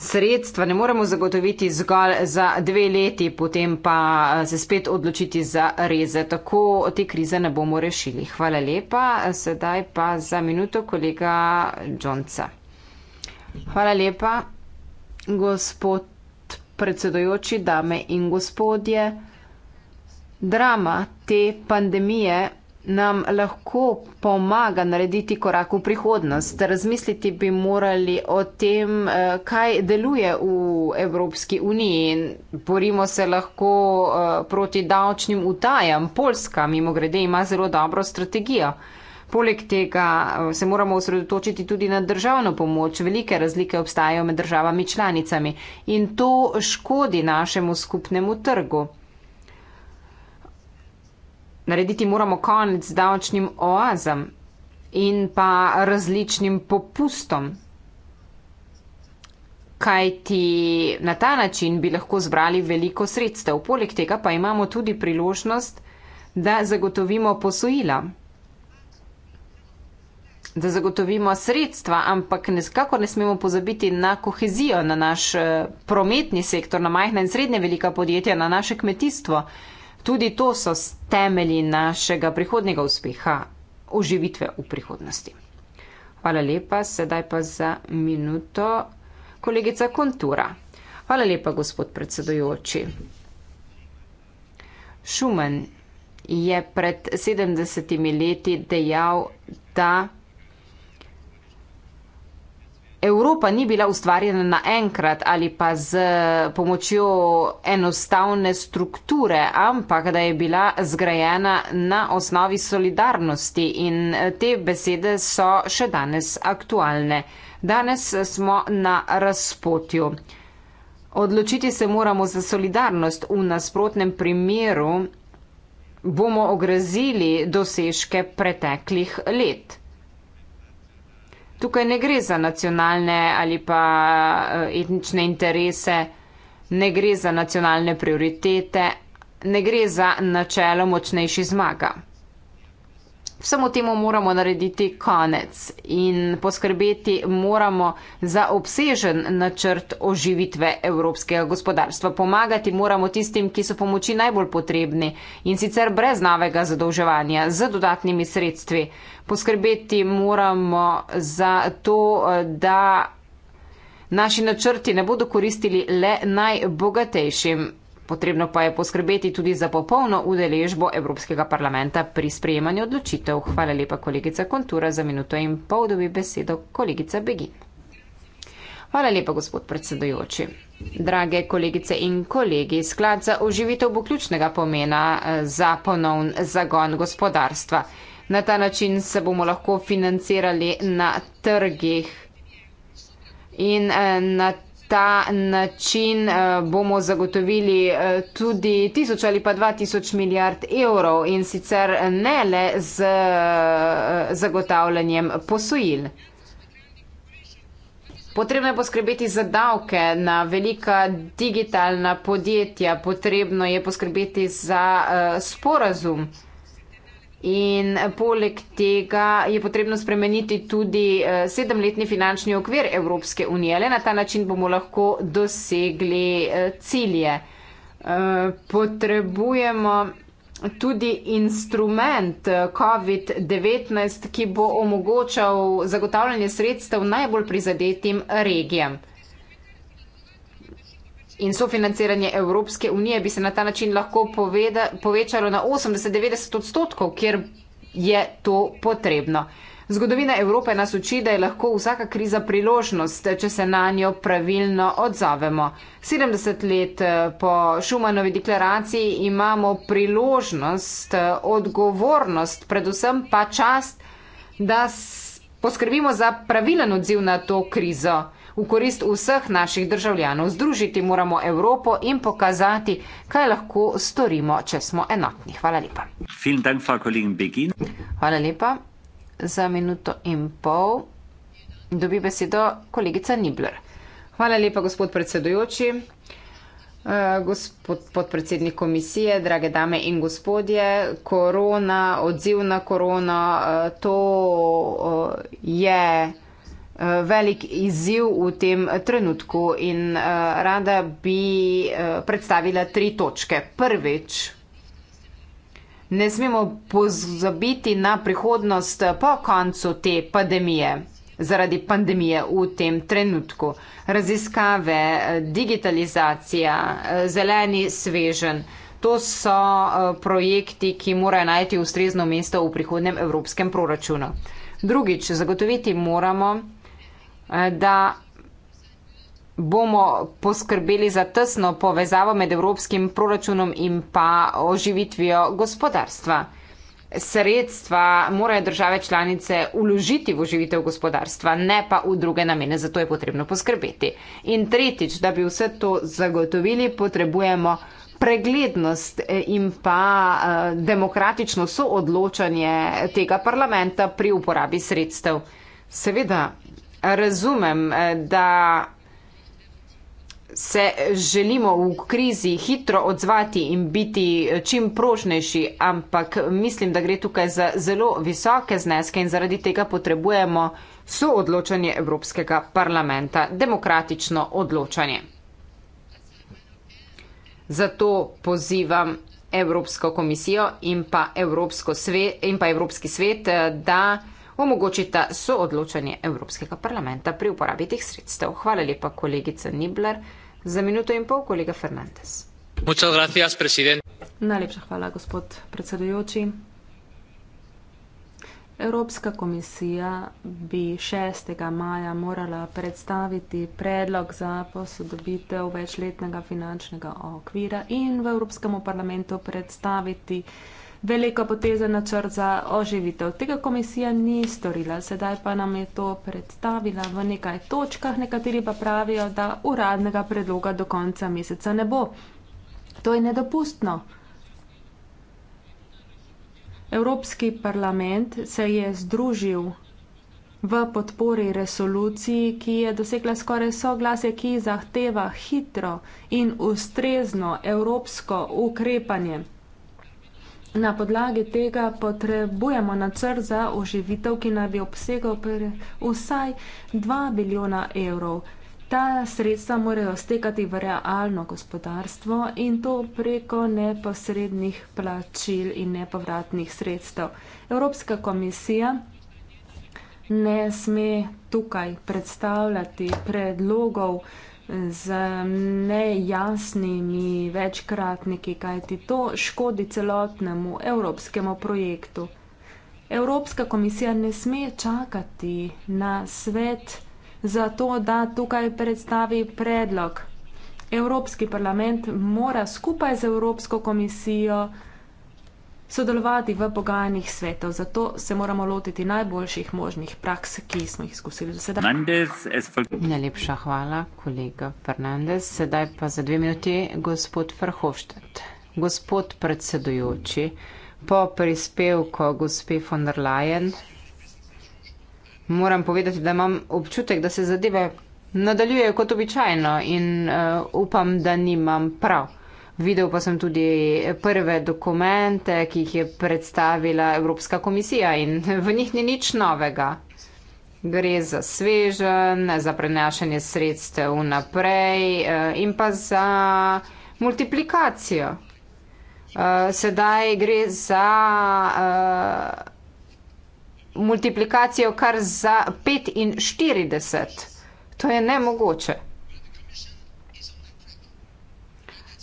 sredstva ne moremo zagotoviti zgolj za dve leti, potem pa eh, se spet odločiti za reze. Tako te krize ne bomo rešili. Hvala lepa. Sedaj pa za minuto kolega Džonca. Hvala lepa, gospod predsedojoči, dame in gospodje. Drama te pandemije nam lahko pomaga narediti korak v prihodnost. Razmisliti bi morali o tem, eh, kaj deluje v Evropski uniji. Borimo se lahko eh, proti davčnim utajam. Polska, mimo grede, ima zelo dobro strategijo. Poleg tega eh, se moramo osredotočiti tudi na državno pomoč. Velike razlike obstajajo med državami članicami in to škodi našemu skupnemu trgu. Narediti moramo konec davčnim oazam in pa različnim popustom. Kaj ti na ta način bi lahko zbrali veliko sredstev, poleg tega pa imamo tudi priložnost, da zagotovimo posojila, da zagotovimo sredstva, ampak nekako ne smemo pozabiti na kohezijo, na naš eh, prometni sektor, na majhna in srednje velika podjetja, na naše kmetijstvo. Tudi to so temelji našega prihodnega uspeha, oživitve v prihodnosti. Hvala lepa, sedaj pa za minuto kolegica Kontura. Hvala lepa, gospod predsedojoči. Šumen je pred 70 leti dejal, da Evropa ni bila ustvarjena naenkrat ali pa z pomočjo enostavne strukture, ampak da je bila zgrajena na osnovi solidarnosti in te besede so še danes aktualne. Danes smo na razpotju. Odločiti se moramo za solidarnost. V nasprotnem primeru bomo ogrozili dosežke preteklih let tukaj ne gre za nacionalne ali pa eh, etnične interese, ne gre za nacionalne prioritete, ne gre za načelo močnejši zmaga vsemu temu moramo narediti konec in poskrbeti moramo za obsežen načrt oživitve evropskega gospodarstva. Pomagati moramo tistim, ki so pomoči najbolj potrebni in sicer brez novega zadolževanja, z dodatnimi sredstvi. Poskrbeti moramo za to, da. Naši načrti ne bodo koristili le najbogatejšim, Potrebno pa je poskrbeti tudi za popolno udeležbo Evropskega parlamenta pri sprejemanju odločitev. Hvala lepa, kolegica Kontura, za minuto in pol dobi besedo kolegica Begin. Hvala lepa, gospod predsedujoči. Drage kolegice in kolegi, sklad za oživitev bo ključnega pomena eh, za ponovn zagon gospodarstva. Na ta način se bomo lahko financirali na trgih in eh, na trgih ta način eh, bomo zagotovili eh, tudi tisoč ali pa dva tisoč milijard evrov in sicer ne le z eh, zagotavljanjem posojil. Potrebno je poskrbeti za davke na velika digitalna podjetja, potrebno je poskrbeti za sporazum. In poleg tega je potrebno spremeniti tudi eh, sedemletni finančni okvir Evropske unije. Le na ta način bomo lahko dosegli eh, cilje. Eh, potrebujemo tudi instrument COVID-19, ki bo omogočal zagotavljanje sredstev najbolj prizadetim regijam in sofinanciranje Evropske unije bi se na ta način lahko poveda, povečalo na 80-90 odstotkov, kjer je to potrebno. Zgodovina Evrope nas uči, da je lahko vsaka kriza priložnost, če se na njo pravilno odzovemo. 70 let eh, po Šumanovi deklaraciji imamo priložnost, eh, odgovornost, predvsem pa čast, da poskrbimo za pravilen odziv na to krizo. V korist vseh naših državljanov združiti moramo Evropo in pokazati, kaj lahko storimo, če smo enotni. Hvala lepa. Hvala lepa. Za minuto in pol dobi besedo kolegica Nibler. Hvala lepa, gospod predsedujoči, eh, gospod podpredsednik komisije, drage dame in gospodje. Korona, odziv na korona, eh, to eh, je. Eh, velik izziv v tem trenutku in eh, rada bi eh, predstavila tri točke. Prvič, ne smemo pozabiti na prihodnost po koncu te pandemije. Zaradi pandemije v tem trenutku. Raziskave, digitalizacija, zeleni svežen, to so projekti, ki morajo najti ustrezno mesto v prihodnem evropskem proračunu. Drugič, zagotoviti moramo, Eh, da bomo poskrbeli za tesno povezavo med evropskim proračunom in pa oživitvijo gospodarstva. Sredstva morajo države članice uložiti v oživitev gospodarstva, ne pa v druge namene, zato je potrebno poskrbeti. In tretjič, da bi vse to zagotovili, potrebujemo preglednost eh, in pa eh, demokratično soodločanje tega parlamenta pri uporabi sredstev. Seveda razumem, eh, da se želimo v krizi hitro odzvati in biti čim prožnejši, ampak mislim, da gre tukaj za zelo visoke zneske in zaradi tega potrebujemo soodločanje Evropskega parlamenta, demokratično odločanje. Zato pozivam Evropsko komisijo in pa, svet, in pa Evropski svet, eh, da omogočita soodločanje Evropskega parlamenta pri uporabi teh sredstev. Hvala lepa, kolegica Nibler. Za minuto in pol, kolega Fernandez. Gracias, Najlepša hvala, gospod predsedujoči. Evropska komisija bi 6. maja morala predstaviti predlog za posodobitev večletnega finančnega okvira in v Evropskem parlamentu predstaviti velika poteza na črt za oživitev. Tega komisija ni storila, sedaj pa nam je to predstavila v nekaj točkah, nekateri pa pravijo, da uradnega predloga do konca meseca ne bo. To je nedopustno. Evropski parlament se je združil v podpori resoluciji, ki je dosegla skoraj soglasje, ki zahteva hitro in ustrezno evropsko ukrepanje. Na podlagi tega potrebujemo načrt za oživitev, ki naj bi obsegal vsaj 2 biliona evrov. Ta sredstva morajo stekati v realno gospodarstvo in to preko neposrednih plačil in nepovratnih sredstev. Evropska komisija ne sme tukaj predstavljati predlogov, z nejasnimi večkratniki, kajti to škodi celotnemu evropskemu projektu. Evropska komisija ne sme čakati na svet za to, da tukaj predstavi predlog. Evropski parlament mora skupaj z Evropsko komisijo sodelovati v pogajanjih svetov. Zato se moramo lotiti najboljših možnih praks, ki smo jih izkusili do sedaj. Najlepša hvala, kolega Fernandez. Sedaj pa za dve minuti gospod Frhoštet. Gospod predsedujoči, po prispevku gospe von der Leyen moram povedati, da imam občutek, da se zadeve. Nadaljujejo kot običajno in uh, upam, da nimam prav. Videl pa sem tudi prve dokumente, ki jih je predstavila Evropska komisija in [LAUGHS] v njih ni nič novega. Gre za svežen, za prenašanje sredstev naprej eh, in pa za multiplikacijo. Eh, sedaj gre za eh, multiplikacijo kar za 45. To je nemogoče.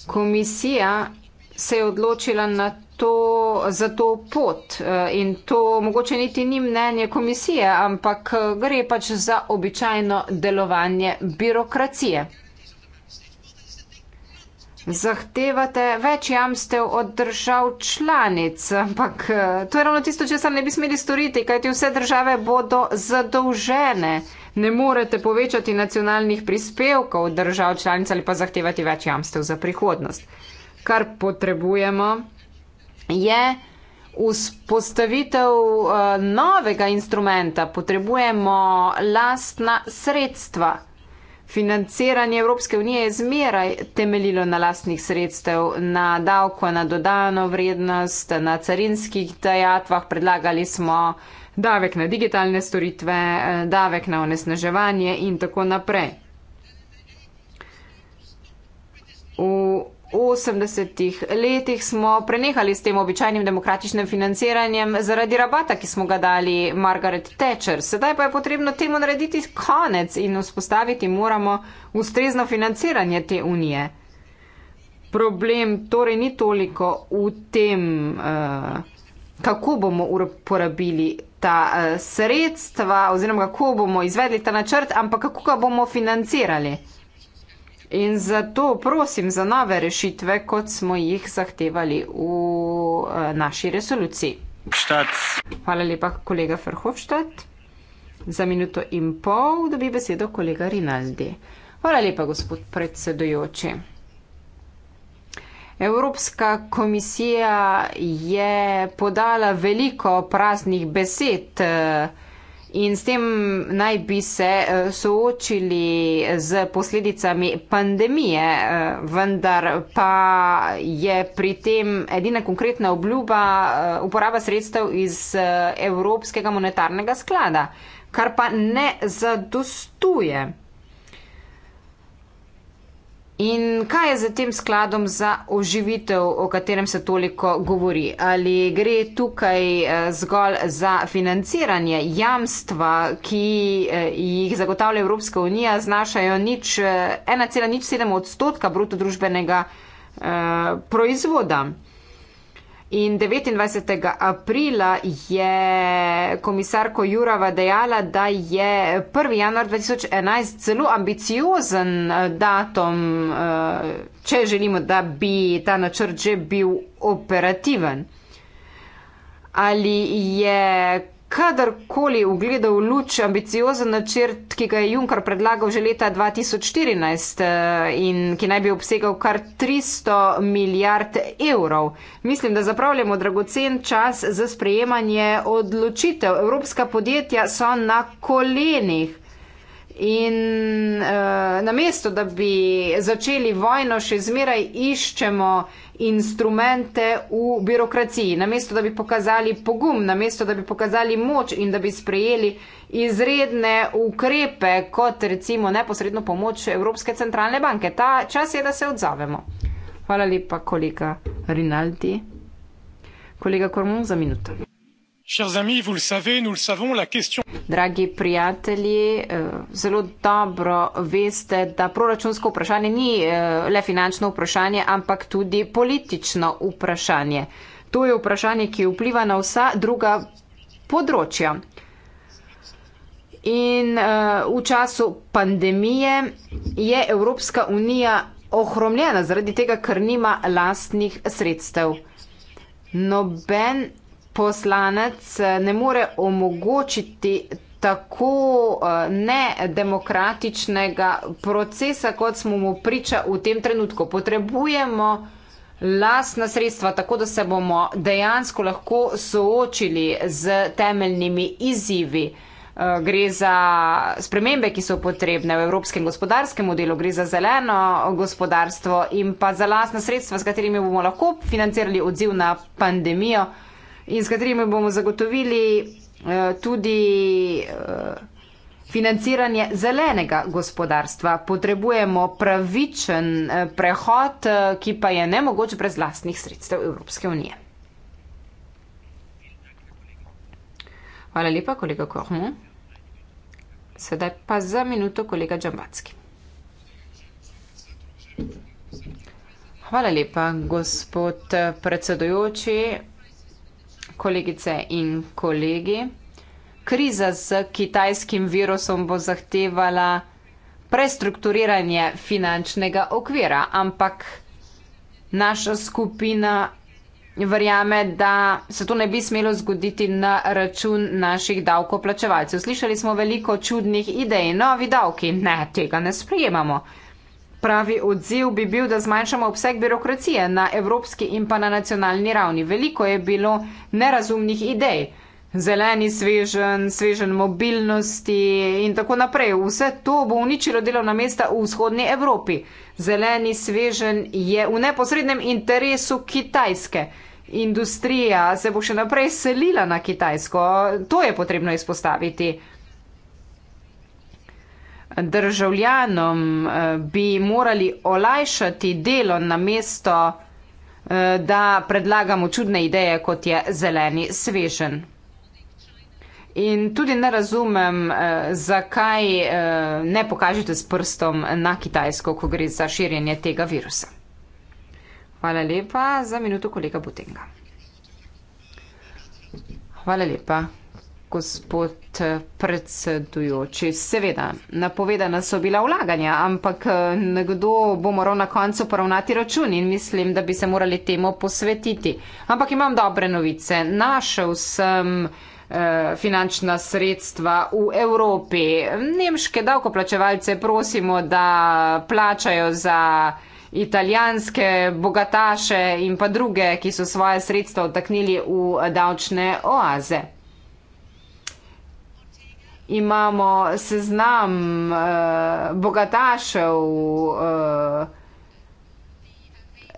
komisija se je odločila na to, za to pot eh, in to mogoče niti ni mnenje komisije, ampak eh, gre pač za običajno delovanje birokracije. Zahtevate več jamstev od držav članic, ampak eh, to je ravno tisto, če se ne bi smeli storiti, kajti vse države bodo zadolžene ne morete povečati nacionalnih prispevkov držav članic ali pa zahtevati več jamstev za prihodnost. Kar potrebujemo je vzpostavitev uh, novega instrumenta, potrebujemo lastna sredstva. Financiranje Evropske unije je zmeraj temeljilo na lastnih sredstev, na davko, na dodano vrednost, na carinskih dajatvah. Predlagali smo uh, davek na digitalne storitve, eh, davek na onesnaževanje in tako naprej. V 80-ih letih smo prenehali s tem običajnim demokratičnim financiranjem zaradi rabata, ki smo ga dali Margaret Thatcher. Sedaj pa je potrebno temu narediti konec in vzpostaviti moramo ustrezno financiranje te unije. Problem torej ni toliko v tem, eh, kako bomo uporabili ta uh, sredstva oziroma kako bomo izvedli ta načrt, ampak kako ga bomo financirali. In zato prosim za nove rešitve, kot smo jih zahtevali v uh, naši resoluciji. Štad. Hvala lepa, kolega Ferhofštad. Za minuto in pol dobi besedo kolega Rinaldi. Hvala lepa, gospod predsedujoči. Evropska komisija je podala veliko praznih besed eh, in s tem naj bi se eh, soočili z posledicami pandemije, eh, vendar pa je pri tem edina konkretna obljuba uporaba sredstev iz Evropskega monetarnega sklada, kar pa ne zadostuje. In kaj je za tem skladom za oživitev, o katerem se toliko govori? Ali gre tukaj eh, zgolj za financiranje jamstva, ki eh, jih zagotavlja Evropska unija, znašajo 1,07 eh, odstotka bruto družbenega eh, proizvoda? In 29. aprila je komisarko Jurava dejala, da je 1. januar 2011 zelo ambiciozen eh, datum, eh, če želimo, da bi ta načrt že bil operativen. Ali je kadarkoli ugledal luč ambiciozen načrt, ki ga je Juncker predlagal že leta 2014 eh, in ki naj bi obsegal kar 300 milijard evrov. Mislim, da zapravljamo dragocen čas za sprejemanje odločitev. Evropska podjetja so na kolenih. In uh, namesto, da bi začeli vojno, še zmeraj iščemo instrumente v birokraciji. Namesto, da bi pokazali pogum, namesto, da bi pokazali moč in da bi sprejeli izredne ukrepe, kot recimo neposredno pomoč Evropske centralne banke. Ta čas je, da se odzovemo. Hvala lepa, kolega Rinaldi. Kolega Kormon, za minuto. Chers amis, vous le savez, nous le savons, la question... Dragi prijatelji, eh, zelo dobro veste, da proračunsko vprašanje ni eh, le finančno vprašanje, ampak tudi politično vprašanje. To je vprašanje, ki vpliva na vsa druga področja. In eh, v času pandemije je Evropska unija ohromljena zaradi tega, ker nima lastnih sredstev. Noben poslanec eh, ne more omogočiti tako eh, nedemokratičnega procesa, kot smo mu priča v tem trenutku. Potrebujemo lasna sredstva, tako da se bomo dejansko lahko soočili z temeljnimi izzivi. Eh, gre za spremembe, ki so potrebne v evropskem gospodarskem modelu, gre za zeleno gospodarstvo in pa za lasna sredstva, s katerimi bomo lahko financirali odziv na pandemijo in s katerimi bomo zagotovili eh, tudi eh, financiranje zelenega gospodarstva. Potrebujemo pravičen eh, prehod, eh, ki pa je nemogoč brez lastnih sredstev Evropske unije. Hvala lepa, kolega Kohmu. Sedaj pa za minuto kolega Džambacki. Hvala lepa, gospod eh, predsedujoči kolegice in kolegi. Kriza z kitajskim virusom bo zahtevala prestrukturiranje finančnega okvira, ampak naša skupina verjame, da se to ne bi smelo zgoditi na račun naših davkoplačevalcev. Slišali smo veliko čudnih idej, novi davki, ne, tega ne sprijemamo. Pravi odziv bi bil, da zmanjšamo obseg birokracije na evropski in pa na nacionalni ravni. Veliko je bilo nerazumnih idej. Zeleni svežen, svežen mobilnosti in tako naprej. Vse to bo uničilo delovna mesta v vzhodni Evropi. Zeleni svežen je v neposrednem interesu Kitajske. Industrija se bo še naprej selila na Kitajsko. To je potrebno izpostaviti državljanom eh, bi morali olajšati delo na mesto, eh, da predlagamo čudne ideje, kot je zeleni svežen. In tudi ne razumem, eh, zakaj ne pokažete s prstom na Kitajsko, ko gre za širjenje tega virusa. Hvala lepa za minuto kolega Butenga. Hvala lepa gospod eh, predsedujoči. Seveda, napovedana so bila vlaganja, ampak eh, nekdo bo moral na koncu poravnati račun in mislim, da bi se morali temu posvetiti. Ampak imam dobre novice. Našel sem eh, finančna sredstva v Evropi. Nemške davkoplačevalce prosimo, da plačajo za italijanske bogataše in pa druge, ki so svoje sredstva vtaknili v davčne oaze imamo seznam uh, bogatašev uh,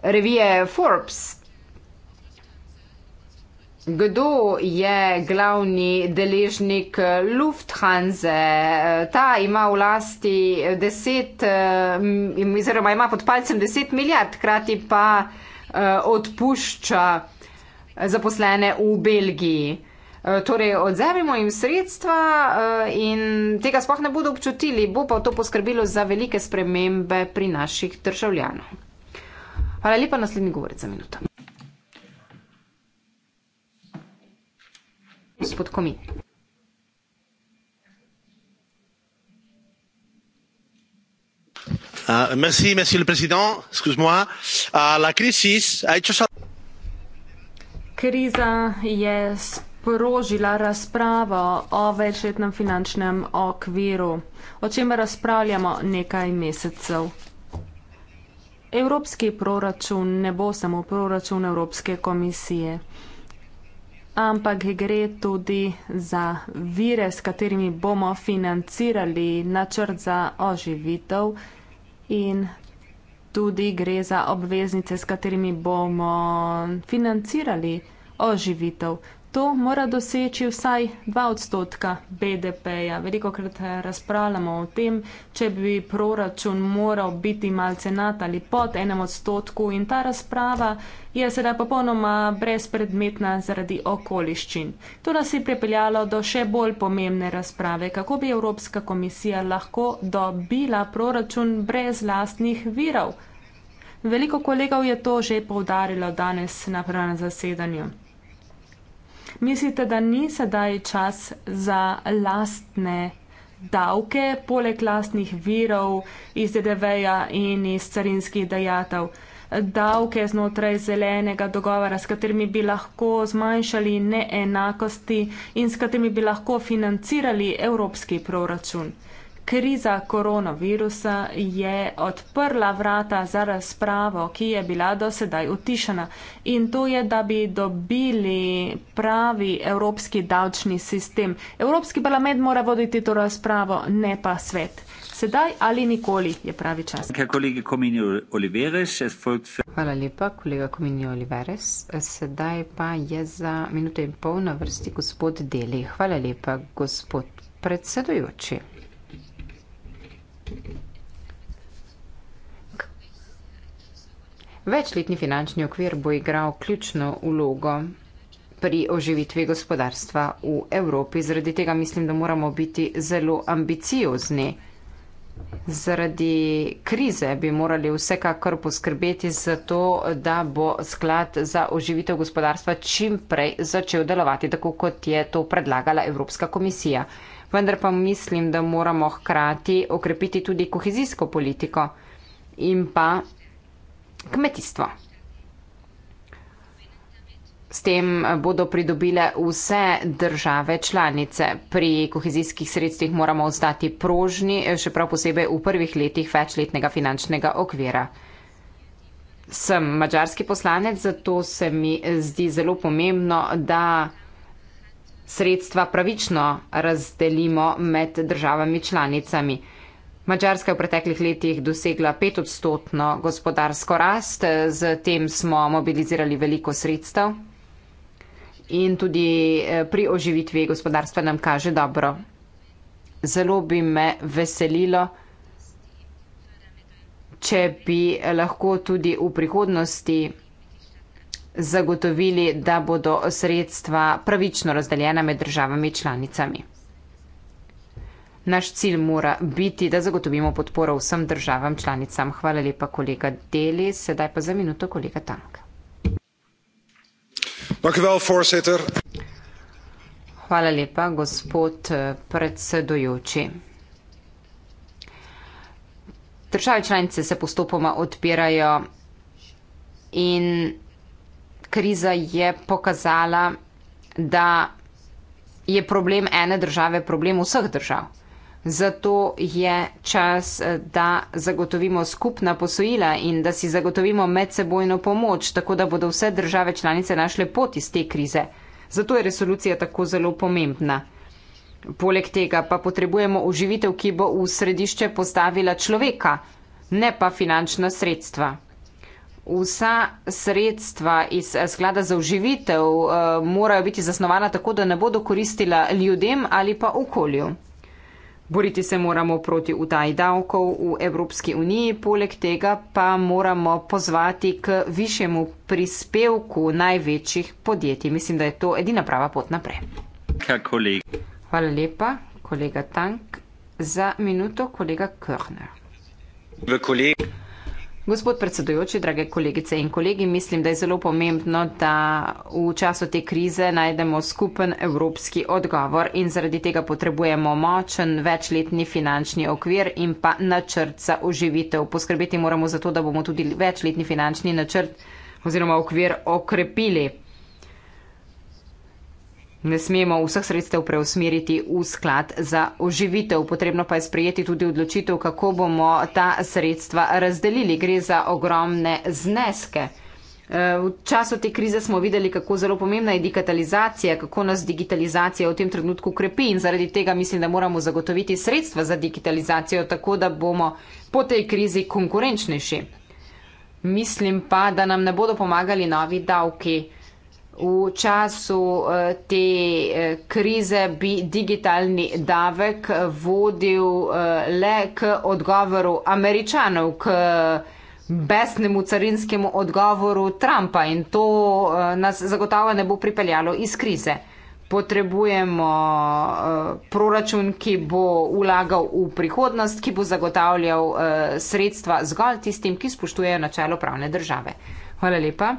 revije Forbes. Kdo je glavni deležnik Lufthansa? Eh, ta ima v lasti 10, oziroma ima pod palcem 10 milijard, krati pa odpušča zaposlene v Belgiji. Eh, torej odzemimo jim sredstva eh, in tega sploh ne bodo občutili, bo pa to poskrbilo za velike spremembe pri naših državljanov. Hvala lepa, naslednji govorec za minuto. Gospod Komi. Uh, merci, monsieur le président. Excuse-moi. Uh, la crise a hecho... Kriza je sprožila razpravo o večletnem finančnem okviru, o čem razpravljamo nekaj mesecev. Evropski proračun ne bo samo proračun Evropske komisije, ampak gre tudi za vire, s katerimi bomo financirali načrt za oživitev in tudi gre za obveznice, s katerimi bomo financirali oživitev. To mora doseči vsaj 2 odstotka BDP-ja. Veliko krat razpravljamo o tem, če bi proračun moral biti malce nad ali pod enem odstotku in ta razprava je sedaj popolnoma brezpredmetna zaradi okoliščin. To nas je pripeljalo do še bolj pomembne razprave, kako bi Evropska komisija lahko dobila proračun brez lastnih virov. Veliko kolegov je to že poudarilo danes na prvem zasedanju. Mislite, da ni sedaj čas za lastne davke, poleg lastnih virov iz DDV-ja in iz carinskih dejatev? Davke znotraj zelenega dogovora, s katerimi bi lahko zmanjšali neenakosti in s katerimi bi lahko financirali evropski proračun. Kriza koronavirusa je odprla vrata za razpravo, ki je bila do sedaj utišena in to je, da bi dobili pravi evropski davčni sistem. Evropski parlament mora voditi to razpravo, ne pa svet. Sedaj ali nikoli je pravi čas. Hvala lepa, kolega Komini Oliveres. Sedaj pa je za minuto in pol na vrsti gospod Deli. Hvala lepa, gospod predsedujoči. Večletni finančni okvir bo igral ključno ulogo pri oživitvi gospodarstva v Evropi. Zaradi tega mislim, da moramo biti zelo ambiciozni. Zaradi krize bi morali vsekakor poskrbeti za to, da bo sklad za oživitev gospodarstva čim prej začel delovati, tako kot je to predlagala Evropska komisija vendar pa mislim, da moramo hkrati okrepiti tudi kohezijsko politiko in pa kmetijstvo. S tem bodo pridobile vse države članice. Pri kohezijskih sredstvih moramo ostati prožni, še prav posebej v prvih letih večletnega finančnega okvira. Sem mačarski poslanec, zato se mi zdi zelo pomembno, da sredstva pravično razdelimo med državami članicami. Mačarska je v preteklih letih dosegla petodstotno gospodarsko rast, z tem smo mobilizirali veliko sredstev in tudi eh, pri oživitvi gospodarstva nam kaže dobro. Zelo bi me veselilo, če bi lahko tudi v prihodnosti zagotovili, da bodo sredstva pravično razdeljena med državami članicami. Naš cilj mora biti, da zagotovimo podporo vsem državam članicam. Hvala lepa, kolega Deli. Sedaj pa za minuto, kolega Tank. Hvala lepa, gospod eh, predsedujoči. Države članice se postopoma odpirajo in kriza je pokazala, da je problem ene države problem vseh držav. Zato je čas, da zagotovimo skupna posojila in da si zagotovimo medsebojno pomoč, tako da bodo vse države članice našle pot iz te krize. Zato je resolucija tako zelo pomembna. Poleg tega pa potrebujemo oživitev, ki bo v središče postavila človeka, ne pa finančna sredstva vsa sredstva iz eh, sklada za uživitev uh, eh, morajo biti zasnovana tako, da ne bodo koristila ljudem ali pa okolju. Boriti se moramo proti utaji davkov v Evropski uniji, poleg tega pa moramo pozvati k višjemu prispevku največjih podjetij. Mislim, da je to edina prava pot naprej. Hvala lepa, kolega Tank, za minuto, kolega Körner. V kolegi. Gospod predsedujoči, drage kolegice in kolegi, mislim, da je zelo pomembno, da v času te krize najdemo skupen evropski odgovor in zaradi tega potrebujemo močen večletni finančni okvir in pa načrt za oživitev. Poskrbeti moramo za to, da bomo tudi večletni finančni načrt oziroma okvir okrepili ne smemo vseh sredstev preusmeriti v sklad za oživitev. Potrebno pa je sprejeti tudi odločitev, kako bomo ta sredstva razdelili. Gre za ogromne zneske. Eh, v času te krize smo videli, kako zelo pomembna je digitalizacija, kako nas digitalizacija v tem trenutku krepi in zaradi tega mislim, da moramo zagotoviti sredstva za digitalizacijo, tako da bomo po tej krizi konkurenčnejši. Mislim pa, da nam ne bodo pomagali novi davki v času eh, te eh, krize bi digitalni davek vodil eh, le k odgovoru američanov, k besnemu carinskemu odgovoru Trumpa in to nas zagotovo ne bo pripeljalo iz krize. Potrebujemo proračun, ki bo ulagal v prihodnost, ki bo zagotavljal sredstva zgolj tistim, ki spoštujejo načelo pravne države. Hvala lepa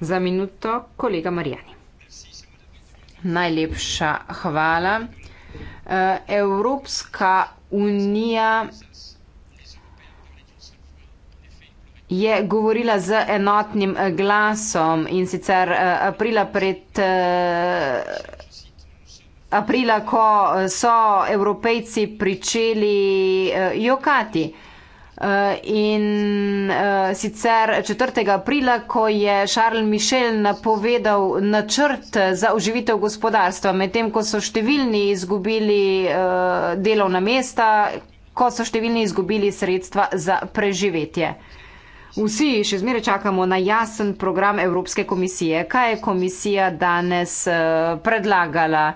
za minuto kolega Marijani. Najlepša hvala. Eh, Evropska unija je govorila z enotnim eh, glasom in sicer eh, aprila pred aprila, ko so evropejci pričeli jokati. Eh, in uh, sicer 4. aprila, ko je Charles Michel napovedal načrt za oživitev gospodarstva, medtem ko so številni izgubili uh, delovna mesta, ko so številni izgubili sredstva za preživetje. Vsi še zmeraj čakamo na jasen program Evropske komisije. Kaj je komisija danes uh, predlagala?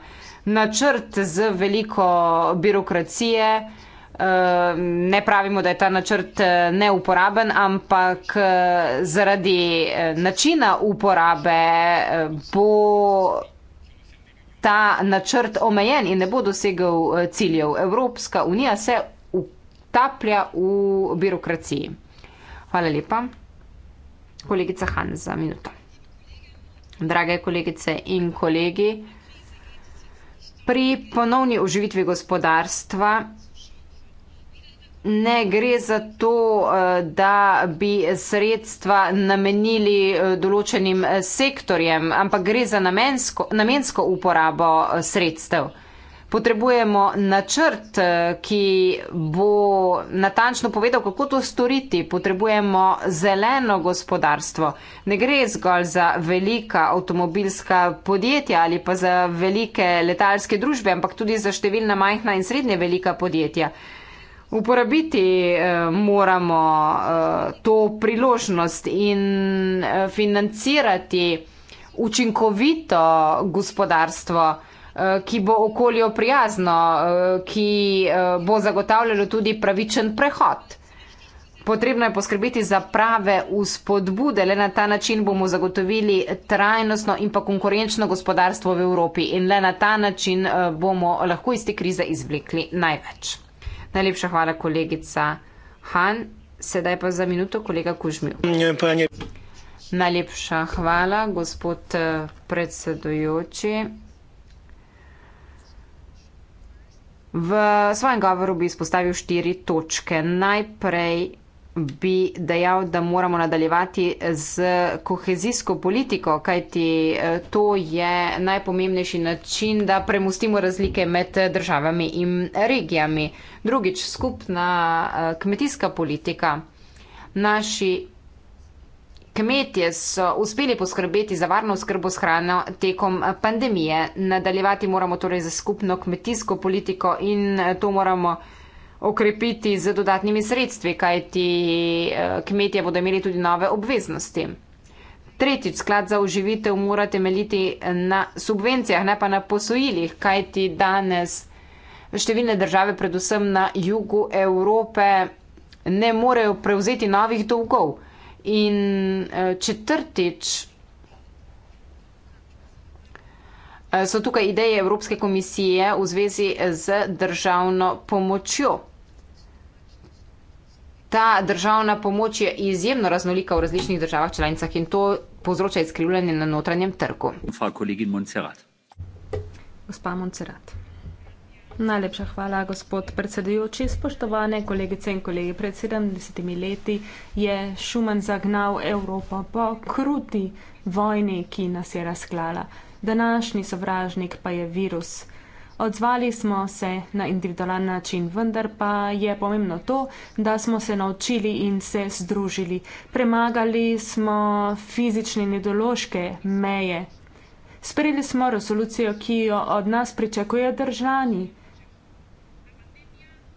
Načrt z veliko birokracije. Ehm, ne pravimo, da je ta načrt eh, neuporaben, ampak eh, zaradi eh, načina uporabe bo ta načrt omejen in ne bo dosegel ciljev. Evropska unija se utaplja v birokraciji. Hvala lepa. Kolegica Han za minuto. Drage kolegice in kolegi, pri ponovni oživitvi gospodarstva Ne gre za to, eh, da bi sredstva namenili eh, določenim eh, sektorjem, ampak gre za namensko, namensko uporabo sredstev. Potrebujemo načrt, ki bo natančno povedal, kako to storiti. Potrebujemo zeleno gospodarstvo. Ne gre zgolj za velika avtomobilska podjetja ali pa za velike letalske družbe, ampak tudi za številna majhna in srednje velika podjetja uporabiti eh, moramo eh, to priložnost in eh, financirati učinkovito gospodarstvo, eh, ki bo okolju prijazno, eh, ki eh, bo zagotavljalo tudi pravičen prehod. Potrebno je poskrbeti za prave vzpodbude, le na ta način bomo zagotovili trajnostno in pa konkurenčno gospodarstvo v Evropi in le na ta način eh, bomo lahko iz te krize izvlekli največ. Najlepša hvala, kolegica Han. Sedaj pa za minuto, kolega Kužmil. Najlepša hvala, gospod eh, predsedujoči. V svojem govoru bi izpostavil štiri točke. Najprej bi dejal, da moramo nadaljevati z kohezijsko politiko, kajti eh, to je najpomembnejši način, da premustimo razlike med državami in regijami. Drugič, skupna eh, kmetijska politika. Naši kmetje so uspeli poskrbeti za varno skrbo s hrano tekom eh, pandemije. Nadaljevati moramo torej z skupno kmetijsko politiko in to moramo okrepiti z dodatnimi sredstvi, kajti eh, kmetje bodo imeli tudi nove obveznosti. Tretjič, sklad za uživitev mora temeljiti na subvencijah, ne pa na posojilih, kajti danes številne države, predvsem na jugu Evrope, ne morejo prevzeti novih dolgov. In eh, četrtič, Eh, so tukaj ideje Evropske komisije v zvezi z državno pomočjo. Ta državna pomoč je izjemno raznolika v različnih državah članicah in to povzroča izkrivljanje na notranjem trgu. Gospa Montserrat. Najlepša hvala, gospod predsedujoči. Spoštovane kolegice in kolegi, pred 70 leti je Šuman zagnal Evropo po kruti vojni, ki nas je razklala današnji sovražnik pa je virus. Odzvali smo se na individualen način, vendar pa je pomembno to, da smo se naučili in se združili. Premagali smo fizične in ideološke meje. Sprejeli smo resolucijo, ki jo od nas pričakujejo državljani.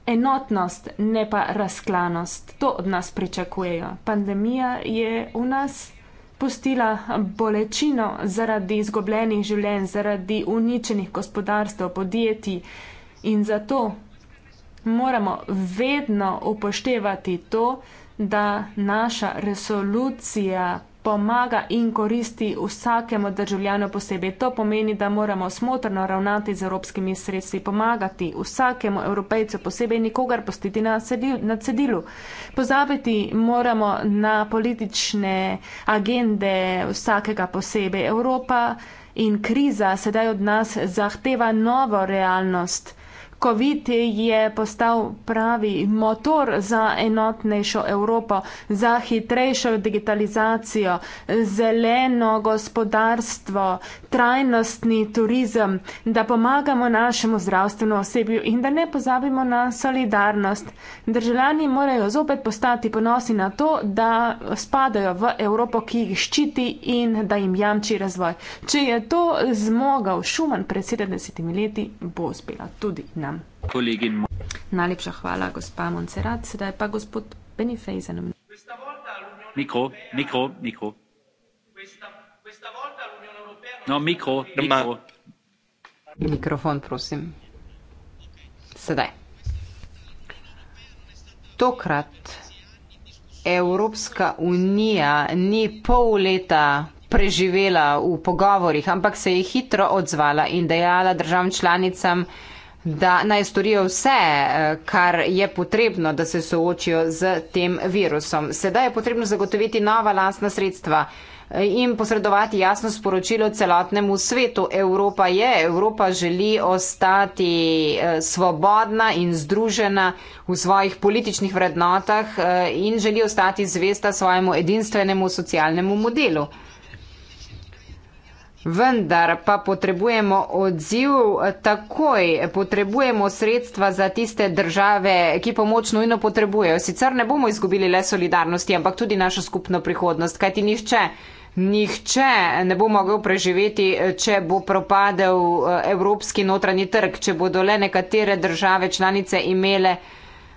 Enotnost, ne pa razklanost, to od nas pričakujejo. Pandemija je v nas pustila bolečino zaradi izgubljenih življenj, zaradi uničenih gospodarstv, podjetij. In zato moramo vedno upoštevati to, da naša resolucija pomaga in koristi vsakemu državljanu posebej. To pomeni, da moramo smotrno ravnati z evropskimi sredstvi, pomagati vsakemu evropejcu posebej, nikogar postiti na, sedil, na cedilu. Pozabiti moramo na politične agende vsakega posebej. Evropa in kriza sedaj od nas zahteva novo realnost. COVID je postal pravi motor za enotnejšo Evropo, za hitrejšo digitalizacijo, zeleno gospodarstvo, trajnostni turizem, da pomagamo našemu zdravstvenu osebju in da ne pozabimo na solidarnost. Državljani morajo zopet postati ponosi na to, da spadajo v Evropo, ki jih ščiti in da jim jamči razvoj. Če je to zmogel Šuman pred 70 leti, bo uspela tudi nam kolegin. Najlepša hvala, gospa Moncerat. Sedaj pa gospod Benifejzen. Mikro, mikro, mikro. No, mikro, mikro. Mikrofon, prosim. Sedaj. Tokrat Evropska unija ni pol leta preživela v pogovorih, ampak se je hitro odzvala in dejala državam članicam, da naj storijo vse, eh, kar je potrebno, da se soočijo z tem virusom. Sedaj je potrebno zagotoviti nova lastna sredstva eh, in posredovati jasno sporočilo celotnemu svetu. Evropa je, Evropa želi ostati eh, svobodna in združena v svojih političnih vrednotah in želi ostati zvesta svojemu edinstvenemu socialnemu modelu. Vendar pa potrebujemo odziv takoj, potrebujemo sredstva za tiste države, ki pomoč nujno potrebujejo. Sicer ne bomo izgubili le solidarnosti, ampak tudi našo skupno prihodnost, kajti nihče, nihče ne bo mogel preživeti, če bo propadel eh, evropski notranji trg, če bodo le nekatere države članice imele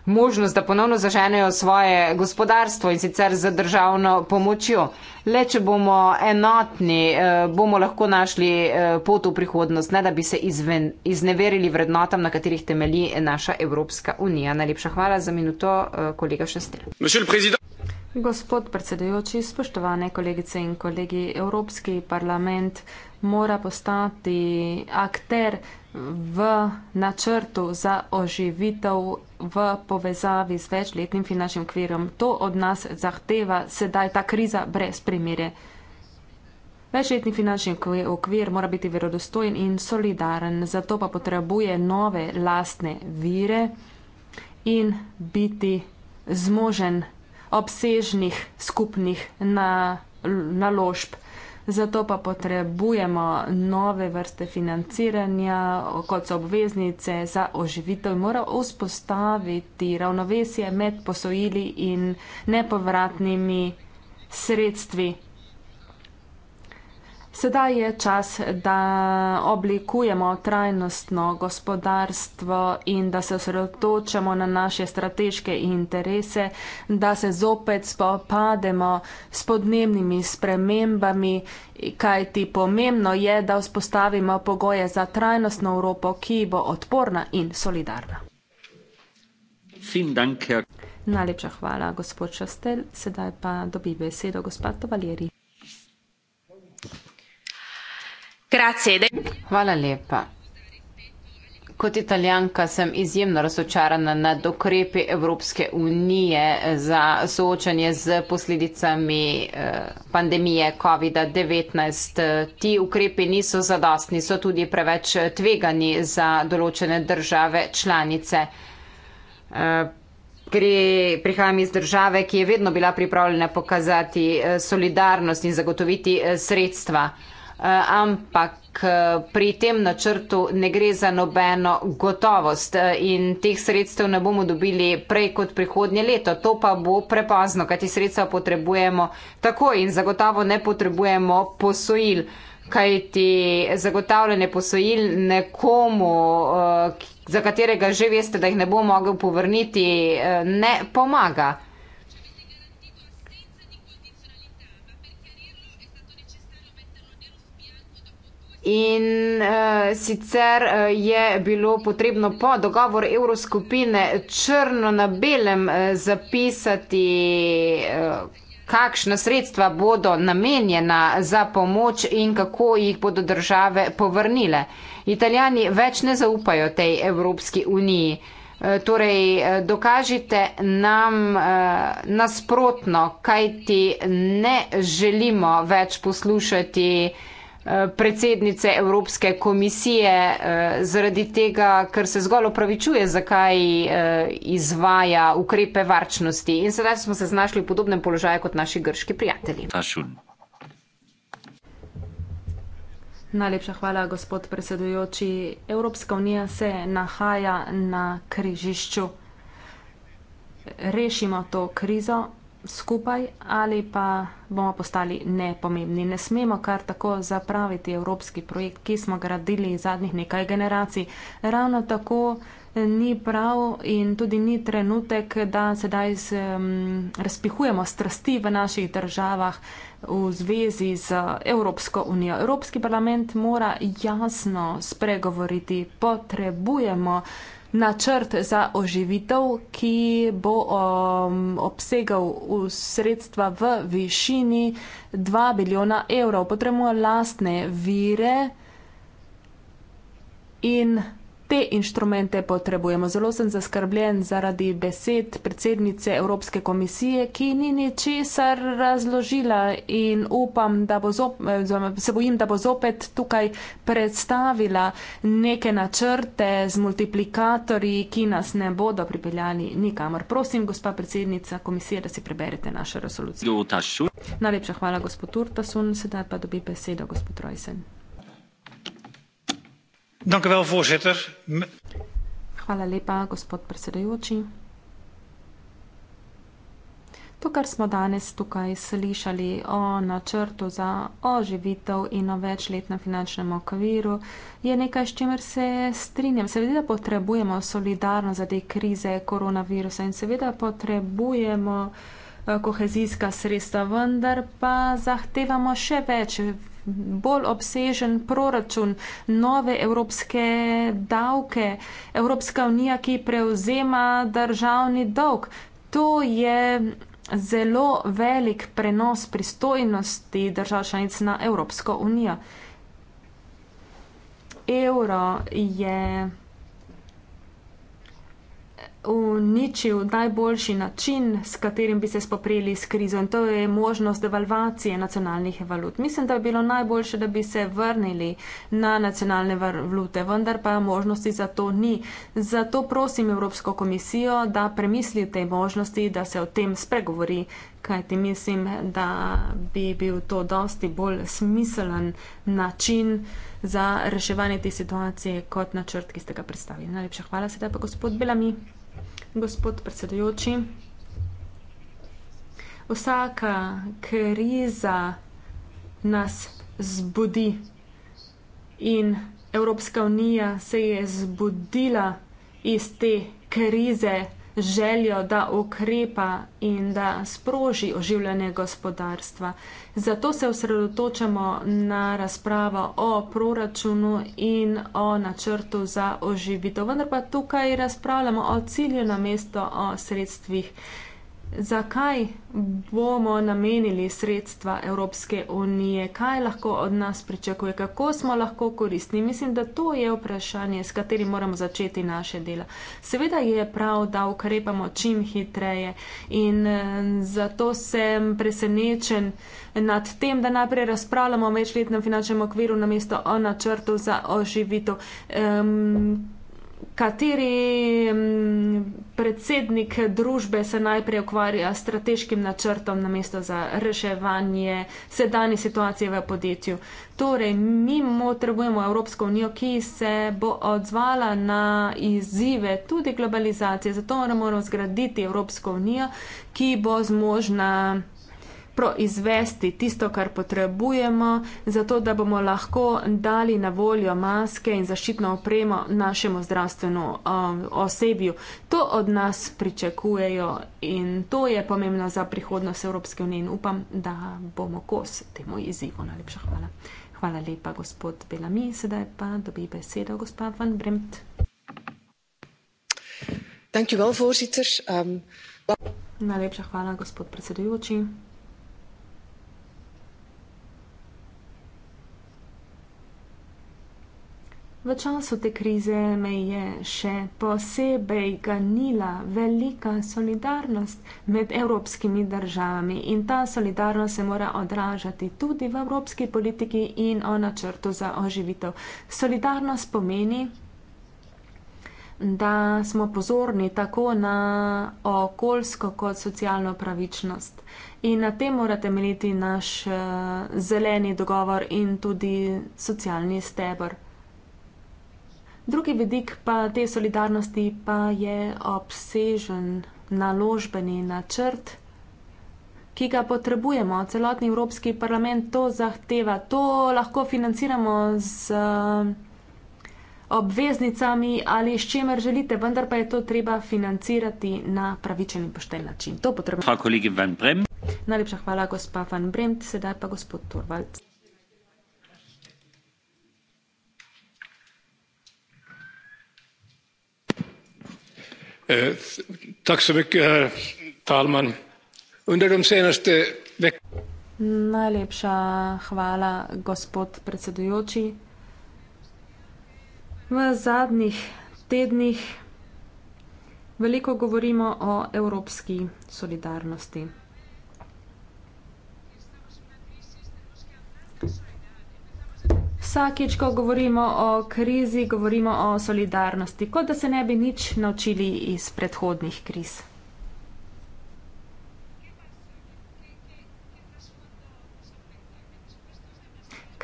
možnost, da ponovno zaženejo svoje gospodarstvo in sicer z državno pomočjo. Le, če bomo enotni, eh, bomo lahko našli eh, pot v prihodnost, ne da bi se izven, izneverili vrednotam, na katerih temelji naša Evropska unija. Najlepša hvala za minuto, eh, kolega Šestel. Gospod predsedujoči, spoštovane kolegice in kolegi, Evropski parlament mora postati akter v načrtu za oživitev v povezavi z večletnim finančnim kvirom. To od nas zahteva sedaj ta kriza brez primere. Večletni finančni okvir mora biti verodostojen in solidaren, zato pa potrebuje nove lastne vire in biti zmožen obsežnih skupnih naložb. Na zato pa potrebujemo nove vrste financiranja, kot so obveznice za oživitev in mora vzpostaviti ravnovesje med posojili in nepovratnimi sredstvi. Sedaj je čas, da oblikujemo trajnostno gospodarstvo in da se osredotočamo na naše strateške interese, da se zopet spopademo s podnebnimi spremembami, kajti pomembno je, da vzpostavimo pogoje za trajnostno Evropo, ki bo odporna in solidarna. Najlepša hvala, gospod Šastel. Sedaj pa dobi besedo gospod Valjeri. Hvala lepa. Kot italijanka sem izjemno razočarana nad okrepi Evropske unije za soočanje z posledicami eh, pandemije COVID-19. Ti ukrepi niso zadostni, so tudi preveč tvegani za določene države članice. Eh, gre, prihajam iz države, ki je vedno bila pripravljena pokazati eh, solidarnost in zagotoviti sredstva. Eh, ampak eh, pri tem načrtu ne gre za nobeno gotovost eh, in teh sredstev ne bomo dobili prej kot prihodnje leto. To pa bo prepozno, kajti sredstva potrebujemo tako in zagotovo ne potrebujemo posojil, kajti zagotavljanje posojil nekomu, za katerega že veste, da jih ne bo mogel povrniti, ne pomaga. In uh, sicer eh, je bilo potrebno po dogovoru Evroskupine črno na belem uh, zapisati, uh, kakšna sredstva bodo namenjena za pomoč in kako jih bodo države povrnile. Italijani več ne zaupajo tej Evropski uniji. Torej, dokažite nam nasprotno, kaj ti ne želimo več poslušati Eh, predsednice Evropske komisije eh, zaradi tega, ker se zgolj opravičuje, zakaj eh, izvaja ukrepe varčnosti. In sedaj smo se znašli v podobnem položaju kot naši grški prijatelji. Najlepša hvala, gospod predsedujoči. Evropska unija se nahaja na križišču. Rešimo to krizo skupaj ali pa bomo postali nepomembni. Ne smemo kar tako zapraviti evropski projekt, ki smo gradili zadnjih nekaj generacij. Ravno tako eh, ni prav in tudi ni trenutek, da sedaj z, um, mm, razpihujemo strasti v naših državah v zvezi z Evropsko unijo. Evropski parlament mora jasno spregovoriti, potrebujemo uh, načrt za oživitev, ki bo um, obsegal sredstva v višini 2 biliona evrov. Potrebujemo lastne vire in Te inštrumente potrebujemo. Zelo sem zaskrbljen zaradi besed predsednice Evropske komisije, ki ni ničesar razložila in upam, da bo zopet, se bojim, da bo zopet tukaj predstavila neke načrte z multiplikatorji, ki nas ne bodo pripeljali nikamor. Prosim, gospa predsednica komisije, da si preberete našo resolucijo. Najlepša hvala, gospod Turtasun. Sedaj pa dobi besedo, gospod Trojsen. Dank u wel, voorzitter. Hvala lepa, gospod predsedujoči. To, kar smo danes tukaj slišali o načrtu za oživitev in o večletnem finančnem okviru, je nekaj, s čimer se strinjam. Seveda potrebujemo solidarno za te krize koronavirusa in seveda potrebujemo eh, kohezijska sredstva, vendar pa zahtevamo še več bolj obsežen proračun, nove evropske davke, Evropska unija, ki prevzema državni dolg. To je zelo velik prenos pristojnosti držav članic na Evropsko unijo. Euro je uničil najboljši način, s katerim bi se spoprijeli s krizo in to je možnost devalvacije nacionalnih valut. Mislim, da bi bilo najboljše, da bi se vrnili na nacionalne valute, vendar pa možnosti za to ni. Zato prosim Evropsko komisijo, da premisli te možnosti, da se o tem spregovori, kajti mislim, da bi bil to dosti bolj smiselen način za reševanje te situacije kot načrt, ki ste ga predstavili. Najlepša hvala sedaj pa gospod Belami gospod predsedujoči. Vsaka kriza nas zbudi in Evropska unija se je zbudila iz te krize željo, da ukrepa in da sproži oživljanje gospodarstva. Zato se osredotočamo na razpravo o proračunu in o načrtu za oživitev. Vendar pa tukaj razpravljamo o cilju na mesto, o sredstvih zakaj bomo namenili sredstva Evropske unije, kaj lahko od nas pričakuje, kako smo lahko koristni. Mislim, da to je vprašanje, s katerim moramo začeti naše dela. Seveda je prav, da ukrepamo čim hitreje in eh, zato sem presenečen nad tem, da najprej razpravljamo o večletnem finančnem okviru namesto o načrtu za oživitev. Um, kateri mm, predsednik družbe se najprej ukvarja s strateškim načrtom na mesto za reševanje sedajne situacije v podjetju. Torej, mi potrebujemo Evropsko unijo, ki se bo odzvala na izzive tudi globalizacije. Zato moramo zgraditi Evropsko unijo, ki bo zmožna proizvesti tisto, kar potrebujemo, zato da bomo lahko dali na voljo maske in zaščitno opremo našemu zdravstvenu um, osebju. To od nas pričakujejo in to je pomembno za prihodnost Evropske unije in upam, da bomo kos temu izzivu. Najlepša hvala. Hvala lepa, gospod Belami. Sedaj pa dobi besedo gospa Van Bremt. Well, um, well... Najlepša hvala, gospod predsedujoči. V času te krize me je še posebej ganila velika solidarnost med evropskimi državami in ta solidarnost se mora odražati tudi v evropski politiki in o načrtu za oživitev. Solidarnost pomeni, da smo pozorni tako na okoljsko kot socialno pravičnost. In na tem mora temeljiti naš eh, zeleni dogovor in tudi socialni stebr. Drugi vidik pa te solidarnosti pa je obsežen naložbeni načrt, ki ga potrebujemo. Celotni Evropski parlament to zahteva. To lahko financiramo z obveznicami ali s čemer želite, vendar pa je to treba financirati na pravičen in pošten način. To potrebujemo. Najlepša hvala, gospa Van Bremt, sedaj pa gospod Torvalc. Eh, herr Talman. Najlepša hvala, gospod predsedujoči. V zadnjih tednih veliko govorimo o evropski solidarnosti. vsakeč, ko govorimo o krizi, govorimo o solidarnosti, kot da se ne bi nič naučili iz predhodnih kriz.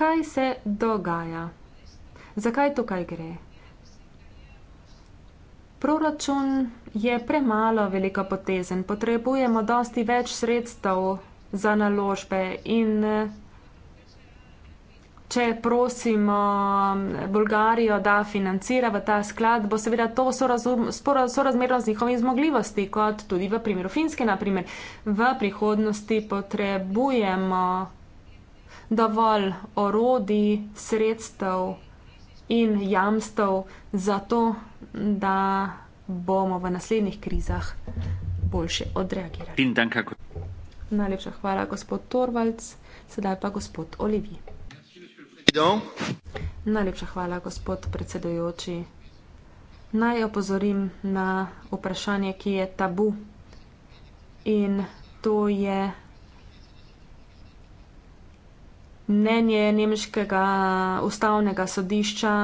Kaj se dogaja? Zakaj tukaj gre? Proračun je premalo velikopotezen, potrebujemo dosti več sredstev za naložbe in če prosimo Bolgarijo, da financira v ta sklad, bo seveda to sorazmerno z njihovimi zmogljivosti, kot tudi v primeru Finske, naprimer. V prihodnosti potrebujemo dovolj orodi, sredstev in jamstev za to, da bomo v naslednjih krizah boljše odreagirali. Najlepša hvala, gospod Torvalc. Sedaj pa gospod Olivi. Vidal. Najlepša hvala, gospod predsedujoči. Naj opozorim na vprašanje, ki je tabu. In to je mnenje Nemškega ustavnega sodišča,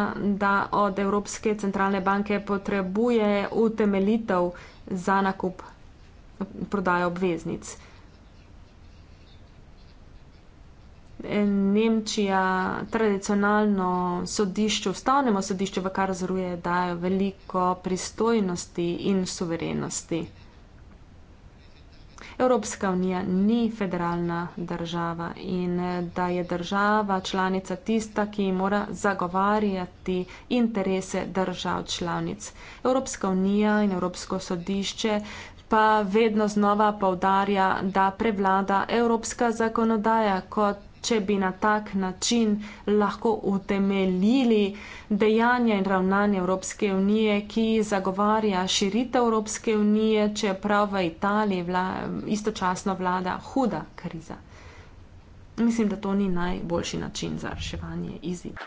da od Evropske centralne banke potrebuje utemelitev za nakup prodaje obveznic. Nemčija, tradicionalno sodišče, ustavnemu sodišču, v kar zruje, dajo veliko pristojnosti in suverenosti. Evropska unija ni federalna država in da je država članica tista, ki mora zagovarjati interese držav članic. Evropska unija in Evropsko sodišče pa vedno znova povdarja, da prevlada evropska zakonodaja kot če bi na tak način lahko utemeljili dejanja in ravnanje Evropske unije, ki zagovarja širitev Evropske unije, čeprav v Italiji vla, istočasno vlada huda kriza. Mislim, da to ni najboljši način za reševanje izid.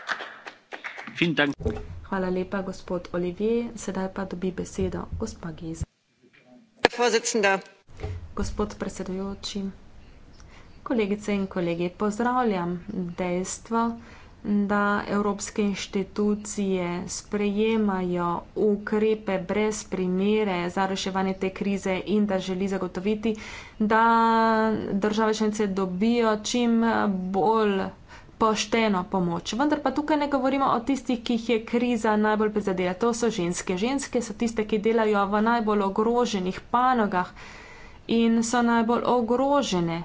Hvala lepa, gospod Olivier. Sedaj pa dobi besedo gospa Giza. Gospod predsedujoči kolegice in kolegi, pozdravljam dejstvo, da evropske inštitucije sprejemajo ukrepe brez primere za reševanje te krize in da želi zagotoviti, da države članice dobijo čim bolj pošteno pomoč. Vendar pa tukaj ne govorimo o tistih, ki jih je kriza najbolj prizadela. To so ženske. Ženske so tiste, ki delajo v najbolj ogroženih panogah in so najbolj ogrožene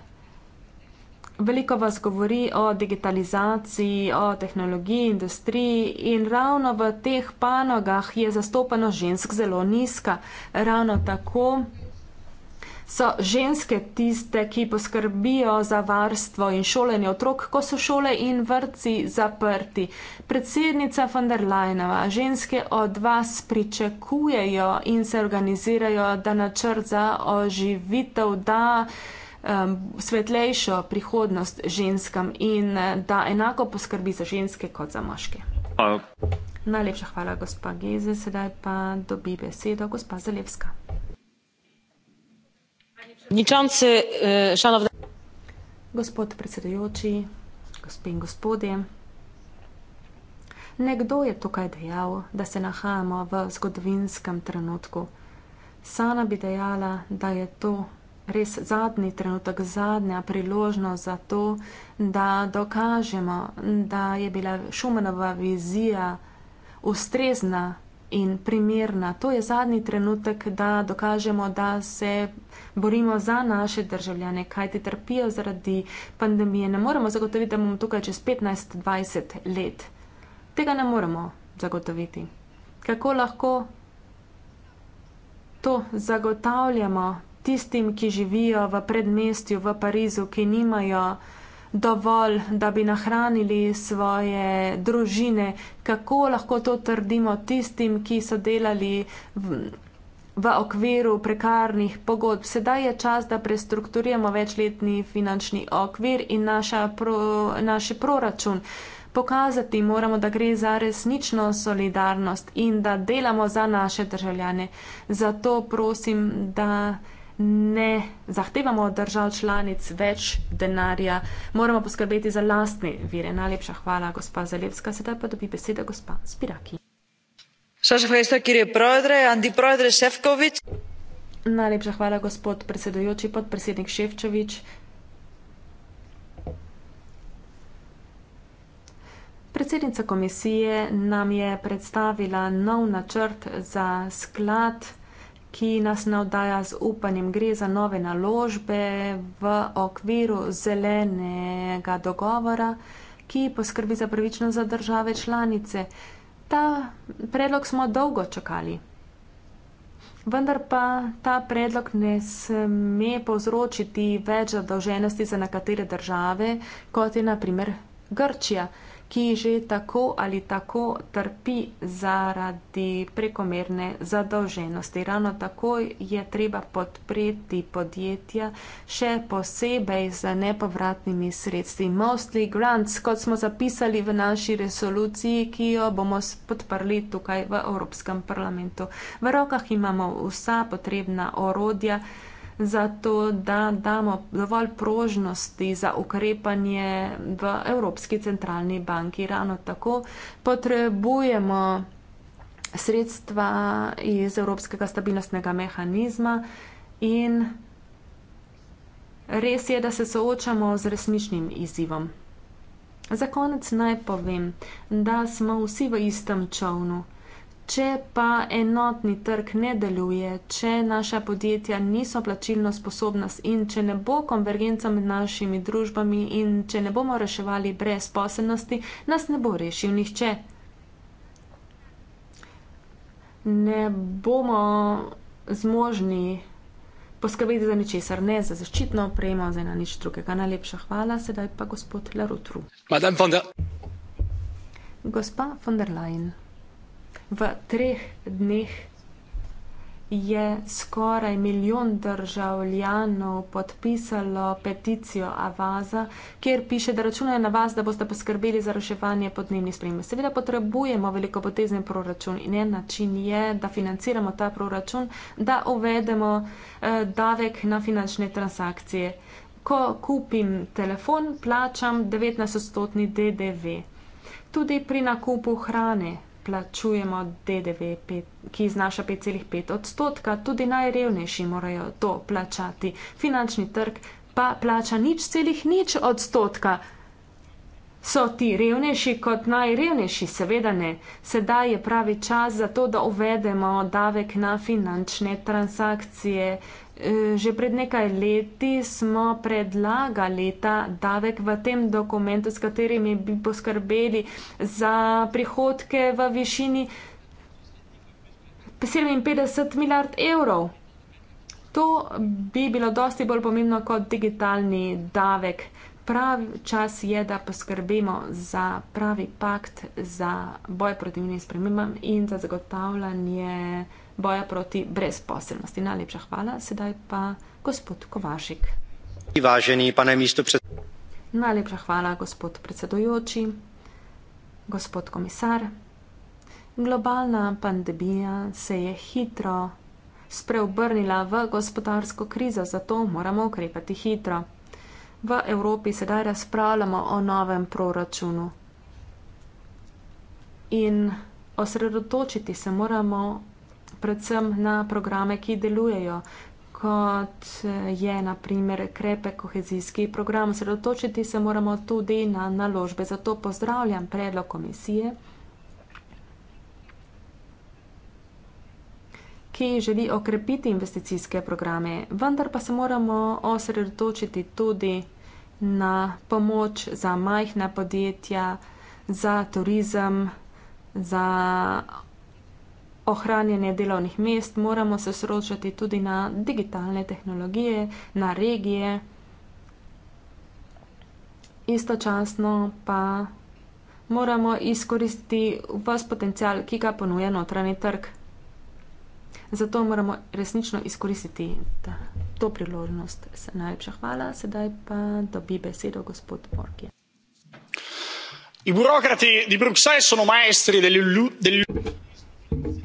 Veliko vas govori o digitalizaciji, o tehnologiji, industriji in ravno v teh panogah je zastopano žensk zelo nizka. Ravno tako so ženske tiste, ki poskrbijo za varstvo in šolenje otrok, ko so šole in vrtci zaprti. Predsednica von der Leinova, ženske od vas pričakujejo in se organizirajo, da načrt za oživitev, da um, svetlejšo prihodnost ženskam in eh, da enako poskrbi za ženske kot za moške. Hvala. Najlepša hvala, gospa Geze. Sedaj pa dobi besedo gospa Zalevska. Ničance, eh, šanovne. Gospod predsedujoči, gospe in gospodje. Nekdo je tukaj dejal, da se nahajamo v zgodovinskem trenutku. Sana bi dejala, da je to res zadnji trenutek, zadnja priložnost za to, da dokažemo, da je bila Šumanova vizija ustrezna in primerna. To je zadnji trenutek, da dokažemo, da se borimo za naše državljane, kaj ti trpijo zaradi pandemije. Ne moremo zagotoviti, da bomo tukaj čez 15-20 let. Tega ne moremo zagotoviti. Kako lahko to zagotavljamo tistim, ki živijo v predmestju v Parizu, ki nimajo dovolj, da bi nahranili svoje družine, kako lahko to trdimo tistim, ki so delali v, v okviru prekarnih pogodb. Sedaj je čas, da prestrukturiramo večletni finančni okvir in naša pro, naš proračun. Pokazati moramo, da gre za resnično solidarnost in da delamo za naše državljane. Zato prosim, da ne zahtevamo od držav članic več denarja, moramo poskrbeti za lastne vire. Najlepša hvala, gospa Zalevska. Sedaj pa dobi besedo gospa Spiraki. Najlepša hvala, gospod predsedujoči, podpredsednik Ševčevič. Predsednica komisije nam je predstavila nov načrt za sklad ki nas navdaja z upanjem. Gre za nove naložbe v okviru zelenega dogovora, ki poskrbi za pravično za države članice. Ta predlog smo dolgo čakali. Vendar pa ta predlog ne sme povzročiti več zadolženosti za nekatere države, kot je naprimer Grčija ki že tako ali tako trpi zaradi prekomerne zadolženosti. Ravno tako je treba podpreti podjetja, še posebej z nepovratnimi sredstvi. Mostly grants, kot smo zapisali v naši resoluciji, ki jo bomo podprli tukaj v Evropskem parlamentu. V rokah imamo vsa potrebna orodja zato da damo dovolj prožnosti za ukrepanje v Evropski centralni banki. Ravno tako potrebujemo sredstva iz Evropskega stabilnostnega mehanizma in res je, da se soočamo z resničnim izzivom. Za konec naj povem, da smo vsi v istem čovnu. Če pa enotni trg ne deluje, če naša podjetja niso plačilno sposobna in če ne bo konvergenca med našimi družbami in če ne bomo reševali brezposelnosti, nas ne bo rešil nihče. Ne bomo zmožni poskrbeti za ničesar, ne za zaščitno opremo, za nič drugega. Najlepša hvala, sedaj pa gospod Larutru. Gospa von der Leyen v treh dneh je skoraj milijon državljanov podpisalo peticijo Avaza, kjer piše, da računajo na vas, da boste poskrbeli za reševanje podnebnih sprememb. Seveda potrebujemo velikopotezen proračun in en način je, da financiramo ta proračun, da uvedemo eh, davek na finančne transakcije. Ko kupim telefon, plačam 19-stotni DDV. Tudi pri nakupu hrane plačujemo DDV, ki znaša 5,5 odstotka, tudi najrevnejši morajo to plačati. Finančni trg pa plača nič celih nič odstotka, So ti revnejši kot najrevnejši? Seveda ne. Sedaj je pravi čas za to, da uvedemo davek na finančne transakcije. E, že pred nekaj leti smo predlagali ta davek v tem dokumentu, s katerimi bi poskrbeli za prihodke v višini 57 milijard evrov. To bi bilo dosti bolj pomembno kot digitalni davek pravi čas je, da poskrbimo za pravi pakt za boj proti minim spremembam in za zagotavljanje boja proti brezposelnosti. Najlepša hvala, sedaj pa gospod Kovašik. Važeni, pa naj mesto pred. Najlepša hvala, gospod predsedujoči, gospod komisar. Globalna pandemija se je hitro spreobrnila v gospodarsko krizo, zato moramo ukrepati hitro v Evropi sedaj razpravljamo o novem proračunu. In osredotočiti se moramo predvsem na programe, ki delujejo, kot je naprimer krepe kohezijski program. Osredotočiti se moramo tudi na naložbe. Zato pozdravljam predlog komisije, ki želi okrepiti investicijske programe. Vendar pa se moramo osredotočiti tudi na pomoč za majhna podjetja, za turizem, za ohranjanje delovnih mest. Moramo se sročati tudi na digitalne tehnologije, na regije. Istočasno pa moramo izkoristiti vse potencial, ki ga ponuja notranji trg. Zato moramo resnično izkoristiti ta, to priložnost. Najlepša hvala, sedaj pa dobi besedo gospod Borgi. I burokrati di Bruxelles sono maestri del, del...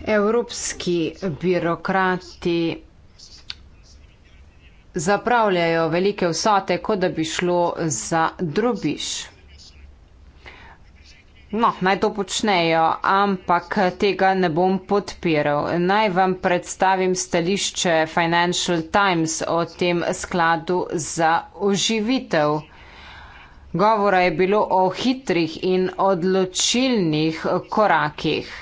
Evropski birokrati zapravljajo velike vsote, kot da bi šlo za drobiš. No, naj to počnejo, ampak tega ne bom podpiral. Naj vam predstavim stališče Financial Times o tem skladu za oživitev. Govora je bilo o hitrih in odločilnih korakih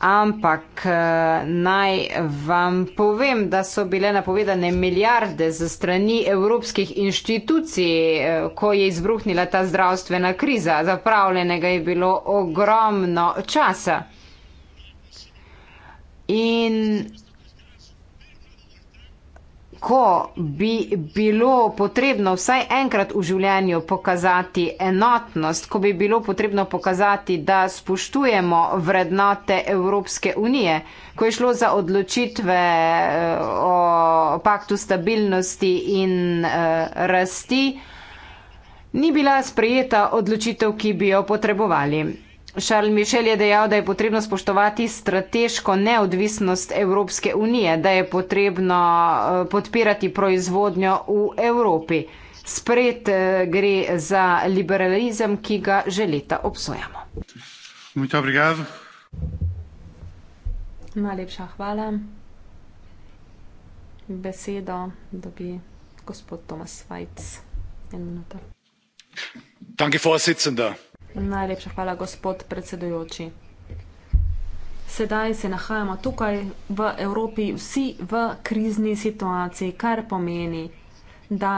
ampak eh, naj vam povem, da so bile napovedane milijarde za strani evropskih inštitucij, eh, ko je izbruhnila ta zdravstvena kriza. Zapravljenega je bilo ogromno časa. In ko bi bilo potrebno vsaj enkrat v življenju pokazati enotnost, ko bi bilo potrebno pokazati, da spoštujemo vrednote Evropske unije, ko je šlo za odločitve eh, o paktu stabilnosti in eh, rasti, ni bila sprejeta odločitev, ki bi jo potrebovali. Charles Michel je dejal, da je potrebno spoštovati strateško neodvisnost Evropske unije, da je potrebno eh, podpirati proizvodnjo v Evropi. Spred eh, gre za liberalizem, ki ga že leta obsojamo. Najlepša hvala. Besedo dobi gospod Tomas Vajc. En minuto. Hvala, predsednica. Najlepša hvala, gospod predsedujoči. Sedaj se nahajamo tukaj v Evropi vsi v krizni situaciji, kar pomeni, da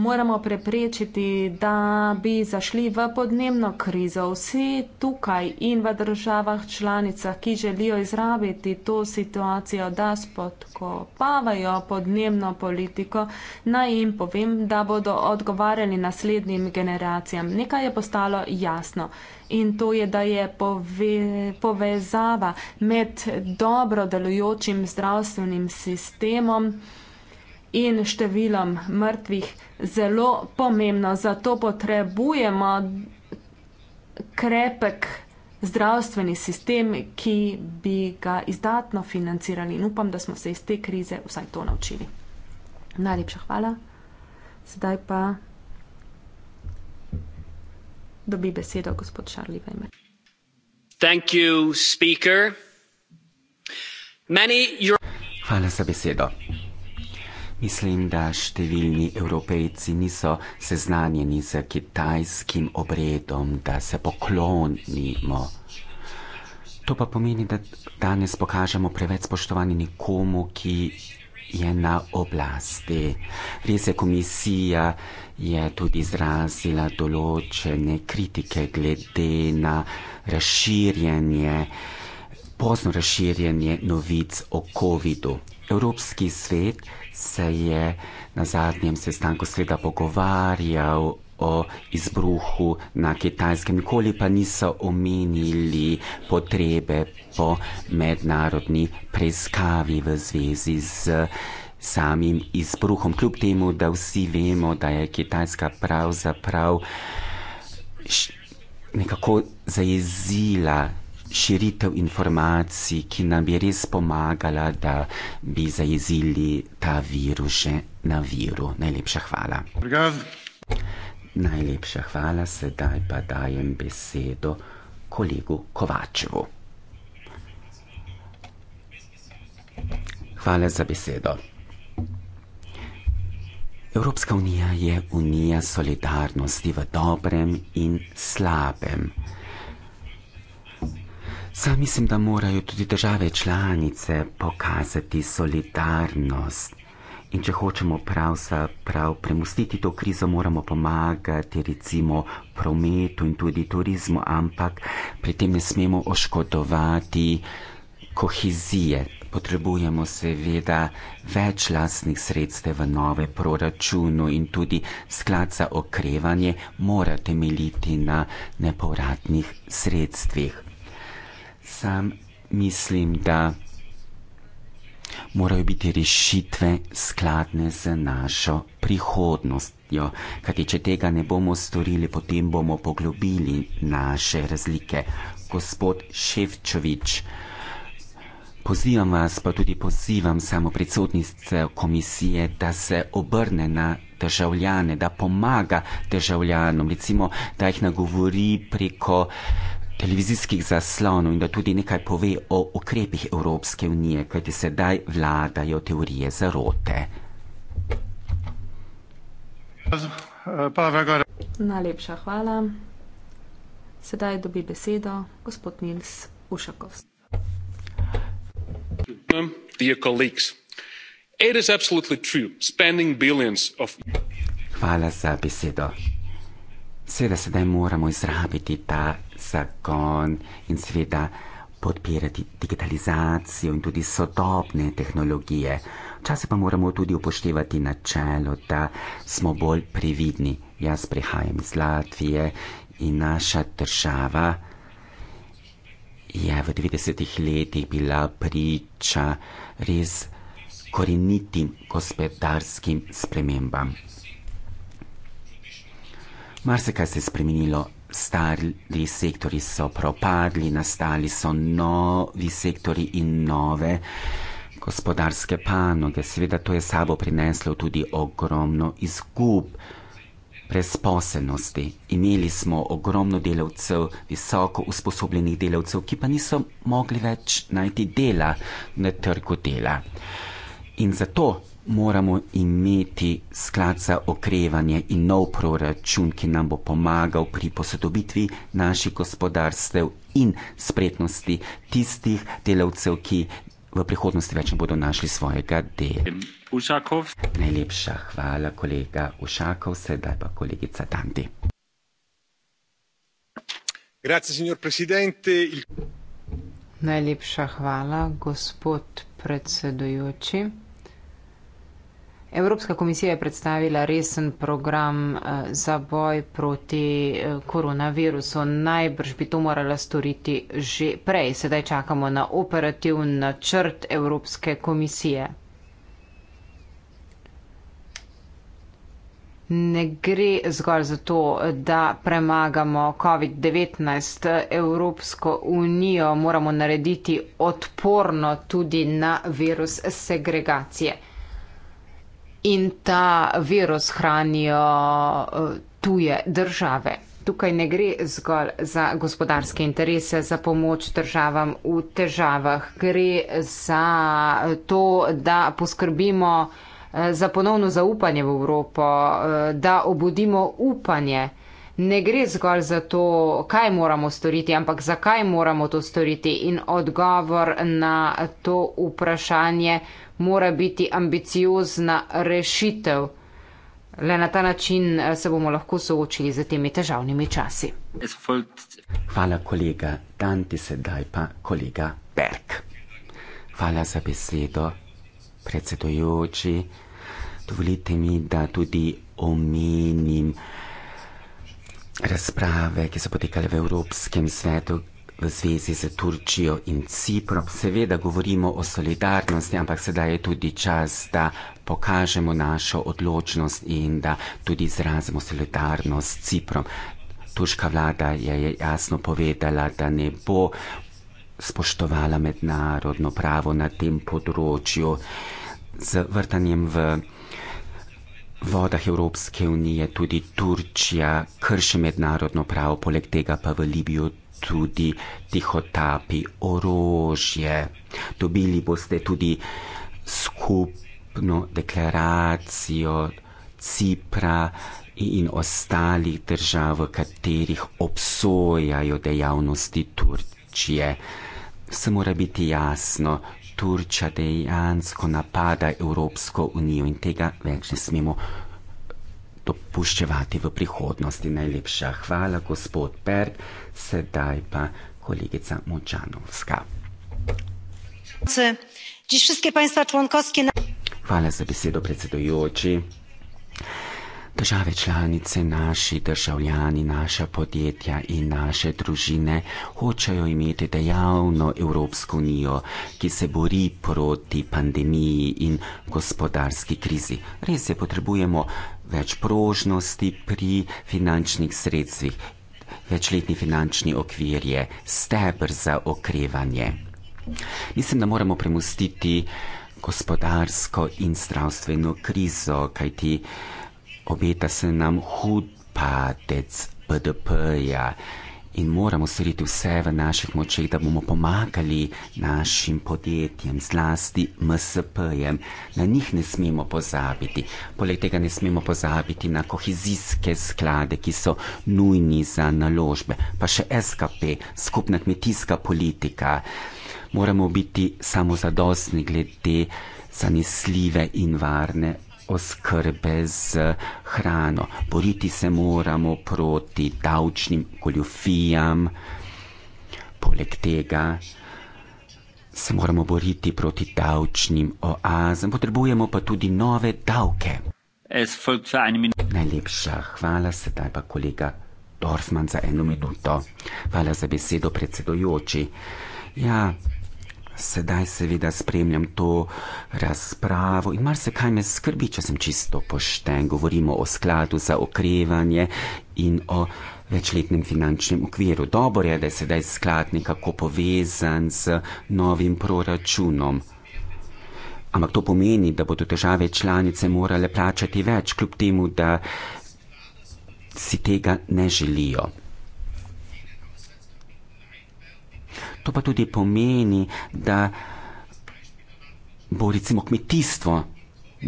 moramo preprečiti, da bi zašli v podnebno krizo. Vsi tukaj in v državah članicah, ki želijo izrabiti to situacijo, da spodkopavajo podnebno politiko, naj jim povem, da bodo odgovarjali naslednjim generacijam. Nekaj je postalo jasno. In to je, da je pove, povezava med dobro delujočim zdravstvenim sistemom, in številom mrtvih zelo pomembno. Zato potrebujemo krepek zdravstveni sistem, ki bi ga izdatno financirali. In upam, da smo se iz te krize vsaj to naučili. Najlepša hvala. Zdaj pa dobi besedo gospod Šarli Vejmer. Hvala za besedo. Mislim, da številni evropejci niso seznanjeni z kitajskim obredom, da se poklonimo. To pa pomeni, da danes pokažemo preveč spoštovanja nikomu, ki je na oblasti. Res je, komisija je tudi izrazila določene kritike glede na razširjanje, pozno razširjanje novic o COVID-u. Evropski svet je se je na zadnjem sestanku sveda pogovarjal o izbruhu na kitajskem, nikoli pa niso omenili potrebe po mednarodni preiskavi v zvezi z samim izbruhom, kljub temu, da vsi vemo, da je kitajska pravzaprav nekako zajezila širitev informacij, ki nam bi res pomagala, da bi zaizili ta virus že na viru. Najlepša hvala. Najlepša hvala, sedaj pa dajem besedo kolegu Kovačevu. Hvala za besedo. Evropska unija je unija solidarnosti v dobrem in slabem. Sam mislim, da morajo tudi države članice pokazati solidarnost. In če hočemo pravzaprav premustiti to krizo, moramo pomagati recimo prometu in tudi turizmu, ampak pri tem ne smemo oškodovati kohezije. Potrebujemo seveda več lastnih sredstev v nove proračunu in tudi sklad za okrevanje mora temeljiti na nepovratnih sredstvih sam mislim, da morajo biti rešitve skladne z našo prihodnostjo. Kajti, če tega ne bomo storili, potem bomo poglobili naše razlike. Gospod Ševčovič, pozivam vas, pa tudi pozivam samo predsodnice komisije, da se obrne na državljane, da pomaga državljanom, recimo, da jih nagovori preko televizijskih zaslonov in da tudi nekaj pove o ukrepih Evropske unije, kajti sedaj vladajo teorije zarote. Najlepša hvala. Sedaj dobi besedo gospod Nils Ušakov. Hvala za besedo. Seveda sedaj moramo izrabiti ta zakon in seveda podpirati digitalizacijo in tudi sodobne tehnologije. Včasih pa moramo tudi upoštevati načelo, da smo bolj previdni. Jaz prihajam iz Latvije in naša država je v 90-ih letih bila priča res korenitim gospodarskim spremembam. Mar se kaj se je spremenilo stari sektori so propadli, nastali so novi sektori in nove gospodarske panoge. Seveda to je sabo prineslo tudi ogromno izgub presposenosti. Imeli smo ogromno delavcev, visoko usposobljenih delavcev, ki pa niso mogli več najti dela na trgu dela. In zato moramo imeti sklad za okrevanje in nov proračun, ki nam bo pomagal pri posodobitvi naših gospodarstev in spretnosti tistih delavcev, ki v prihodnosti več ne bodo našli svojega dela. Ušakov. Najlepša hvala, kolega Ušakov, sedaj pa kolegica Tanti. Grazie, signor presidente. Najlepša hvala, gospod predsedujoči. Evropska komisija je predstavila resen program eh, za boj proti eh, koronavirusu. Najbrž bi to morala storiti že prej. Sedaj čakamo na operativni načrt Evropske komisije. Ne gre zgolj za to, da premagamo COVID-19 Evropsko unijo, moramo narediti odporno tudi na virus segregacije in ta virus hranijo eh, tuje države. Tukaj ne gre zgolj za gospodarske interese, za pomoč državam v težavah. Gre za to, da poskrbimo eh, za ponovno zaupanje v Evropo, eh, da obudimo upanje. Ne gre zgolj za to, kaj moramo storiti, ampak zakaj moramo to storiti. In odgovor na to vprašanje mora biti ambiciozna rešitev. Le na ta način eh, se bomo lahko soočili z temi težavnimi časi. Hvala, kolega Danti, sedaj pa kolega Berg. Hvala za besedo, predsedojoči. Dovolite mi, da tudi omenim razprave, ki so potekale v Evropskem svetu, v zvezi z Turčijo in Ciprom. Seveda govorimo o solidarnosti, ampak sedaj je tudi čas, da pokažemo našo odločnost in da tudi izrazimo solidarnost s Ciprom. Turška vlada je jasno povedala, da ne bo spoštovala mednarodno pravo na tem področju z vrtanjem v. V vodah Evropske unije tudi Turčija krši mednarodno pravo, poleg tega pa v Libijo tudi tihotapi orožje. Dobili boste tudi skupno deklaracijo Cipra in ostalih držav, v katerih obsojajo dejavnosti Turčije. Vse mora biti jasno, Turčija dejansko napada Evropsko unijo in tega več ne smemo dopuščevati v prihodnosti. Najlepša hvala, gospod Perk, sedaj pa kolegica Močanovska. Hvala za besedo, predsedujoči. Države članice, naši državljani, naša podjetja in naše družine hočejo imeti dejavno Evropsko unijo, ki se bori proti pandemiji in gospodarski krizi. Res je, potrebujemo več prožnosti pri finančnih sredstvih. Večletni finančni okvir je stebr za okrevanje. Mislim, da moramo premustiti gospodarsko in zdravstveno krizo, kajti obeta se nam hud padec BDP-ja in moramo storiti vse v naših močeh, da bomo pomagali našim podjetjem, zlasti MSP-jem. Na njih ne smemo pozabiti. Poleg tega ne smemo pozabiti na kohezijske sklade, ki so nujni za naložbe, pa še SKP, skupna kmetijska politika. Moramo biti samozadostni glede zanesljive in varne oskrbe z hrano. Boriti se moramo proti davčnim goljufijam, poleg tega se moramo boriti proti davčnim oazam, potrebujemo pa tudi nove davke. Najlepša hvala, sedaj pa kolega Dorfman za eno minuto. Hvala za besedo, predsedujoči. Ja, sedaj seveda spremljam to razpravo in mar se kaj me skrbi, če sem čisto pošten. Govorimo o skladu za okrevanje in o večletnem finančnem okviru. Dobro je, da je sedaj sklad nekako povezan z novim proračunom. Ampak to pomeni, da bodo države članice morale plačati več, kljub temu, da si tega ne želijo. To pa tudi pomeni, da bo recimo kmetijstvo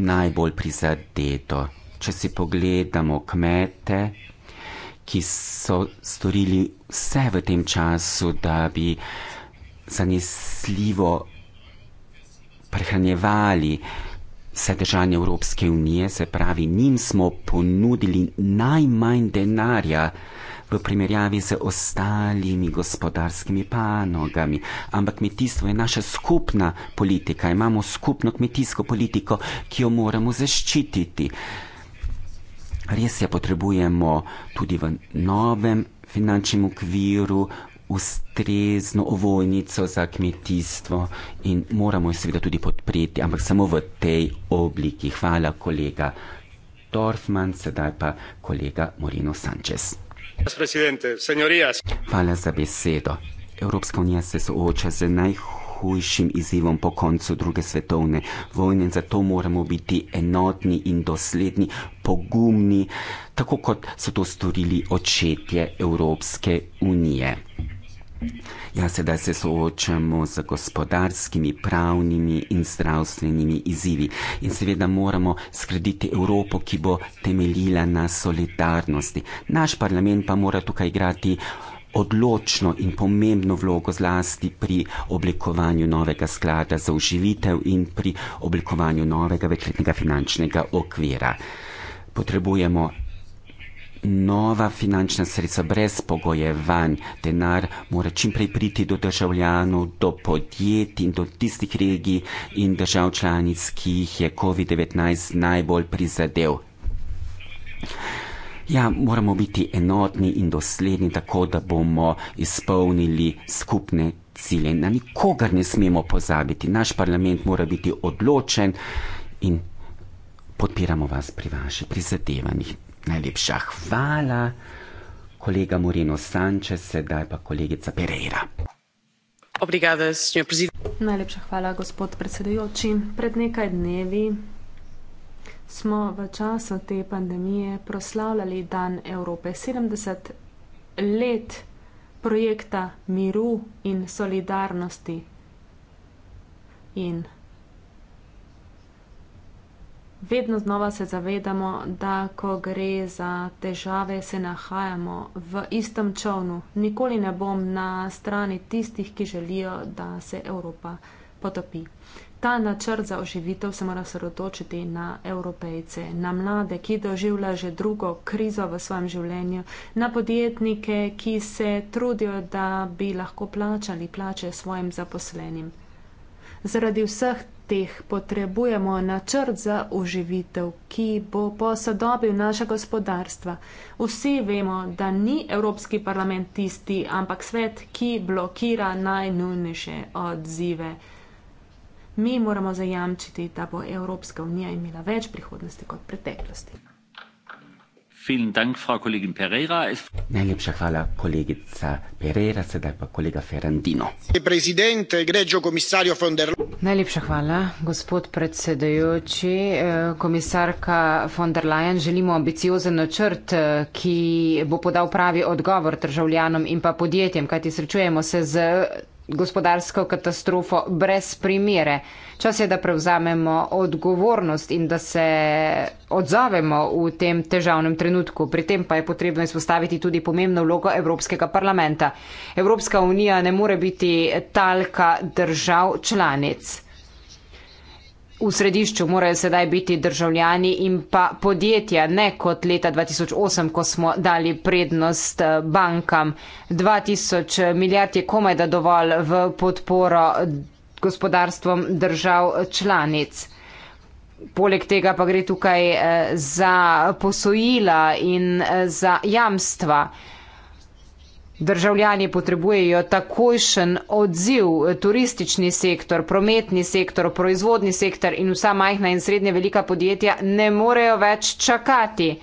najbolj prizadeto. Če si pogledamo kmete, ki so storili vse v tem času, da bi zanesljivo prehranjevali vse državljane Evropske unije, se pravi, njim smo ponudili najmanj denarja v primerjavi z ostalimi gospodarskimi panogami. Ampak kmetijstvo je naša skupna politika, imamo skupno kmetijsko politiko, ki jo moramo zaščititi. Res je, potrebujemo tudi v novem finančnem okviru ustrezno ovojnico za kmetijstvo in moramo jo seveda tudi podpreti, ampak samo v tej obliki. Hvala, kolega Dorfman, sedaj pa kolega Moreno Sanchez. Hvala za besedo. Evropska unija se sooča z najhujšim izzivom po koncu druge svetovne vojne in zato moramo biti enotni in dosledni, pogumni, tako kot so to storili očetje Evropske unije. Ja, sedaj se soočamo z gospodarskimi, pravnimi in zdravstvenimi izzivi. In seveda moramo skrediti Evropo, ki bo temeljila na solidarnosti. Naš parlament pa mora tukaj igrati odločno in pomembno vlogo zlasti pri oblikovanju novega sklada za uživitev in pri oblikovanju novega večletnega finančnega okvira. Potrebujemo nova finančna sredstva brez pogojevanj. Denar mora čim prej priti do državljanov, do podjetij in do tistih regij in držav članic, ki jih je COVID-19 najbolj prizadel. Ja, moramo biti enotni in dosledni, tako da bomo izpolnili skupne cilje. Na nikogar ne smemo pozabiti. Naš parlament mora biti odločen in podpiramo vas pri vaših prizadevanjih. Najlepša hvala, kolega Moreno Sančes, sedaj pa kolegica Pereira. Obrigada, Najlepša hvala, gospod predsedujoči. Pred nekaj dnevi smo v času te pandemije proslavljali Dan Evrope 70 let projekta miru in solidarnosti. In vedno znova se zavedamo, da ko gre za težave, se nahajamo v istem čovnu. Nikoli ne bom na strani tistih, ki želijo, da se Evropa potopi. Ta načrt za oživitev se mora sredotočiti na evropejce, na mlade, ki doživlja že drugo krizo v svojem življenju, na podjetnike, ki se trudijo, da bi lahko plačali plače svojim zaposlenim. Zaradi vseh teh potrebujemo načrt za oživitev, ki bo posodobil naše gospodarstva. Vsi vemo, da ni Evropski parlament tisti, ampak svet, ki blokira najnujnejše odzive. Mi moramo zajamčiti, da bo Evropska unija imela več prihodnosti kot preteklosti. Vielen Dank, Frau Kollegin Pereira. Najlepša hvala, kolegica Pereira, sedaj pa kolega Ferrandino. Najlepša hvala, gospod predsedujoči. Eh, komisarka von der Leyen, želimo ambiciozen načrt, eh, ki bo podal pravi odgovor državljanom in pa podjetjem, kajti srečujemo se z gospodarsko katastrofo brez primere. Čas je, da prevzamemo odgovornost in da se odzovemo v tem težavnem trenutku. Pri tem pa je potrebno izpostaviti tudi pomembno vlogo Evropskega parlamenta. Evropska unija ne more biti talka držav članic. V središču morajo sedaj biti državljani in pa podjetja, ne kot leta 2008, ko smo dali prednost eh, bankam. 2000 eh, milijard je komaj da dovolj v podporo gospodarstvom držav članic. Poleg tega pa gre tukaj eh, za posojila in za jamstva. Državljani potrebujejo takojšen odziv, turistični sektor, prometni sektor, proizvodni sektor in vsa majhna in srednje velika podjetja ne morejo več čakati.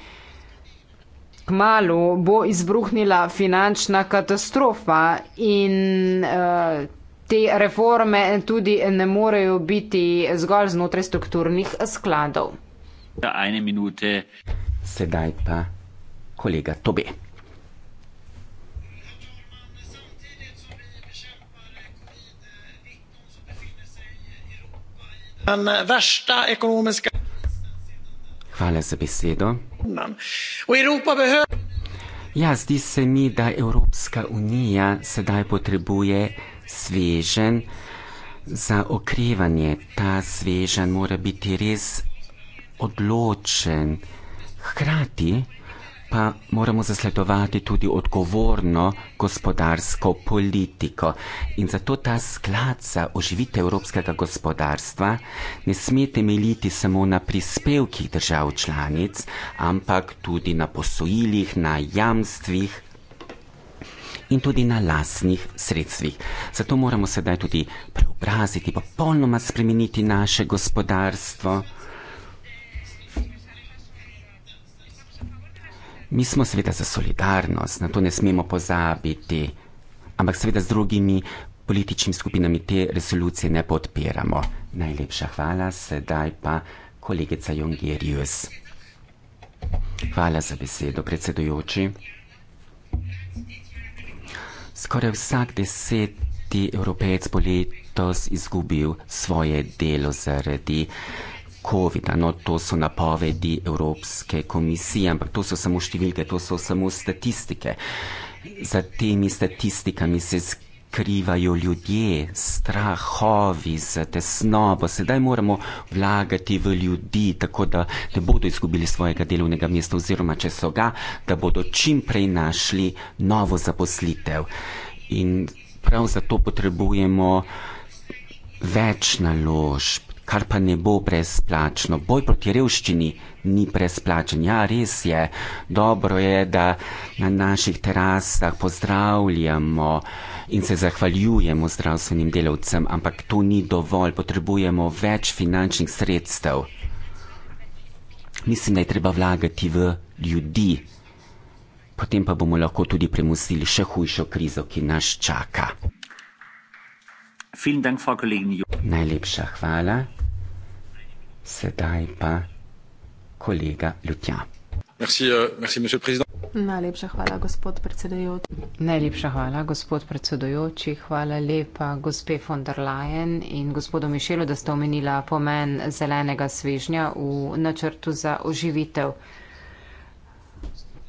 Kmalo bo izbruhnila finančna katastrofa in eh, te reforme tudi ne morejo biti zgolj znotraj strukturnih skladov. Ja, Sedaj pa kolega Tobe. Hvala za besedo. Ja, zdi se mi, da Evropska unija sedaj potrebuje svežen za okrevanje. Ta svežen mora biti res odločen. Hkrati pa moramo zasledovati tudi odgovorno gospodarsko politiko. In zato ta sklad za oživitev evropskega gospodarstva ne sme temeljiti samo na prispevkih držav članic, ampak tudi na posojilih, na jamstvih in tudi na lasnih sredstvih. Zato moramo sedaj tudi preobraziti, popolnoma spremeniti naše gospodarstvo. Mi smo seveda za solidarnost, na to ne smemo pozabiti, ampak seveda z drugimi političnimi skupinami te resolucije ne podpiramo. Najlepša hvala, sedaj pa kolegica Jongerius. Hvala za besedo, predsedujoči. Skoraj vsak deseti evropejec bo letos izgubil svoje delo zaradi COVID, no, to so napovedi Evropske komisije, ampak to so samo številke, to so samo statistike. Za temi statistikami se skrivajo ljudje, strahovi za tesnobo. Sedaj moramo vlagati v ljudi, tako da ne bodo izgubili svojega delovnega mesta oziroma, če so ga, da bodo čim prej našli novo zaposlitev. In prav zato potrebujemo več naložb kar pa ne bo brezplačno. Boj proti revščini ni brezplačen. Ja, res je, dobro je, da na naših terasah pozdravljamo in se zahvaljujemo zdravstvenim delavcem, ampak to ni dovolj, potrebujemo več finančnih sredstev. Mislim, da je treba vlagati v ljudi, potem pa bomo lahko tudi premustili še hujšo krizo, ki nas čaka. Najlepša hvala. Sedaj pa kolega Ljutja. Merci, euh, merci, Najlepša hvala, gospod predsedujoči. Najlepša hvala, gospod predsedujoči. Hvala lepa, gospe von der Leyen in gospodu Mišelu, da ste omenila pomen zelenega svežnja v načrtu za oživitev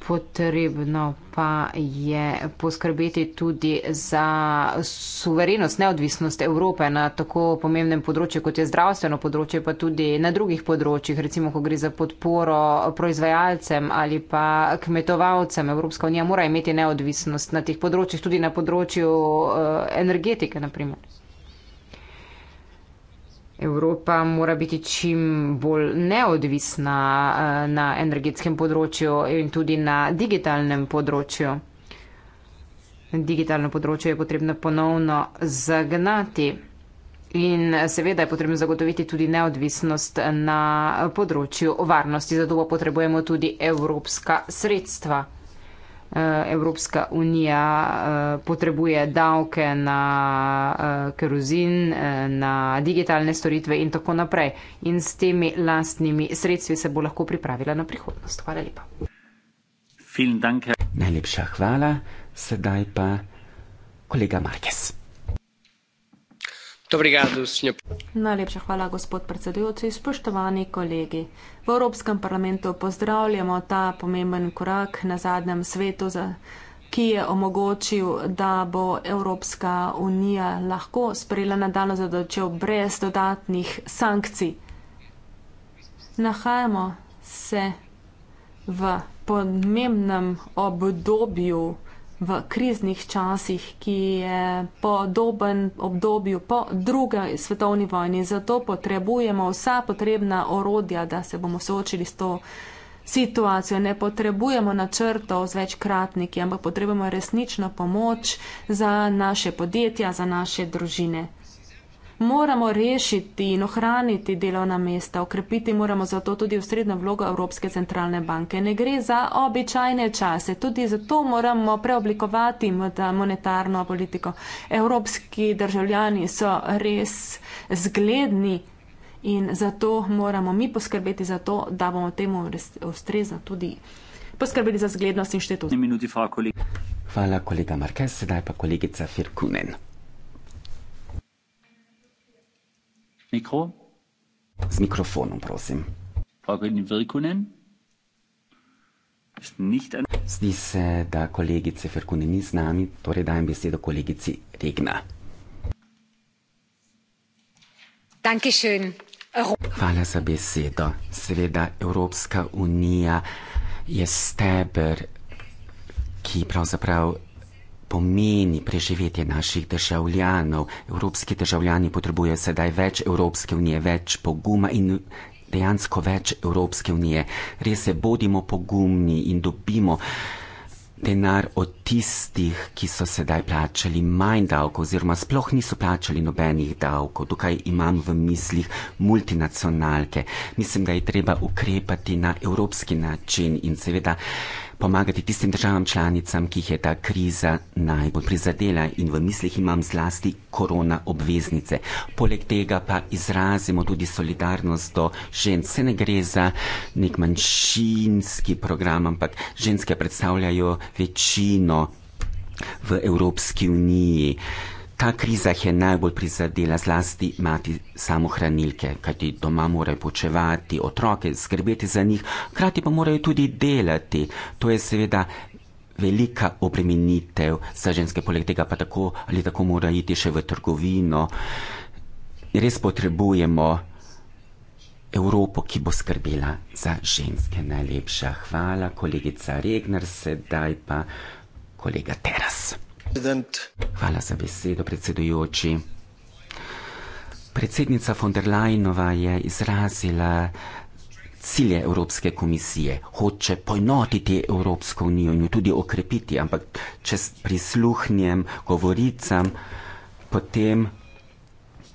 potrebno pa je poskrbeti tudi za suverenost, neodvisnost Evrope na tako pomembnem področju, kot je zdravstveno področje, pa tudi na drugih področjih, recimo, ko gre za podporo proizvajalcem ali pa kmetovalcem. Evropska unija mora imeti neodvisnost na teh področjih, tudi na področju eh, energetike, naprimer. Evropa mora biti čim bolj neodvisna eh, na energetskem področju in tudi na digitalnem področju. Digitalno področje je potrebno ponovno zagnati in seveda je potrebno zagotoviti tudi neodvisnost na področju varnosti. Zato pa potrebujemo tudi evropska sredstva. Eh, Evropska unija eh, potrebuje davke na eh, kerozin, na digitalne storitve in tako naprej. In s temi lastnimi sredstvi se bo lahko pripravila na prihodnost. Hvala lepa. Najlepša hvala. Sedaj pa kolega Marques. Najlepša hvala, gospod predsedujoči. Spoštovani kolegi, v Evropskem parlamentu pozdravljamo ta pomemben korak na zadnjem svetu, ki je omogočil, da bo Evropska unija lahko sprejela nadaljno zadočev brez dodatnih sankcij. Nahajamo se v pomembnem obdobju v kriznih časih, ki je podoben obdobju po druge svetovni vojni. Zato potrebujemo vsa potrebna orodja, da se bomo soočili s to situacijo. Ne potrebujemo načrtov z večkratniki, ampak potrebujemo resnično pomoč za naše podjetja, za naše družine moramo rešiti in ohraniti delovna mesta. Okrepiti moramo zato tudi ustredno vlogo Evropske centralne banke. Ne gre za običajne čase. Tudi zato moramo preoblikovati monetarno politiko. Evropski državljani so res zgledni in zato moramo mi poskrbeti za to, da bomo temu ustrezno tudi poskrbeli za zglednost inštitucij. Hvala, kolega Marquez, sedaj pa kolegica Firkunen. Mikro? Das Mikrofon, prosim. Zdi se, da kolegice Ferkune ni z nami, torej dajem besedo kolegici Regna. Hvala za besedo. Seveda Evropska unija je steber, ki pravzaprav pomeni preživetje naših državljanov. Evropski državljani potrebujejo sedaj več Evropske unije, več poguma in dejansko več Evropske unije. Res se bodimo pogumni in dobimo denar od tistih, ki so sedaj plačali manj davkov oziroma sploh niso plačali nobenih davkov. Tukaj imam v mislih multinacionalke. Mislim, da je treba ukrepati na evropski način in seveda pomagati tistim državam članicam, ki jih je ta kriza najbolj prizadela in v mislih imam zlasti korona obveznice. Poleg tega pa izrazimo tudi solidarnost do žensk. Se ne gre za nek manjšinski program, ampak ženske predstavljajo večino v Evropski uniji ta kriza je najbolj prizadela zlasti mati samohranilke, kajti doma morajo počevati otroke, skrbeti za njih, krati pa morajo tudi delati. To je seveda velika obremenitev za ženske, poleg tega pa tako ali tako mora iti še v trgovino. Res potrebujemo Evropo, ki bo skrbela za ženske. Najlepša hvala, kolegica Regner, sedaj pa kolega Teras. Hvala za besedo, predsedujoči. Predsednica von der Leinova je izrazila cilje Evropske komisije, hoče poenotiti Evropsko unijo in jo tudi okrepiti, ampak če prisluhnem govoricam, potem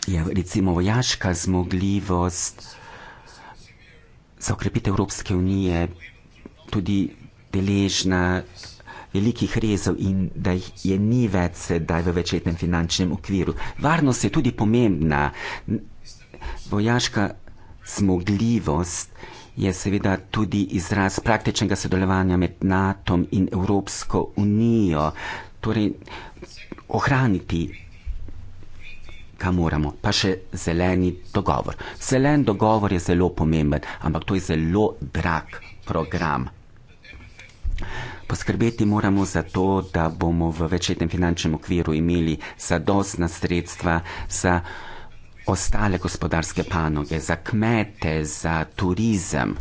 je recimo vojaška zmogljivost za okrepitev Evropske unije tudi deležna velikih rezov in da jih je ni več sedaj v večletnem finančnem okviru. Varnost je tudi pomembna. Vojaška zmogljivost je seveda tudi izraz praktičnega sodelovanja med NATO in Evropsko unijo. Torej, ohraniti, kar moramo, pa še zeleni dogovor. Zelen dogovor je zelo pomemben, ampak to je zelo drag program. Poskrbeti moramo za to, da bomo v večletnem finančnem okviru imeli zadostna sredstva za ostale gospodarske panoge, za kmete, za turizem.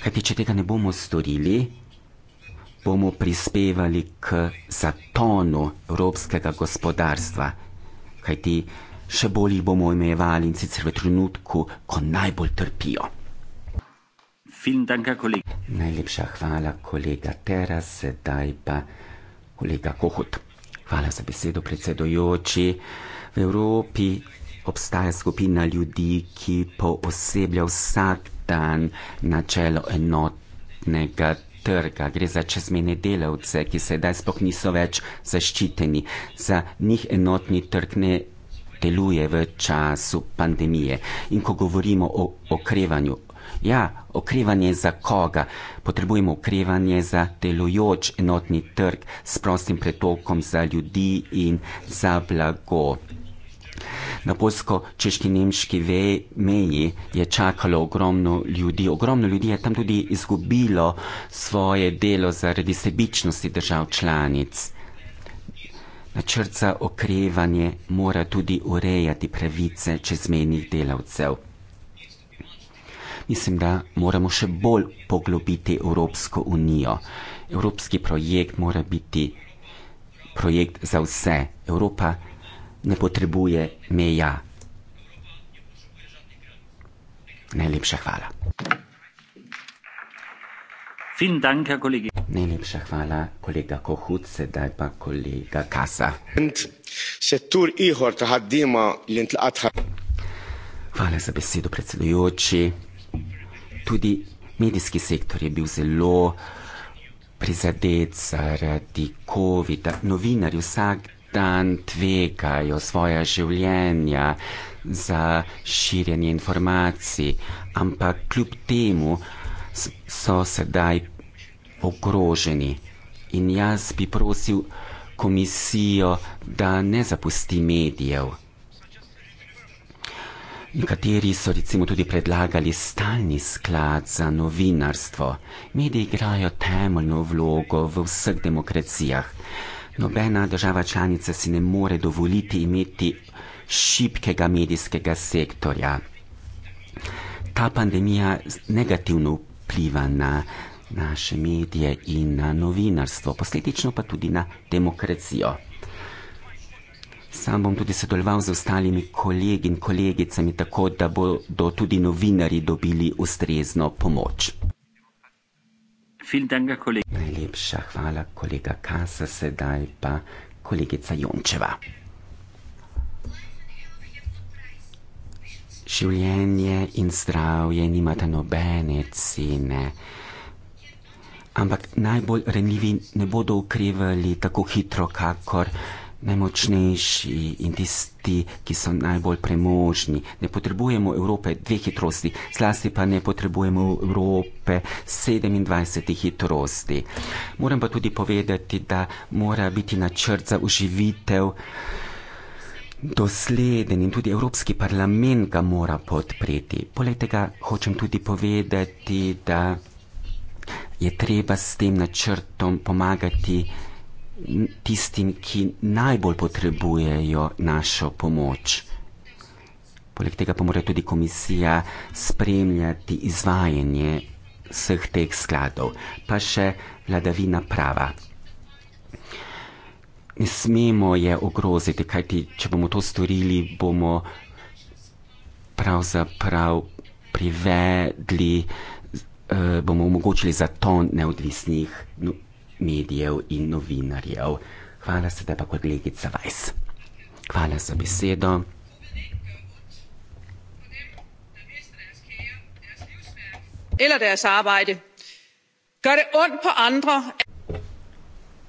Kajti, če tega ne bomo storili, bomo prispevali k zatonu evropskega gospodarstva. Kajti, še bolj jih bomo omejevali in sicer v trenutku, ko najbolj trpijo. Vielen Dank, Herr Kollege. Najlepša hvala, kolega Teras, sedaj pa kolega Kohut. Hvala za besedo, predsedujoči. V Evropi obstaja skupina ljudi, ki pooseblja vsak dan načelo enotnega trga. Gre za čezmene delavce, ki sedaj spok niso več zaščiteni. Za njih enotni trg ne deluje v času pandemije. In ko govorimo o okrevanju, Ja, okrevanje za koga? Potrebujemo okrevanje za delujoč enotni trg s prostim pretokom za ljudi in za blago. Na polsko-češki-nemški meji je čakalo ogromno ljudi. Ogromno ljudi je tam tudi izgubilo svoje delo zaradi sebičnosti držav članic. Načrt za okrevanje mora tudi urejati pravice čezmenih delavcev mislim, da moramo še bolj poglobiti Evropsko unijo. Evropski projekt mora biti projekt za vse. Evropa ne potrebuje meja. Najlepša hvala. Najlepša hvala, kolega Kohut, sedaj pa kolega Kasa. Hvala za besedo, predsedujoči tudi medijski sektor je bil zelo prizadet zaradi COVID-a. Novinari vsak dan tvegajo svoja življenja za širjenje informacij, ampak kljub temu so sedaj ogroženi. In jaz bi prosil komisijo, da ne zapusti medijev. In kateri so recimo tudi predlagali stalni sklad za novinarstvo. Mediji igrajo temeljno vlogo v vseh demokracijah. Nobena država članica si ne more dovoliti imeti šibkega medijskega sektorja. Ta pandemija negativno vpliva na naše medije in na novinarstvo, posledično pa tudi na demokracijo. Sam bom tudi sodeloval z ostalimi kolegi in kolegicami, tako da bodo tudi novinari dobili ustrezno pomoč. Danke, Najlepša hvala, kolega Kasa, sedaj pa kolegica Jončeva. Življenje in zdravje nimata nobene cene. Ampak najbolj renljivi ne bodo ukrivali tako hitro, kakor najmočnejši in tisti, ki so najbolj premožni. Ne potrebujemo Evrope dveh hitrosti, zlasti pa ne potrebujemo Evrope 27 hitrosti. Moram pa tudi povedati, da mora biti načrt za uživitev dosleden in tudi Evropski parlament ga mora podpreti. Poleg tega hočem tudi povedati, da je treba s tem načrtom pomagati tistim, ki najbolj potrebujejo našo pomoč. Poleg tega pa mora tudi komisija spremljati izvajanje vseh teh skladov, pa še vladavina prava. Ne smemo je ogroziti, kajti če bomo to storili, bomo pravzaprav privedli, eh, bomo omogočili zaton neodvisnih medijev in novinarjev. Hvala se tebi, kolegica Vajs. Hvala za besedo.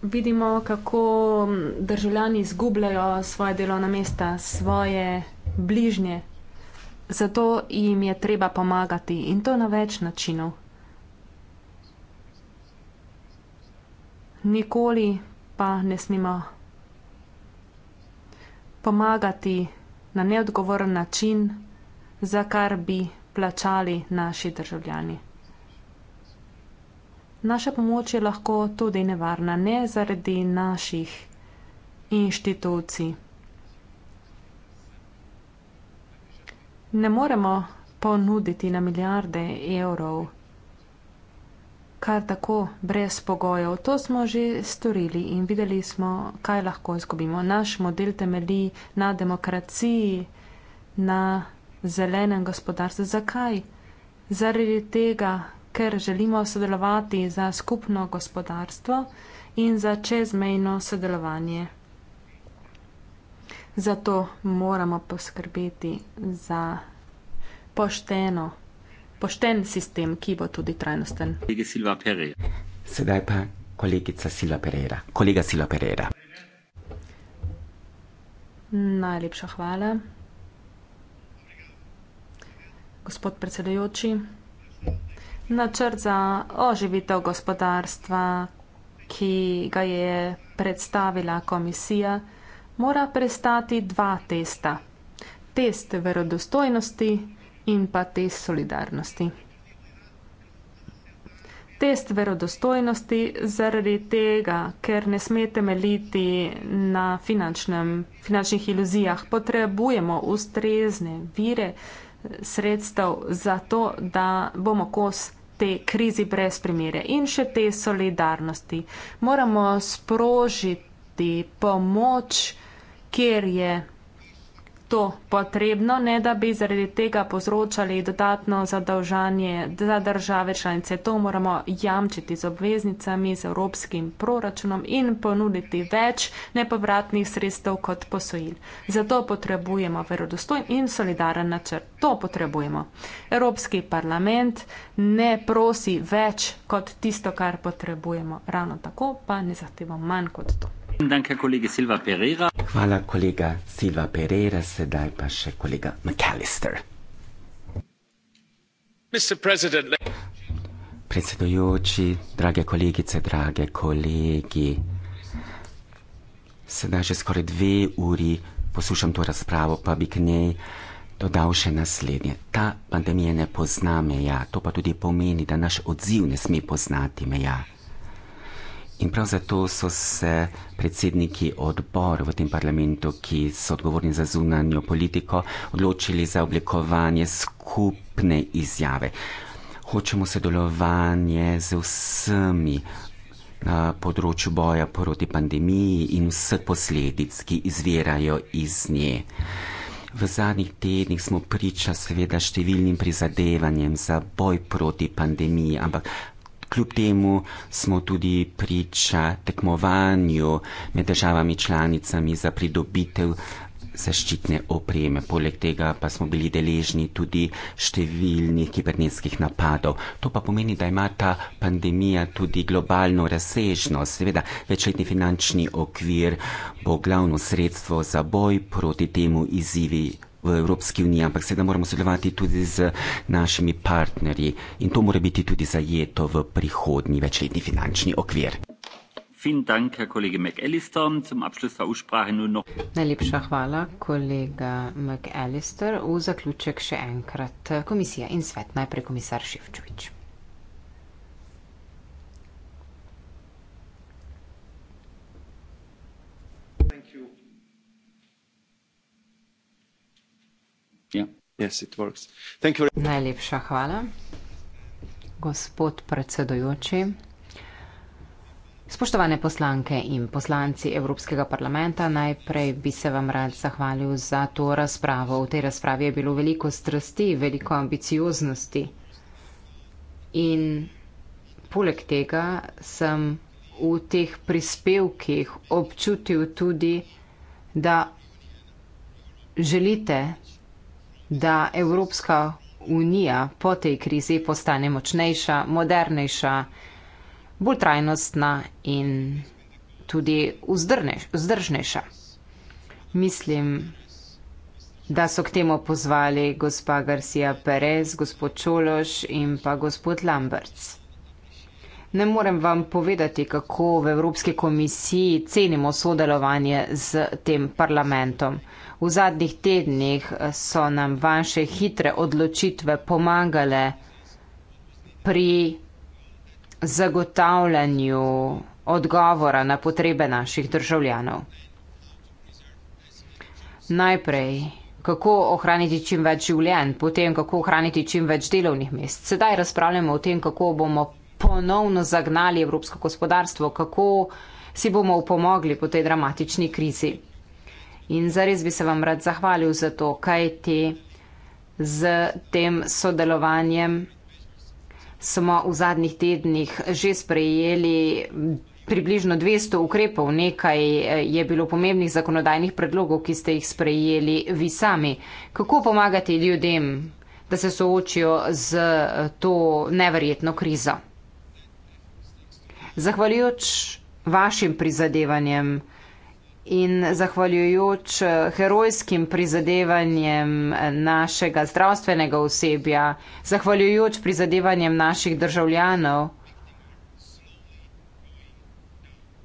Vidimo, kako mm, državljani izgubljajo svoje delovna mesta, svoje bližnje. Zato jim je treba pomagati in to na več načinov. nikoli pa ne smemo pomagati na neodgovoren način, za kar bi plačali naši državljani. Naša pomoč je lahko tudi nevarna, ne zaradi naših inštitucij. Ne moremo ponuditi na milijarde evrov kar tako brez pogojev. To smo že storili in videli smo, kaj lahko izgubimo. Naš model temelji na demokraciji, na zelenem gospodarstvu. Zakaj? Zaradi tega, ker želimo sodelovati za skupno gospodarstvo in za čezmejno sodelovanje. Zato moramo poskrbeti za pošteno pošten sistem, ki bo tudi trajnosten. Sedaj pa kolegica Sila Pereira, kolega Sila Pereira. Najlepša hvala. Gospod predsedajoči, načrt za oživitev gospodarstva, ki ga je predstavila komisija, mora prestati dva testa. Test verodostojnosti in pa test solidarnosti. Test verodostojnosti zaradi tega, ker ne sme temeljiti na finančnih iluzijah, potrebujemo ustrezne vire sredstev za to, da bomo kos te krizi brez primere in še te solidarnosti. Moramo sprožiti pomoč, kjer je to potrebno, ne da bi zaradi tega povzročali dodatno zadolžanje za države članice. To moramo jamčiti z obveznicami, z evropskim proračunom in ponuditi več nepovratnih sredstev kot posojil. Zato potrebujemo verodostojen in solidaren načrt. To potrebujemo. Evropski parlament ne prosi več kot tisto, kar potrebujemo. Ravno tako pa ne zahtevamo manj kot to. Hvala, kolega Silva Pereira, sedaj pa še kolega McAllister. Predsedujoči, drage kolegice, drage kolegi. Sedaj že skoraj dve uri poslušam to razpravo, pa bi k njej dodal še naslednje. Ta pandemija ne pozna meja, to pa tudi pomeni, da naš odziv ne sme poznati meja. In prav zato so se predsedniki odbor v tem parlamentu, ki so odgovorni za zunanjo politiko, odločili za oblikovanje skupne izjave. Hočemo sodelovanje z vsemi na področju boja proti pandemiji in vseh posledic, ki izvirajo iz nje. V zadnjih tednih smo priča seveda številnim prizadevanjem za boj proti pandemiji, ampak Kljub temu smo tudi priča tekmovanju med državami članicami za pridobitev zaščitne opreme. Poleg tega pa smo bili deležni tudi številnih kibernetskih napadov. To pa pomeni, da ima ta pandemija tudi globalno razsežnost. Seveda, večletni finančni okvir bo glavno sredstvo za boj proti temu izzivi v Evropski uniji, ampak seveda moramo sodelovati tudi z našimi partnerji in to mora biti tudi zajeto v prihodnji večletni finančni okvir. Najlepša hvala, kolega McAllister. V zaključek še enkrat komisija in svet, najprej komisar Šivčovič. Yes, for... Najlepša hvala. Gospod predsedujoči, spoštovane poslanke in poslanci Evropskega parlamenta, najprej bi se vam rad zahvalil za to razpravo. V tej razpravi je bilo veliko strasti, veliko ambicioznosti in poleg tega sem v teh prispevkih občutil tudi, da želite da Evropska unija po tej krizi postane močnejša, modernejša, bolj trajnostna in tudi vzdržnejša. Mislim, da so k temu pozvali gospa Garcia Perez, gospod Čološ in pa gospod Lamberts. Ne morem vam povedati, kako v Evropski komisiji cenimo sodelovanje z tem parlamentom. V zadnjih tednih eh, so nam vaše hitre odločitve pomagale pri zagotavljanju odgovora na potrebe naših državljanov. Najprej, kako ohraniti čim več življenj, potem kako ohraniti čim več delovnih mest. Sedaj razpravljamo o tem, kako bomo ponovno zagnali evropsko gospodarstvo, kako si bomo upomogli po tej dramatični krizi. In zares bi se vam rad zahvalil za to, kaj ti z tem sodelovanjem smo v zadnjih tednih že sprejeli približno 200 ukrepov, nekaj eh, je bilo pomembnih zakonodajnih predlogov, ki ste jih sprejeli vi sami. Kako pomagati ljudem, da se soočijo z eh, to neverjetno krizo? Zahvaljujoč vašim prizadevanjem, in zahvaljujoč eh, herojskim prizadevanjem eh, našega zdravstvenega osebja, zahvaljujoč prizadevanjem naših državljanov,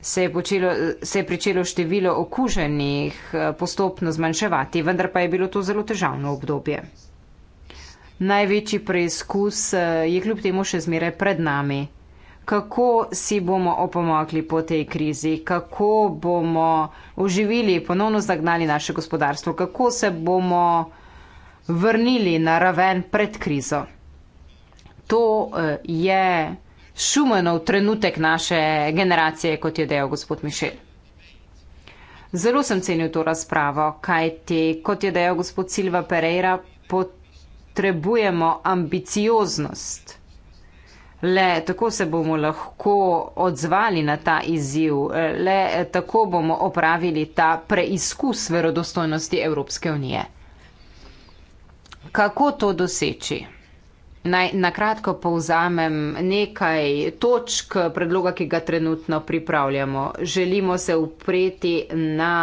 se je, počelo, eh, se je pričelo število okuženih postopno zmanjševati, vendar pa je bilo to zelo težavno obdobje. Največji preizkus je kljub temu še zmeraj pred nami kako si bomo opomogli po tej krizi, kako bomo oživili, ponovno zagnali naše gospodarstvo, kako se bomo vrnili na raven pred krizo. To eh, je šumenov trenutek naše generacije, kot je dejal gospod Mišel. Zelo sem cenil to razpravo, kajti, kot je dejal gospod Silva Pereira, potrebujemo ambicioznost. Le tako se bomo lahko odzvali na ta izziv, le tako bomo opravili ta preizkus verodostojnosti Evropske unije. Kako to doseči? Naj nakratko povzamem nekaj točk predloga, ki ga trenutno pripravljamo. Želimo se upreti na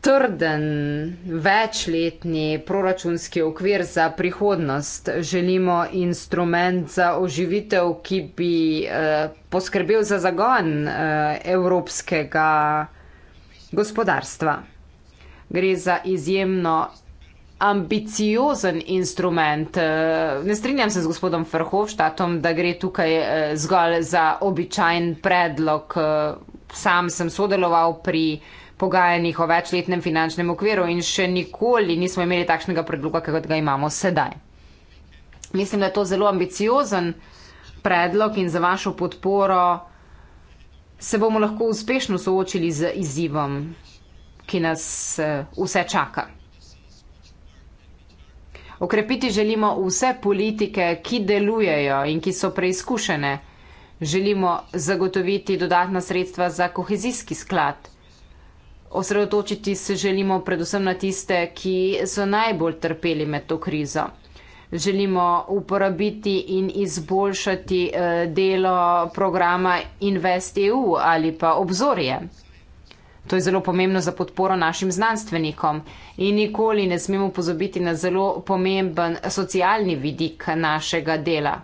trden, večletni proračunski okvir za prihodnost. Želimo instrument za oživitev, ki bi eh, poskrbel za zagon eh, evropskega gospodarstva. Gre za izjemno ambiciozen instrument. Eh, ne strinjam se z gospodom Ferhovštatom, da gre tukaj eh, zgolj za običajen predlog. Eh, sam sem sodeloval pri pogajanjih o večletnem finančnem okviru in še nikoli nismo imeli takšnega predloga, kakor ga imamo sedaj. Mislim, da je to zelo ambiciozen predlog in za vašo podporo se bomo lahko uspešno soočili z izzivom, ki nas eh, vse čaka. Okrepiti želimo vse politike, ki delujejo in ki so preizkušene. Želimo zagotoviti dodatna sredstva za kohezijski sklad, osredotočiti se želimo predvsem na tiste, ki so najbolj trpeli med to krizo. Želimo uporabiti in izboljšati eh, delo programa InvestEU ali pa obzorje. To je zelo pomembno za podporo našim znanstvenikom in nikoli ne smemo pozabiti na zelo pomemben socialni vidik našega dela.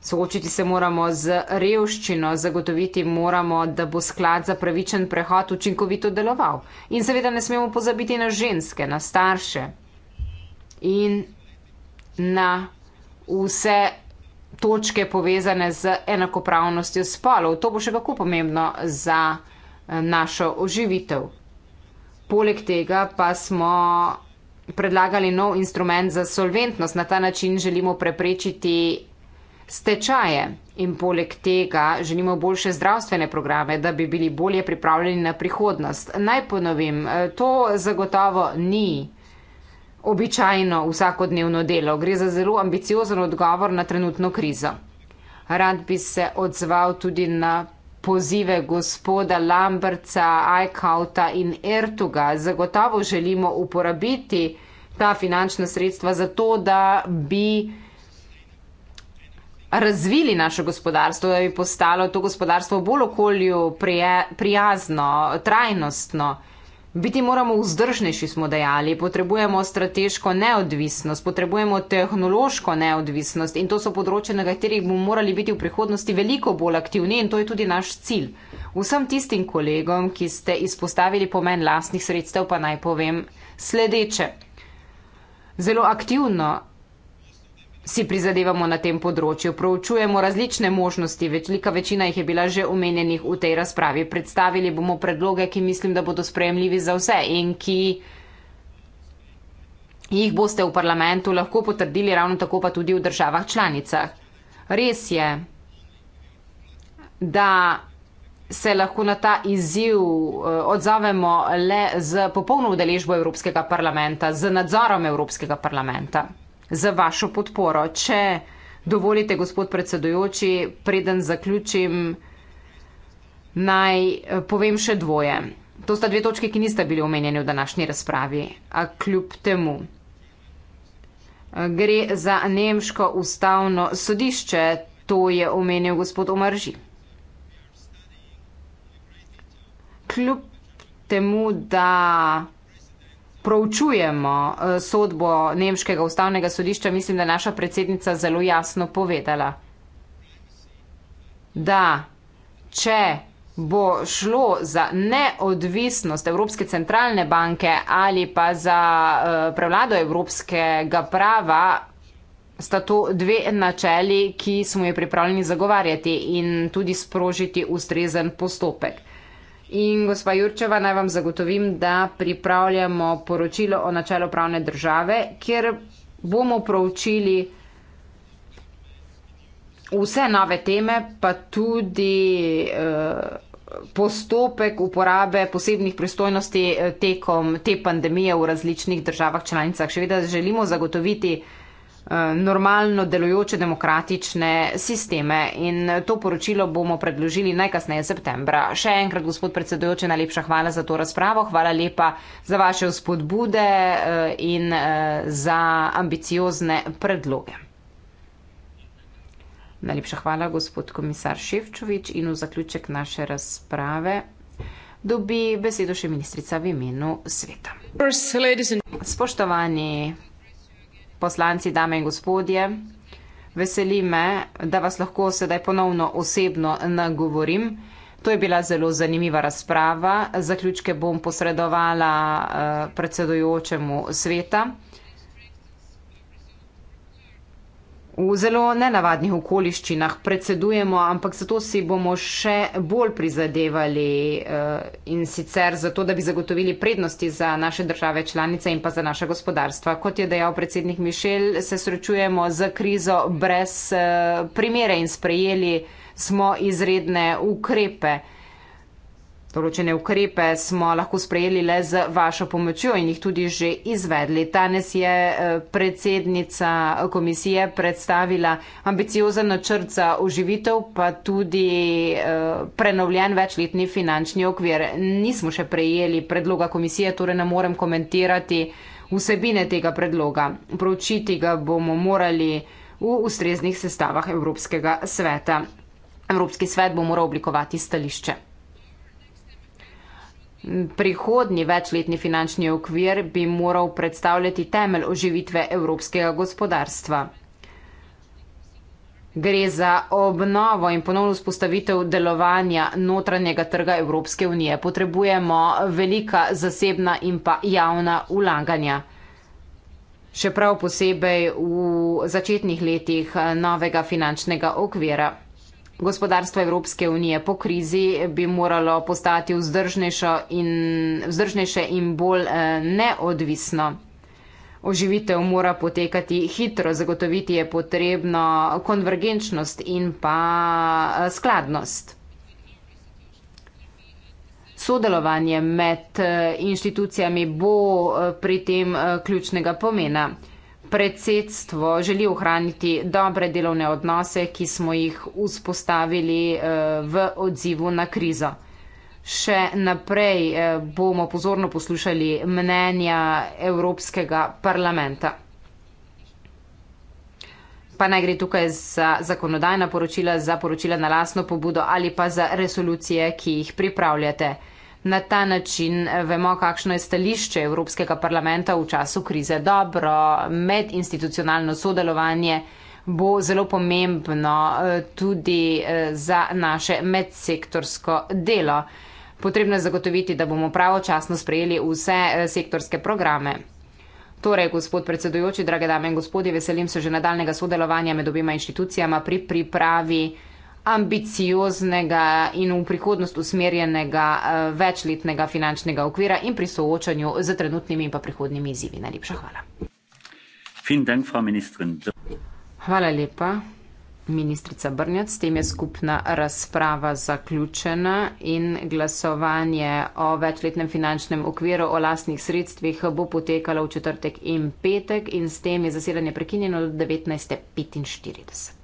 Soočiti se moramo z revščino, zagotoviti moramo, da bo sklad za pravičen prehod učinkovito deloval. In seveda ne smemo pozabiti na ženske, na starše in na vse točke povezane z enakopravnostjo spolov. To bo še kako pomembno za eh, našo oživitev. Poleg tega pa smo predlagali nov instrument za solventnost. Na ta način želimo preprečiti stečaje. In poleg tega želimo boljše zdravstvene programe, da bi bili bolje pripravljeni na prihodnost. Naj ponovim, e, to zagotovo ni običajno vsakodnevno delo. Gre za zelo ambiciozen odgovor na trenutno krizo. Rad bi se odzval tudi na pozive gospoda Lamberca, Aikauta in Ertuga. Zagotovo želimo uporabiti ta finančna sredstva za to, da bi razvili naše gospodarstvo, da bi postalo to gospodarstvo bolj okolju prije, prijazno, trajnostno. Biti moramo vzdržnejši, smo dejali, potrebujemo strateško neodvisnost, potrebujemo tehnološko neodvisnost in to so področje, na katerih bomo morali biti v prihodnosti veliko bolj aktivni in to je tudi naš cilj. Vsem tistim kolegom, ki ste izpostavili pomen lastnih sredstev, pa naj povem sledeče. Zelo aktivno si prizadevamo na tem področju, proučujemo različne možnosti, velika večina jih je bila že omenjenih v tej razpravi. Predstavili bomo predloge, ki mislim, da bodo sprejemljivi za vse in ki jih boste v parlamentu lahko potrdili, ravno tako pa tudi v državah članicah. Res je, da se lahko na ta izziv eh, odzovemo le z popolno udeležbo Evropskega parlamenta, z nadzorom Evropskega parlamenta za vašo podporo. Če dovolite, gospod predsedujoči, preden zaključim, naj eh, povem še dvoje. To sta dve točke, ki nista bili omenjeni v današnji razpravi, a kljub temu. Eh, gre za nemško ustavno sodišče, to je omenil gospod Omarži. Kljub temu, da proučujemo eh, sodbo Nemškega ustavnega sodišča, mislim, da je naša predsednica zelo jasno povedala, da če bo šlo za neodvisnost Evropske centralne banke ali pa za eh, prevlado evropskega prava, sta to dve načeli, ki smo jo pripravljeni zagovarjati in tudi sprožiti ustrezen postopek. In gospa Jurčeva, naj vam zagotovim, da pripravljamo poročilo o načelu pravne države, kjer bomo proučili vse nove teme, pa tudi eh, postopek uporabe posebnih pristojnosti eh, tekom te pandemije v različnih državah članicah. Še vedno želimo zagotoviti Eh, normalno delujoče demokratične sisteme in to poročilo bomo predložili najkasneje septembra. Še enkrat, gospod predsedujoče, najlepša hvala za to razpravo, hvala lepa za vaše vzpodbude eh, in eh, za ambiciozne predloge. Najlepša hvala, gospod komisar Ševčovič in v zaključek naše razprave. Dobi besedo še ministrica v imenu sveta. Spoštovani poslanci, dame in gospodje. Veseli me, da vas lahko sedaj ponovno osebno nagovorim. To je bila zelo zanimiva razprava. Zaključke bom posredovala eh, predsedojočemu sveta. v zelo nenavadnih okoliščinah predsedujemo, ampak zato si bomo še bolj prizadevali eh, in sicer zato, da bi zagotovili prednosti za naše države članice in pa za naše gospodarstva. Kot je dejal predsednik Mišel, se srečujemo z krizo brez eh, primere in sprejeli smo izredne ukrepe. Določene ukrepe smo lahko sprejeli le z vašo pomočjo in jih tudi že izvedli. Danes je eh, predsednica eh, komisije predstavila ambiciozen načrt za oživitev, pa tudi eh, prenovljen večletni finančni okvir. Nismo še prejeli predloga komisije, torej ne morem komentirati vsebine tega predloga. Pročiti ga bomo morali v ustreznih sestavah Evropskega sveta. Evropski svet bo moral oblikovati stališče. Prihodnji večletni finančni okvir bi moral predstavljati temelj oživitve evropskega gospodarstva. Gre za obnovo in ponovno spostavitev delovanja notranjega trga Evropske unije. Potrebujemo velika zasebna in pa javna ulaganja. Še prav posebej v začetnih letih novega finančnega okvira gospodarstvo Evropske unije po krizi bi moralo postati in, vzdržnejše in bolj eh, neodvisno. Oživitev mora potekati hitro, zagotoviti je potrebno konvergenčnost in pa eh, skladnost. Sodelovanje med eh, inštitucijami bo pri tem ključnega pomena predsedstvo želi ohraniti dobre delovne odnose, ki smo jih vzpostavili eh, v odzivu na krizo. Še naprej eh, bomo pozorno poslušali mnenja Evropskega parlamenta. Pa naj gre tukaj za zakonodajna poročila, za poročila na lasno pobudo ali pa za resolucije, ki jih pripravljate na ta način eh, vemo, kakšno je stališče Evropskega parlamenta v času krize. Dobro, medinstitucionalno sodelovanje bo zelo pomembno eh, tudi eh, za naše medsektorsko delo. Potrebno je zagotoviti, da bomo pravočasno sprejeli vse sektorske programe. Torej, gospod predsedujoči, drage dame in gospodje, veselim se že nadaljnega sodelovanja med obima inštitucijama pri pripravi ambicioznega in v prihodnost usmerjenega eh, večletnega finančnega okvira in pri soočanju z trenutnimi in pa prihodnimi izzivi. Najlepša hvala. Hvala lepa. Ministrica Brnjac, s tem je skupna razprava zaključena in glasovanje o večletnem finančnem okviru o lastnih sredstvih bo potekalo v četrtek in petek in s tem je zasedanje prekinjeno do 19.45.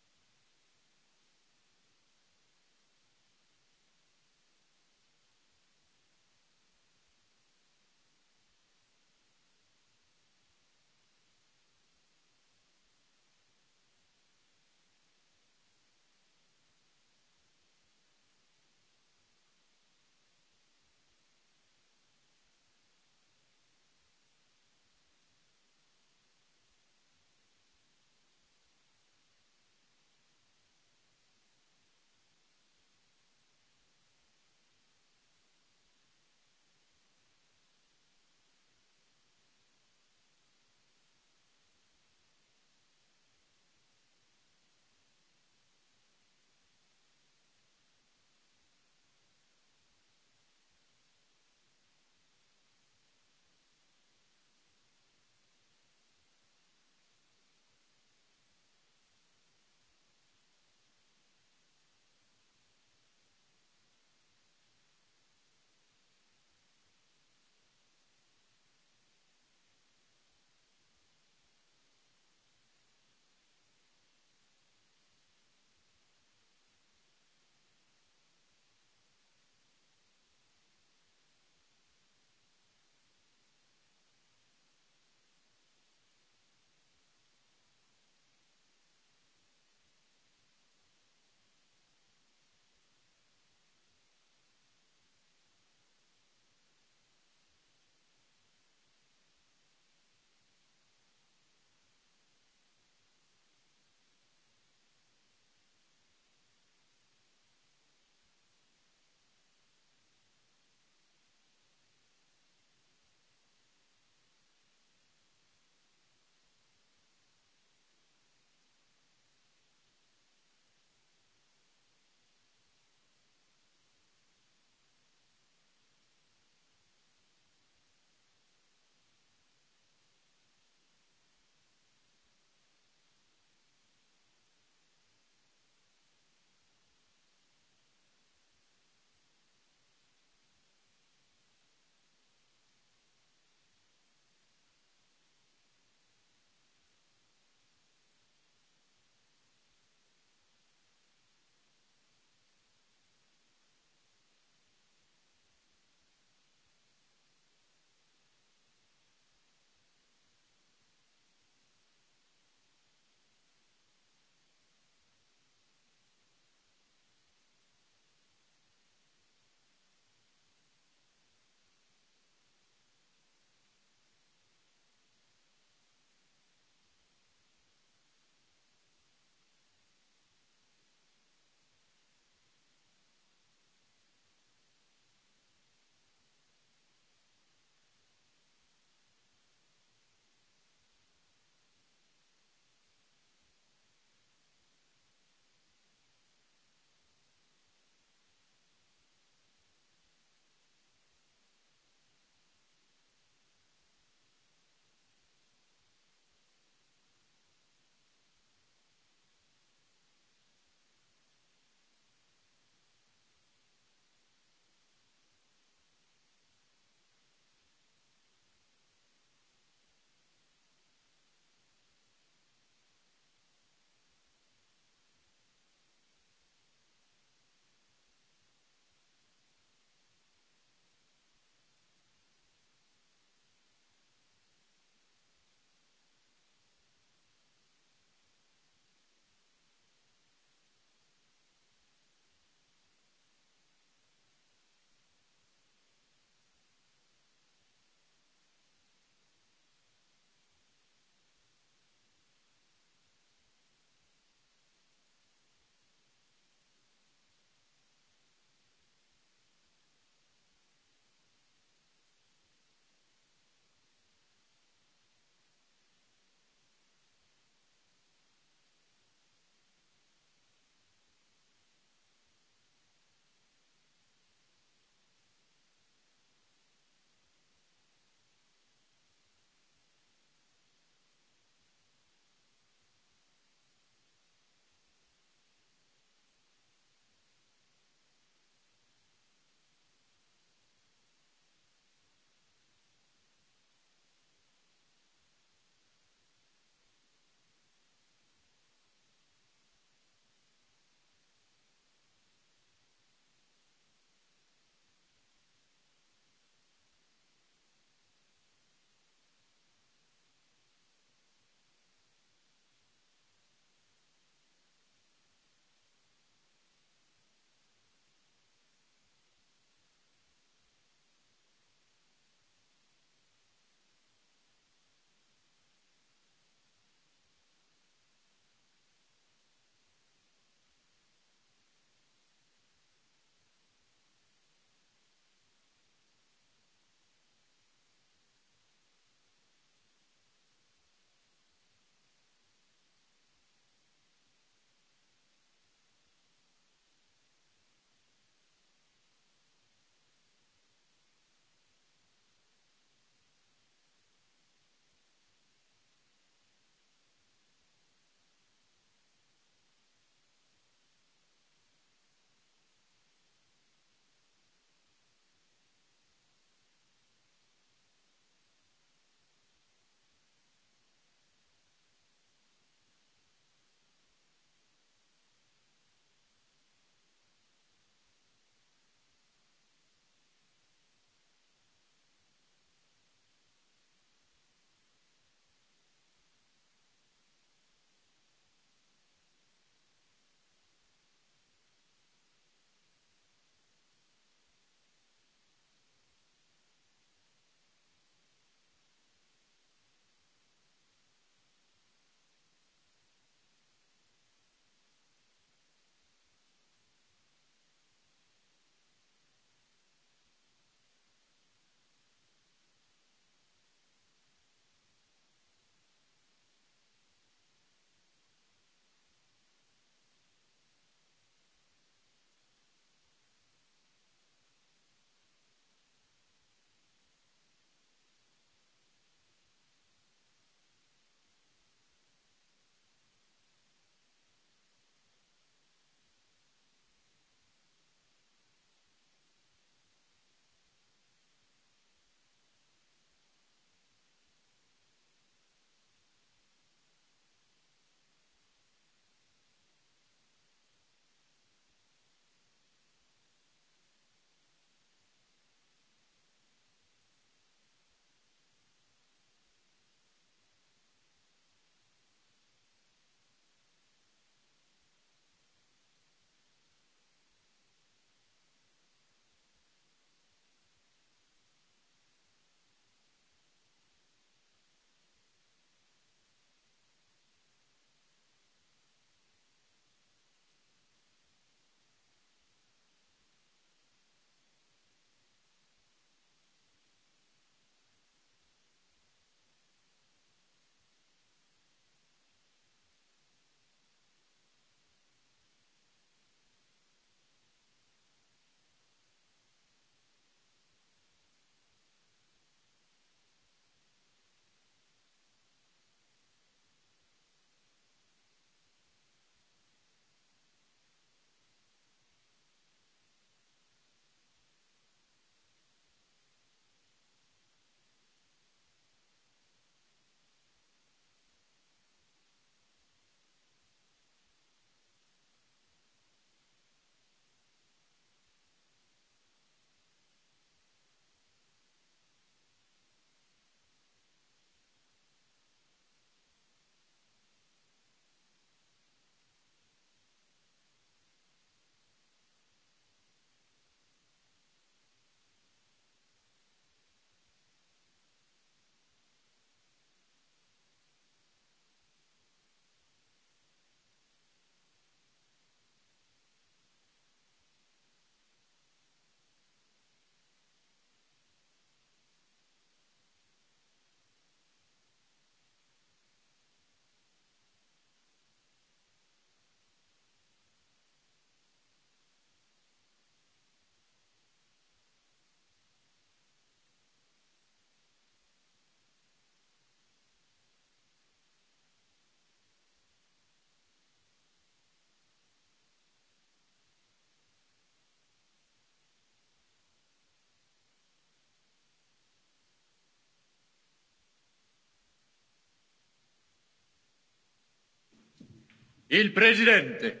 il presidente.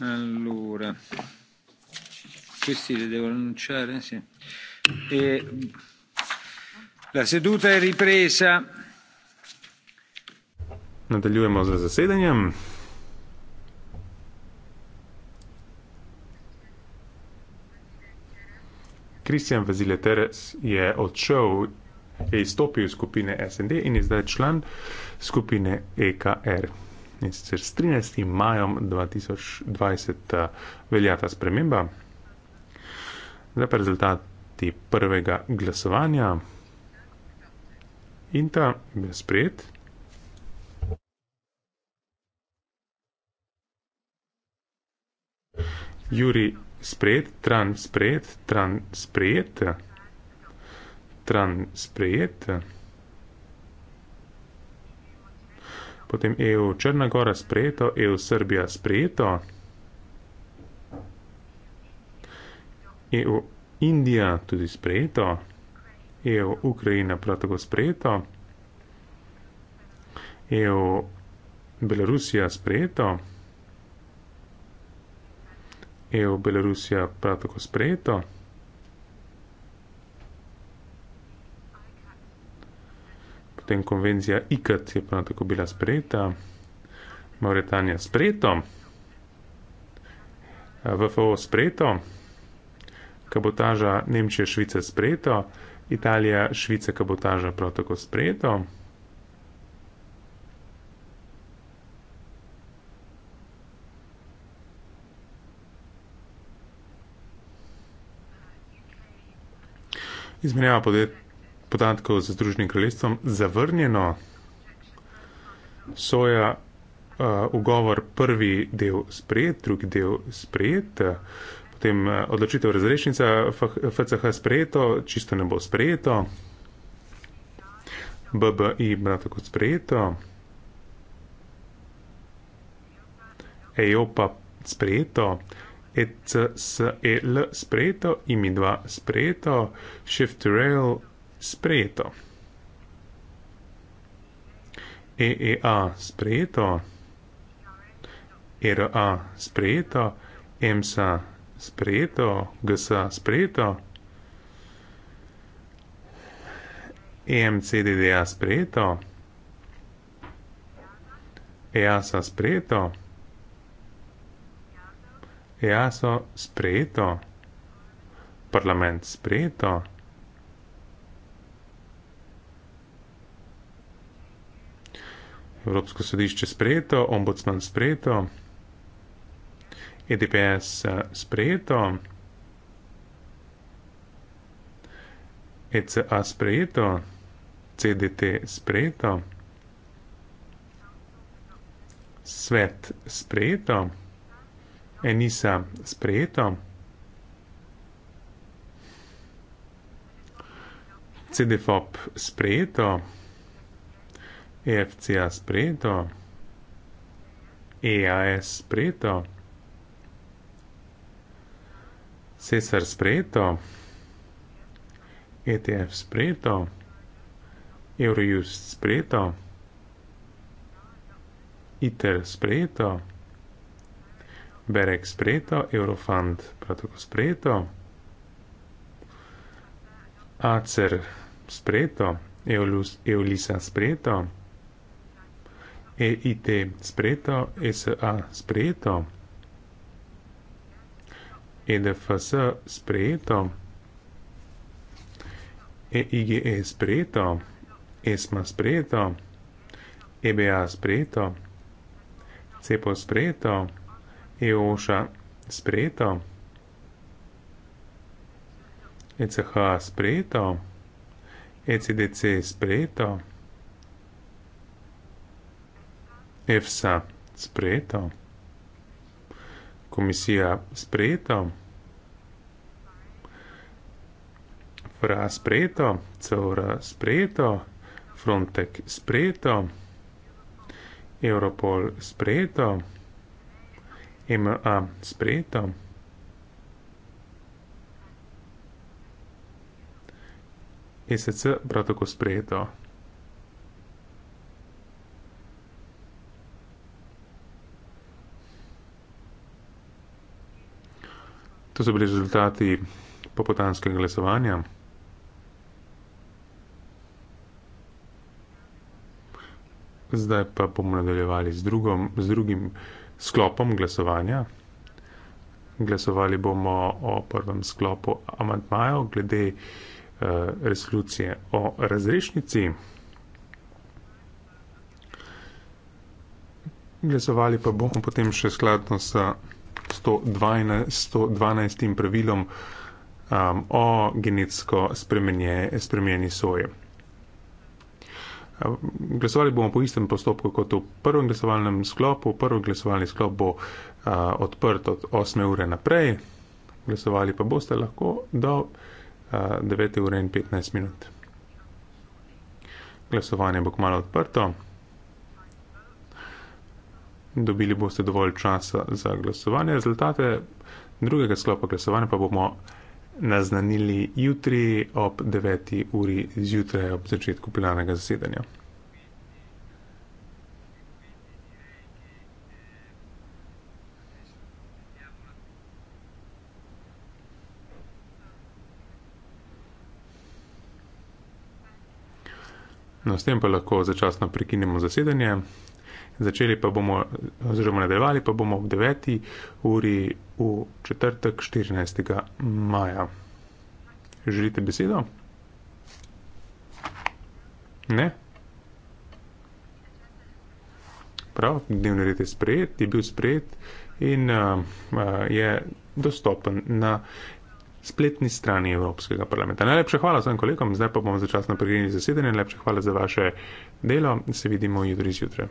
Allora, questi li devo annunciare? Sì. E la seduta è ripresa. Nadaljujemo z zasedanjem. Kristjan Vazilje Teres je odšel, je izstopil iz skupine SND in je zdaj član skupine EKR. In sicer s 13. majem 2020 eh, velja ta sprememba. Zdaj pa rezultati prvega glasovanja. In ta je bil sprejet. Juri sprejet, tran, sprejet, tran, sprejet, tran, sprejet. Potem EU Črna Gora sprejeto, EU Srbija sprejeto, EU Indija tudi sprejeto, EU Ukrajina prav tako sprejeto, EU Belorusija sprejeto. EU Belorusija prav tako sprejeto. Potem konvencija IKT je prav tako bila sprejeta, Mauretanija sprejeto, VFO sprejeto, kabotaža Nemčije-Švice sprejeto, Italija-Švice kabotaža prav tako sprejeto. izmenjava podet, podatkov z Združenim kraljestvom, zavrnjeno soja, eh, ugovor uh, prvi del sprejet, drugi del sprejet, eh, potem uh, odločitev razrešnica FCH sprejeto, čisto ne bo sprejeto, BBI bila tako sprejeto, EOPA sprejeto, ECSEL sprejeto, IMI2 sprejeto, ShiftRail sprejeto, EEA sprejeto, ERA sprejeto, EMSA sprejeto, GSA sprejeto, EMCDDA sprejeto, EASA sprejeto, EASA sprejeto, EASO sprejeto, parlament sprejeto. Evropsko sodišče sprejeto, ombudsman sprejeto, EDPS eh, sprejeto, ECA sprejeto, CDT sprejeto, svet sprejeto. Enisa sprejeto. CDFOP sprejeto. EFCA sprejeto. EAS sprejeto. CESAR sprejeto. ETF sprejeto. Eurojust sprejeto. ITER sprejeto. Berek sprejeto, Eurofund prav tako sprejeto, Acer sprejeto, Eolus, Eolisa sprejeto, EIT sprejeto, e SA sprejeto, EDFS sprejeto, EIGE e sprejeto, ESMA sprejeto, EBA sprejeto, CEPO sprejeto, EOŠA sprejeto. ECH sprejeto. ECDC sprejeto. EFSA sprejeto. Komisija sprejeto. FRA sprejeto. CR sprejeto. Frontek sprejeto. Europol sprejeto ima, a, sprejeto. ESC prav tako sprejeto. To so bili rezultati popotanskega glasovanja. Zdaj pa bomo nadaljevali z, drugom, z drugim sklopom glasovanja. Glasovali bomo o prvem sklopu amantmajev glede eh, resolucije o razrešnici. Glasovali pa bomo potem še skladno s 112. pravilom um, o genetsko spremenjeni soje glasovali bomo po istem postopku kot v prvem glasovalnem sklopu. Prvi glasovalni sklop bo a, odprt od 8 ure naprej, glasovali pa boste lahko do a, 9 ure in 15 minut. Glasovanje bo kmalo odprto. Dobili boste dovolj časa za glasovanje. Rezultate drugega sklopa glasovanja pa bomo naznanili jutri ob 9. uri zjutraj ob začetku plenarnega zasedanja. No, s tem pa lahko začasno prekinemo zasedanje. Začeli pa bomo, oziroma nadaljevali pa bomo ob 9. uri v četrtek 14. maja. Želite besedo? Ne? Prav, dnevni red je sprejet, je bil sprejet in uh, uh, je dostopen na spletni strani Evropskega parlamenta. Najlepša hvala vsem kolegom, zdaj pa bomo začasno prekinili zasedanje. Najlepša hvala za vaše delo. Se vidimo jutri zjutraj.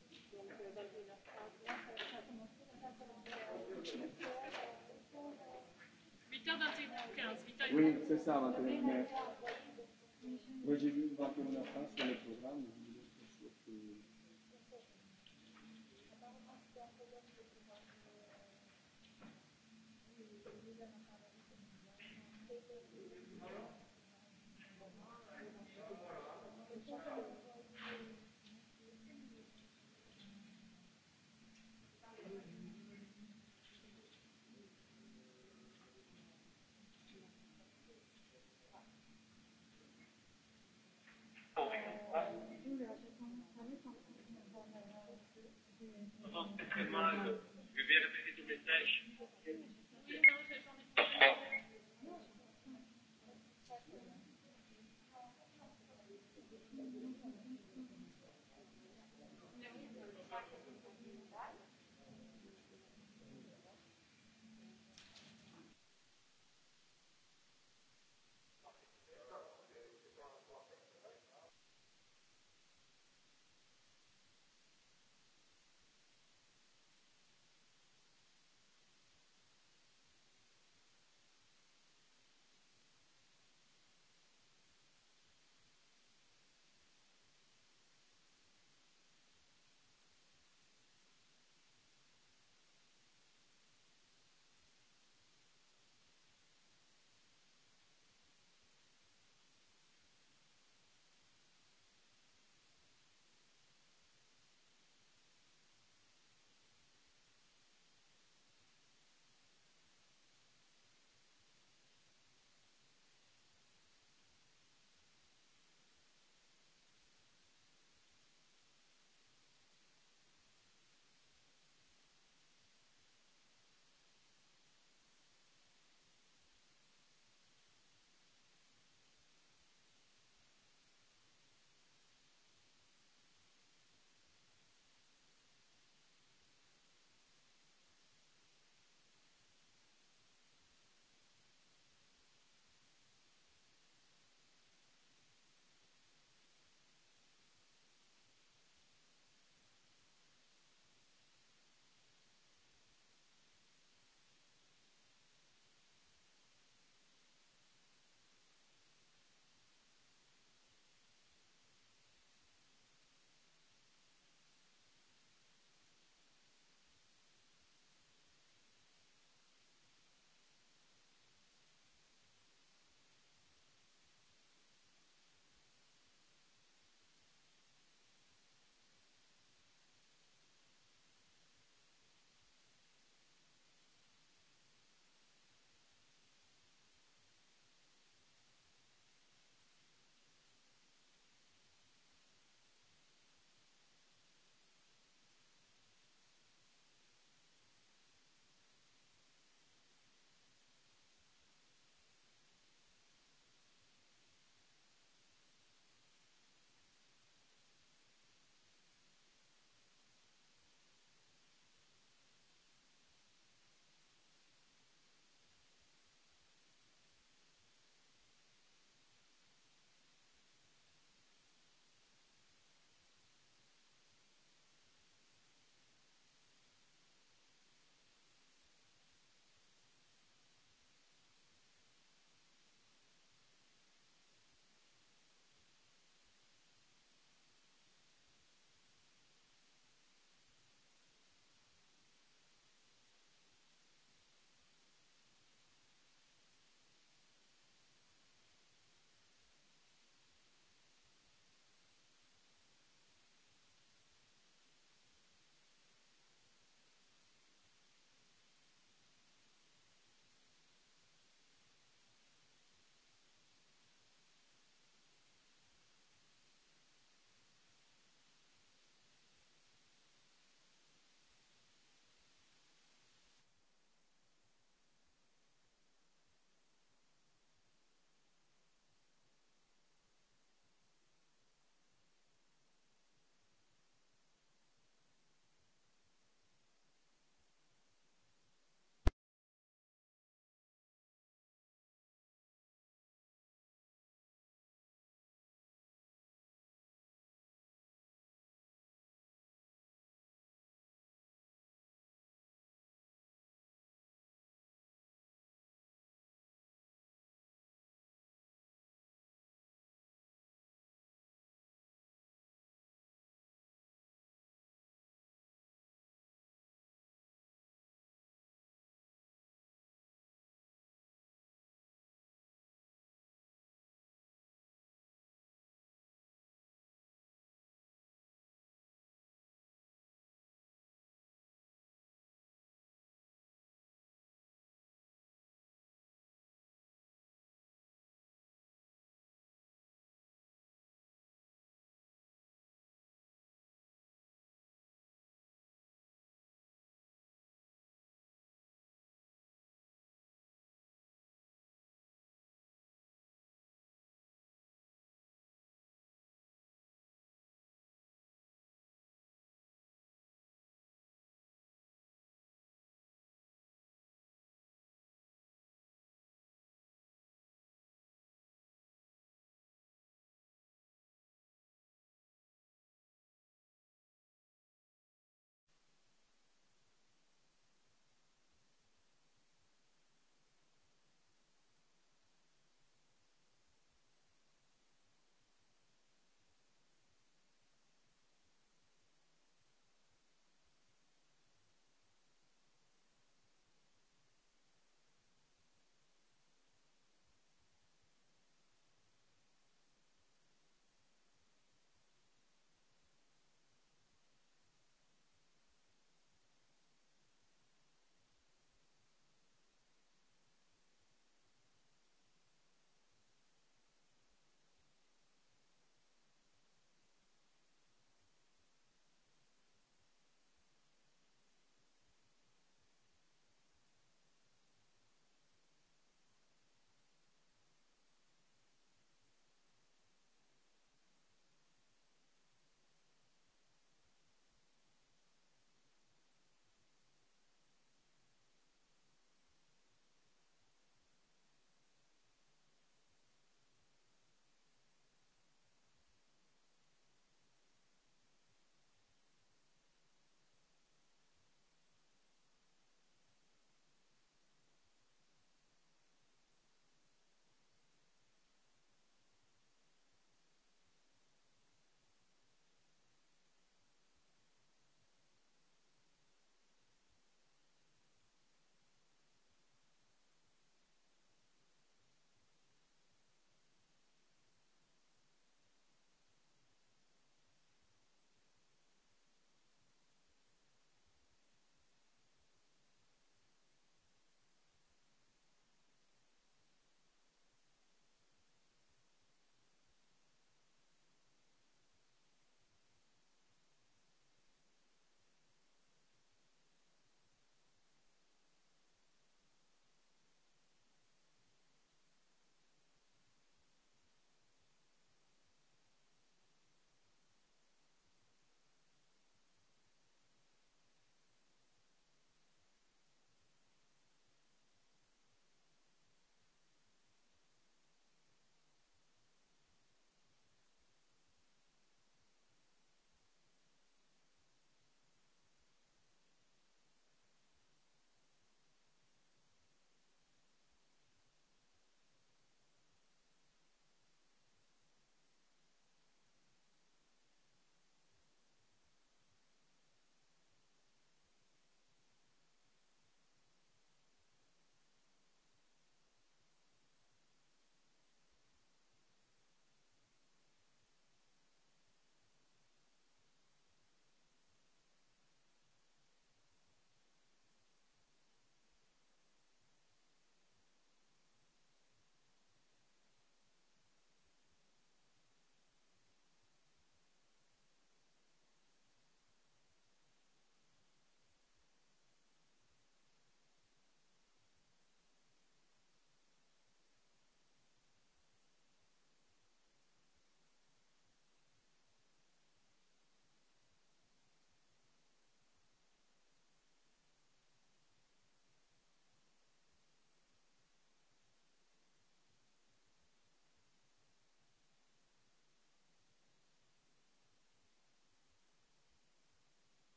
Oui, c'est ça, maintenant. Mais... Moi, j'ai vu une vingtaine de la fin sur le programme. Mais... Wir werden mit dem Detail.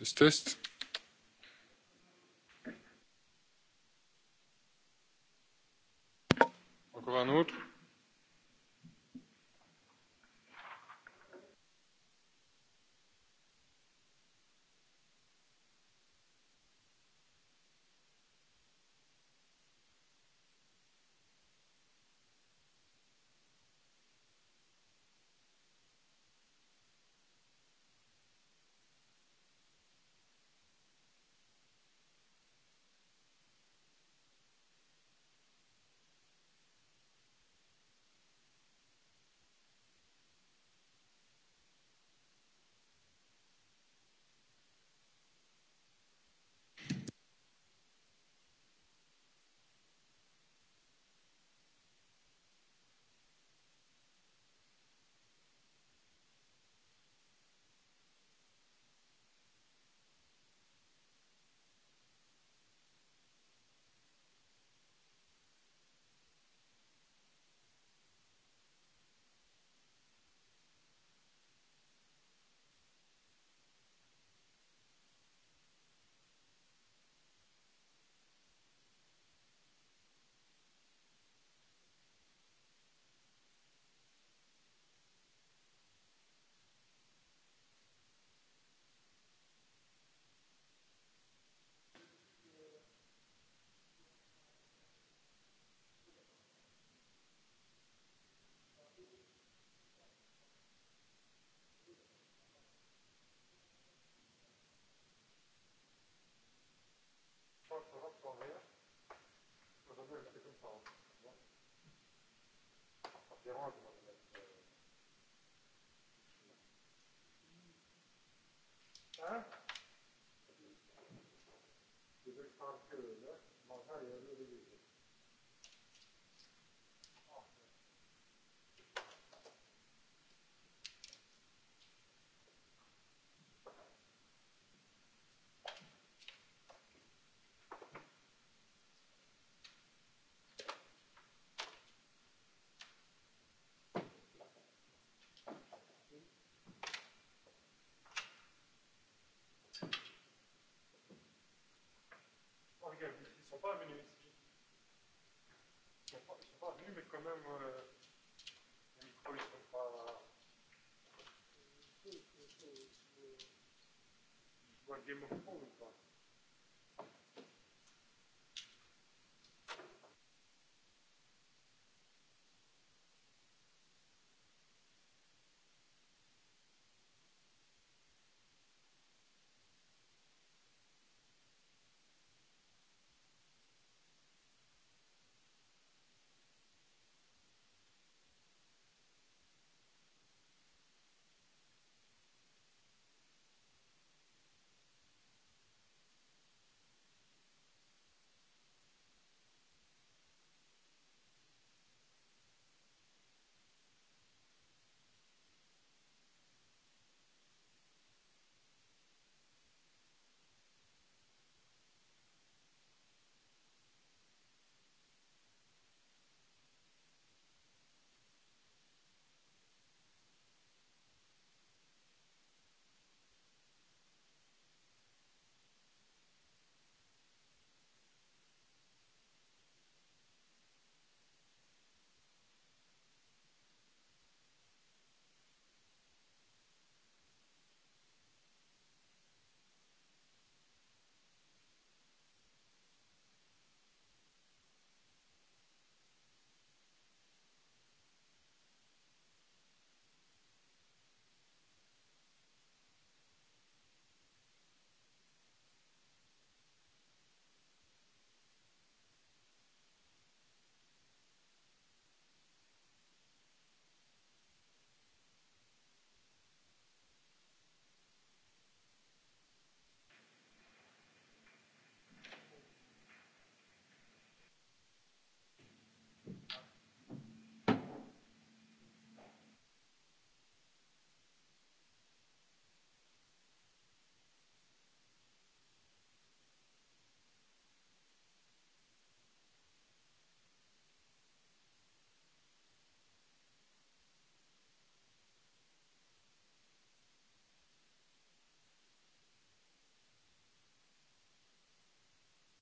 das test. Enfin, bon. On verra. sont pas minimisés. Ils sont pas vus, mais quand même, euh, les micros, ils sont pas. Tu vois Game of Thrones ou pas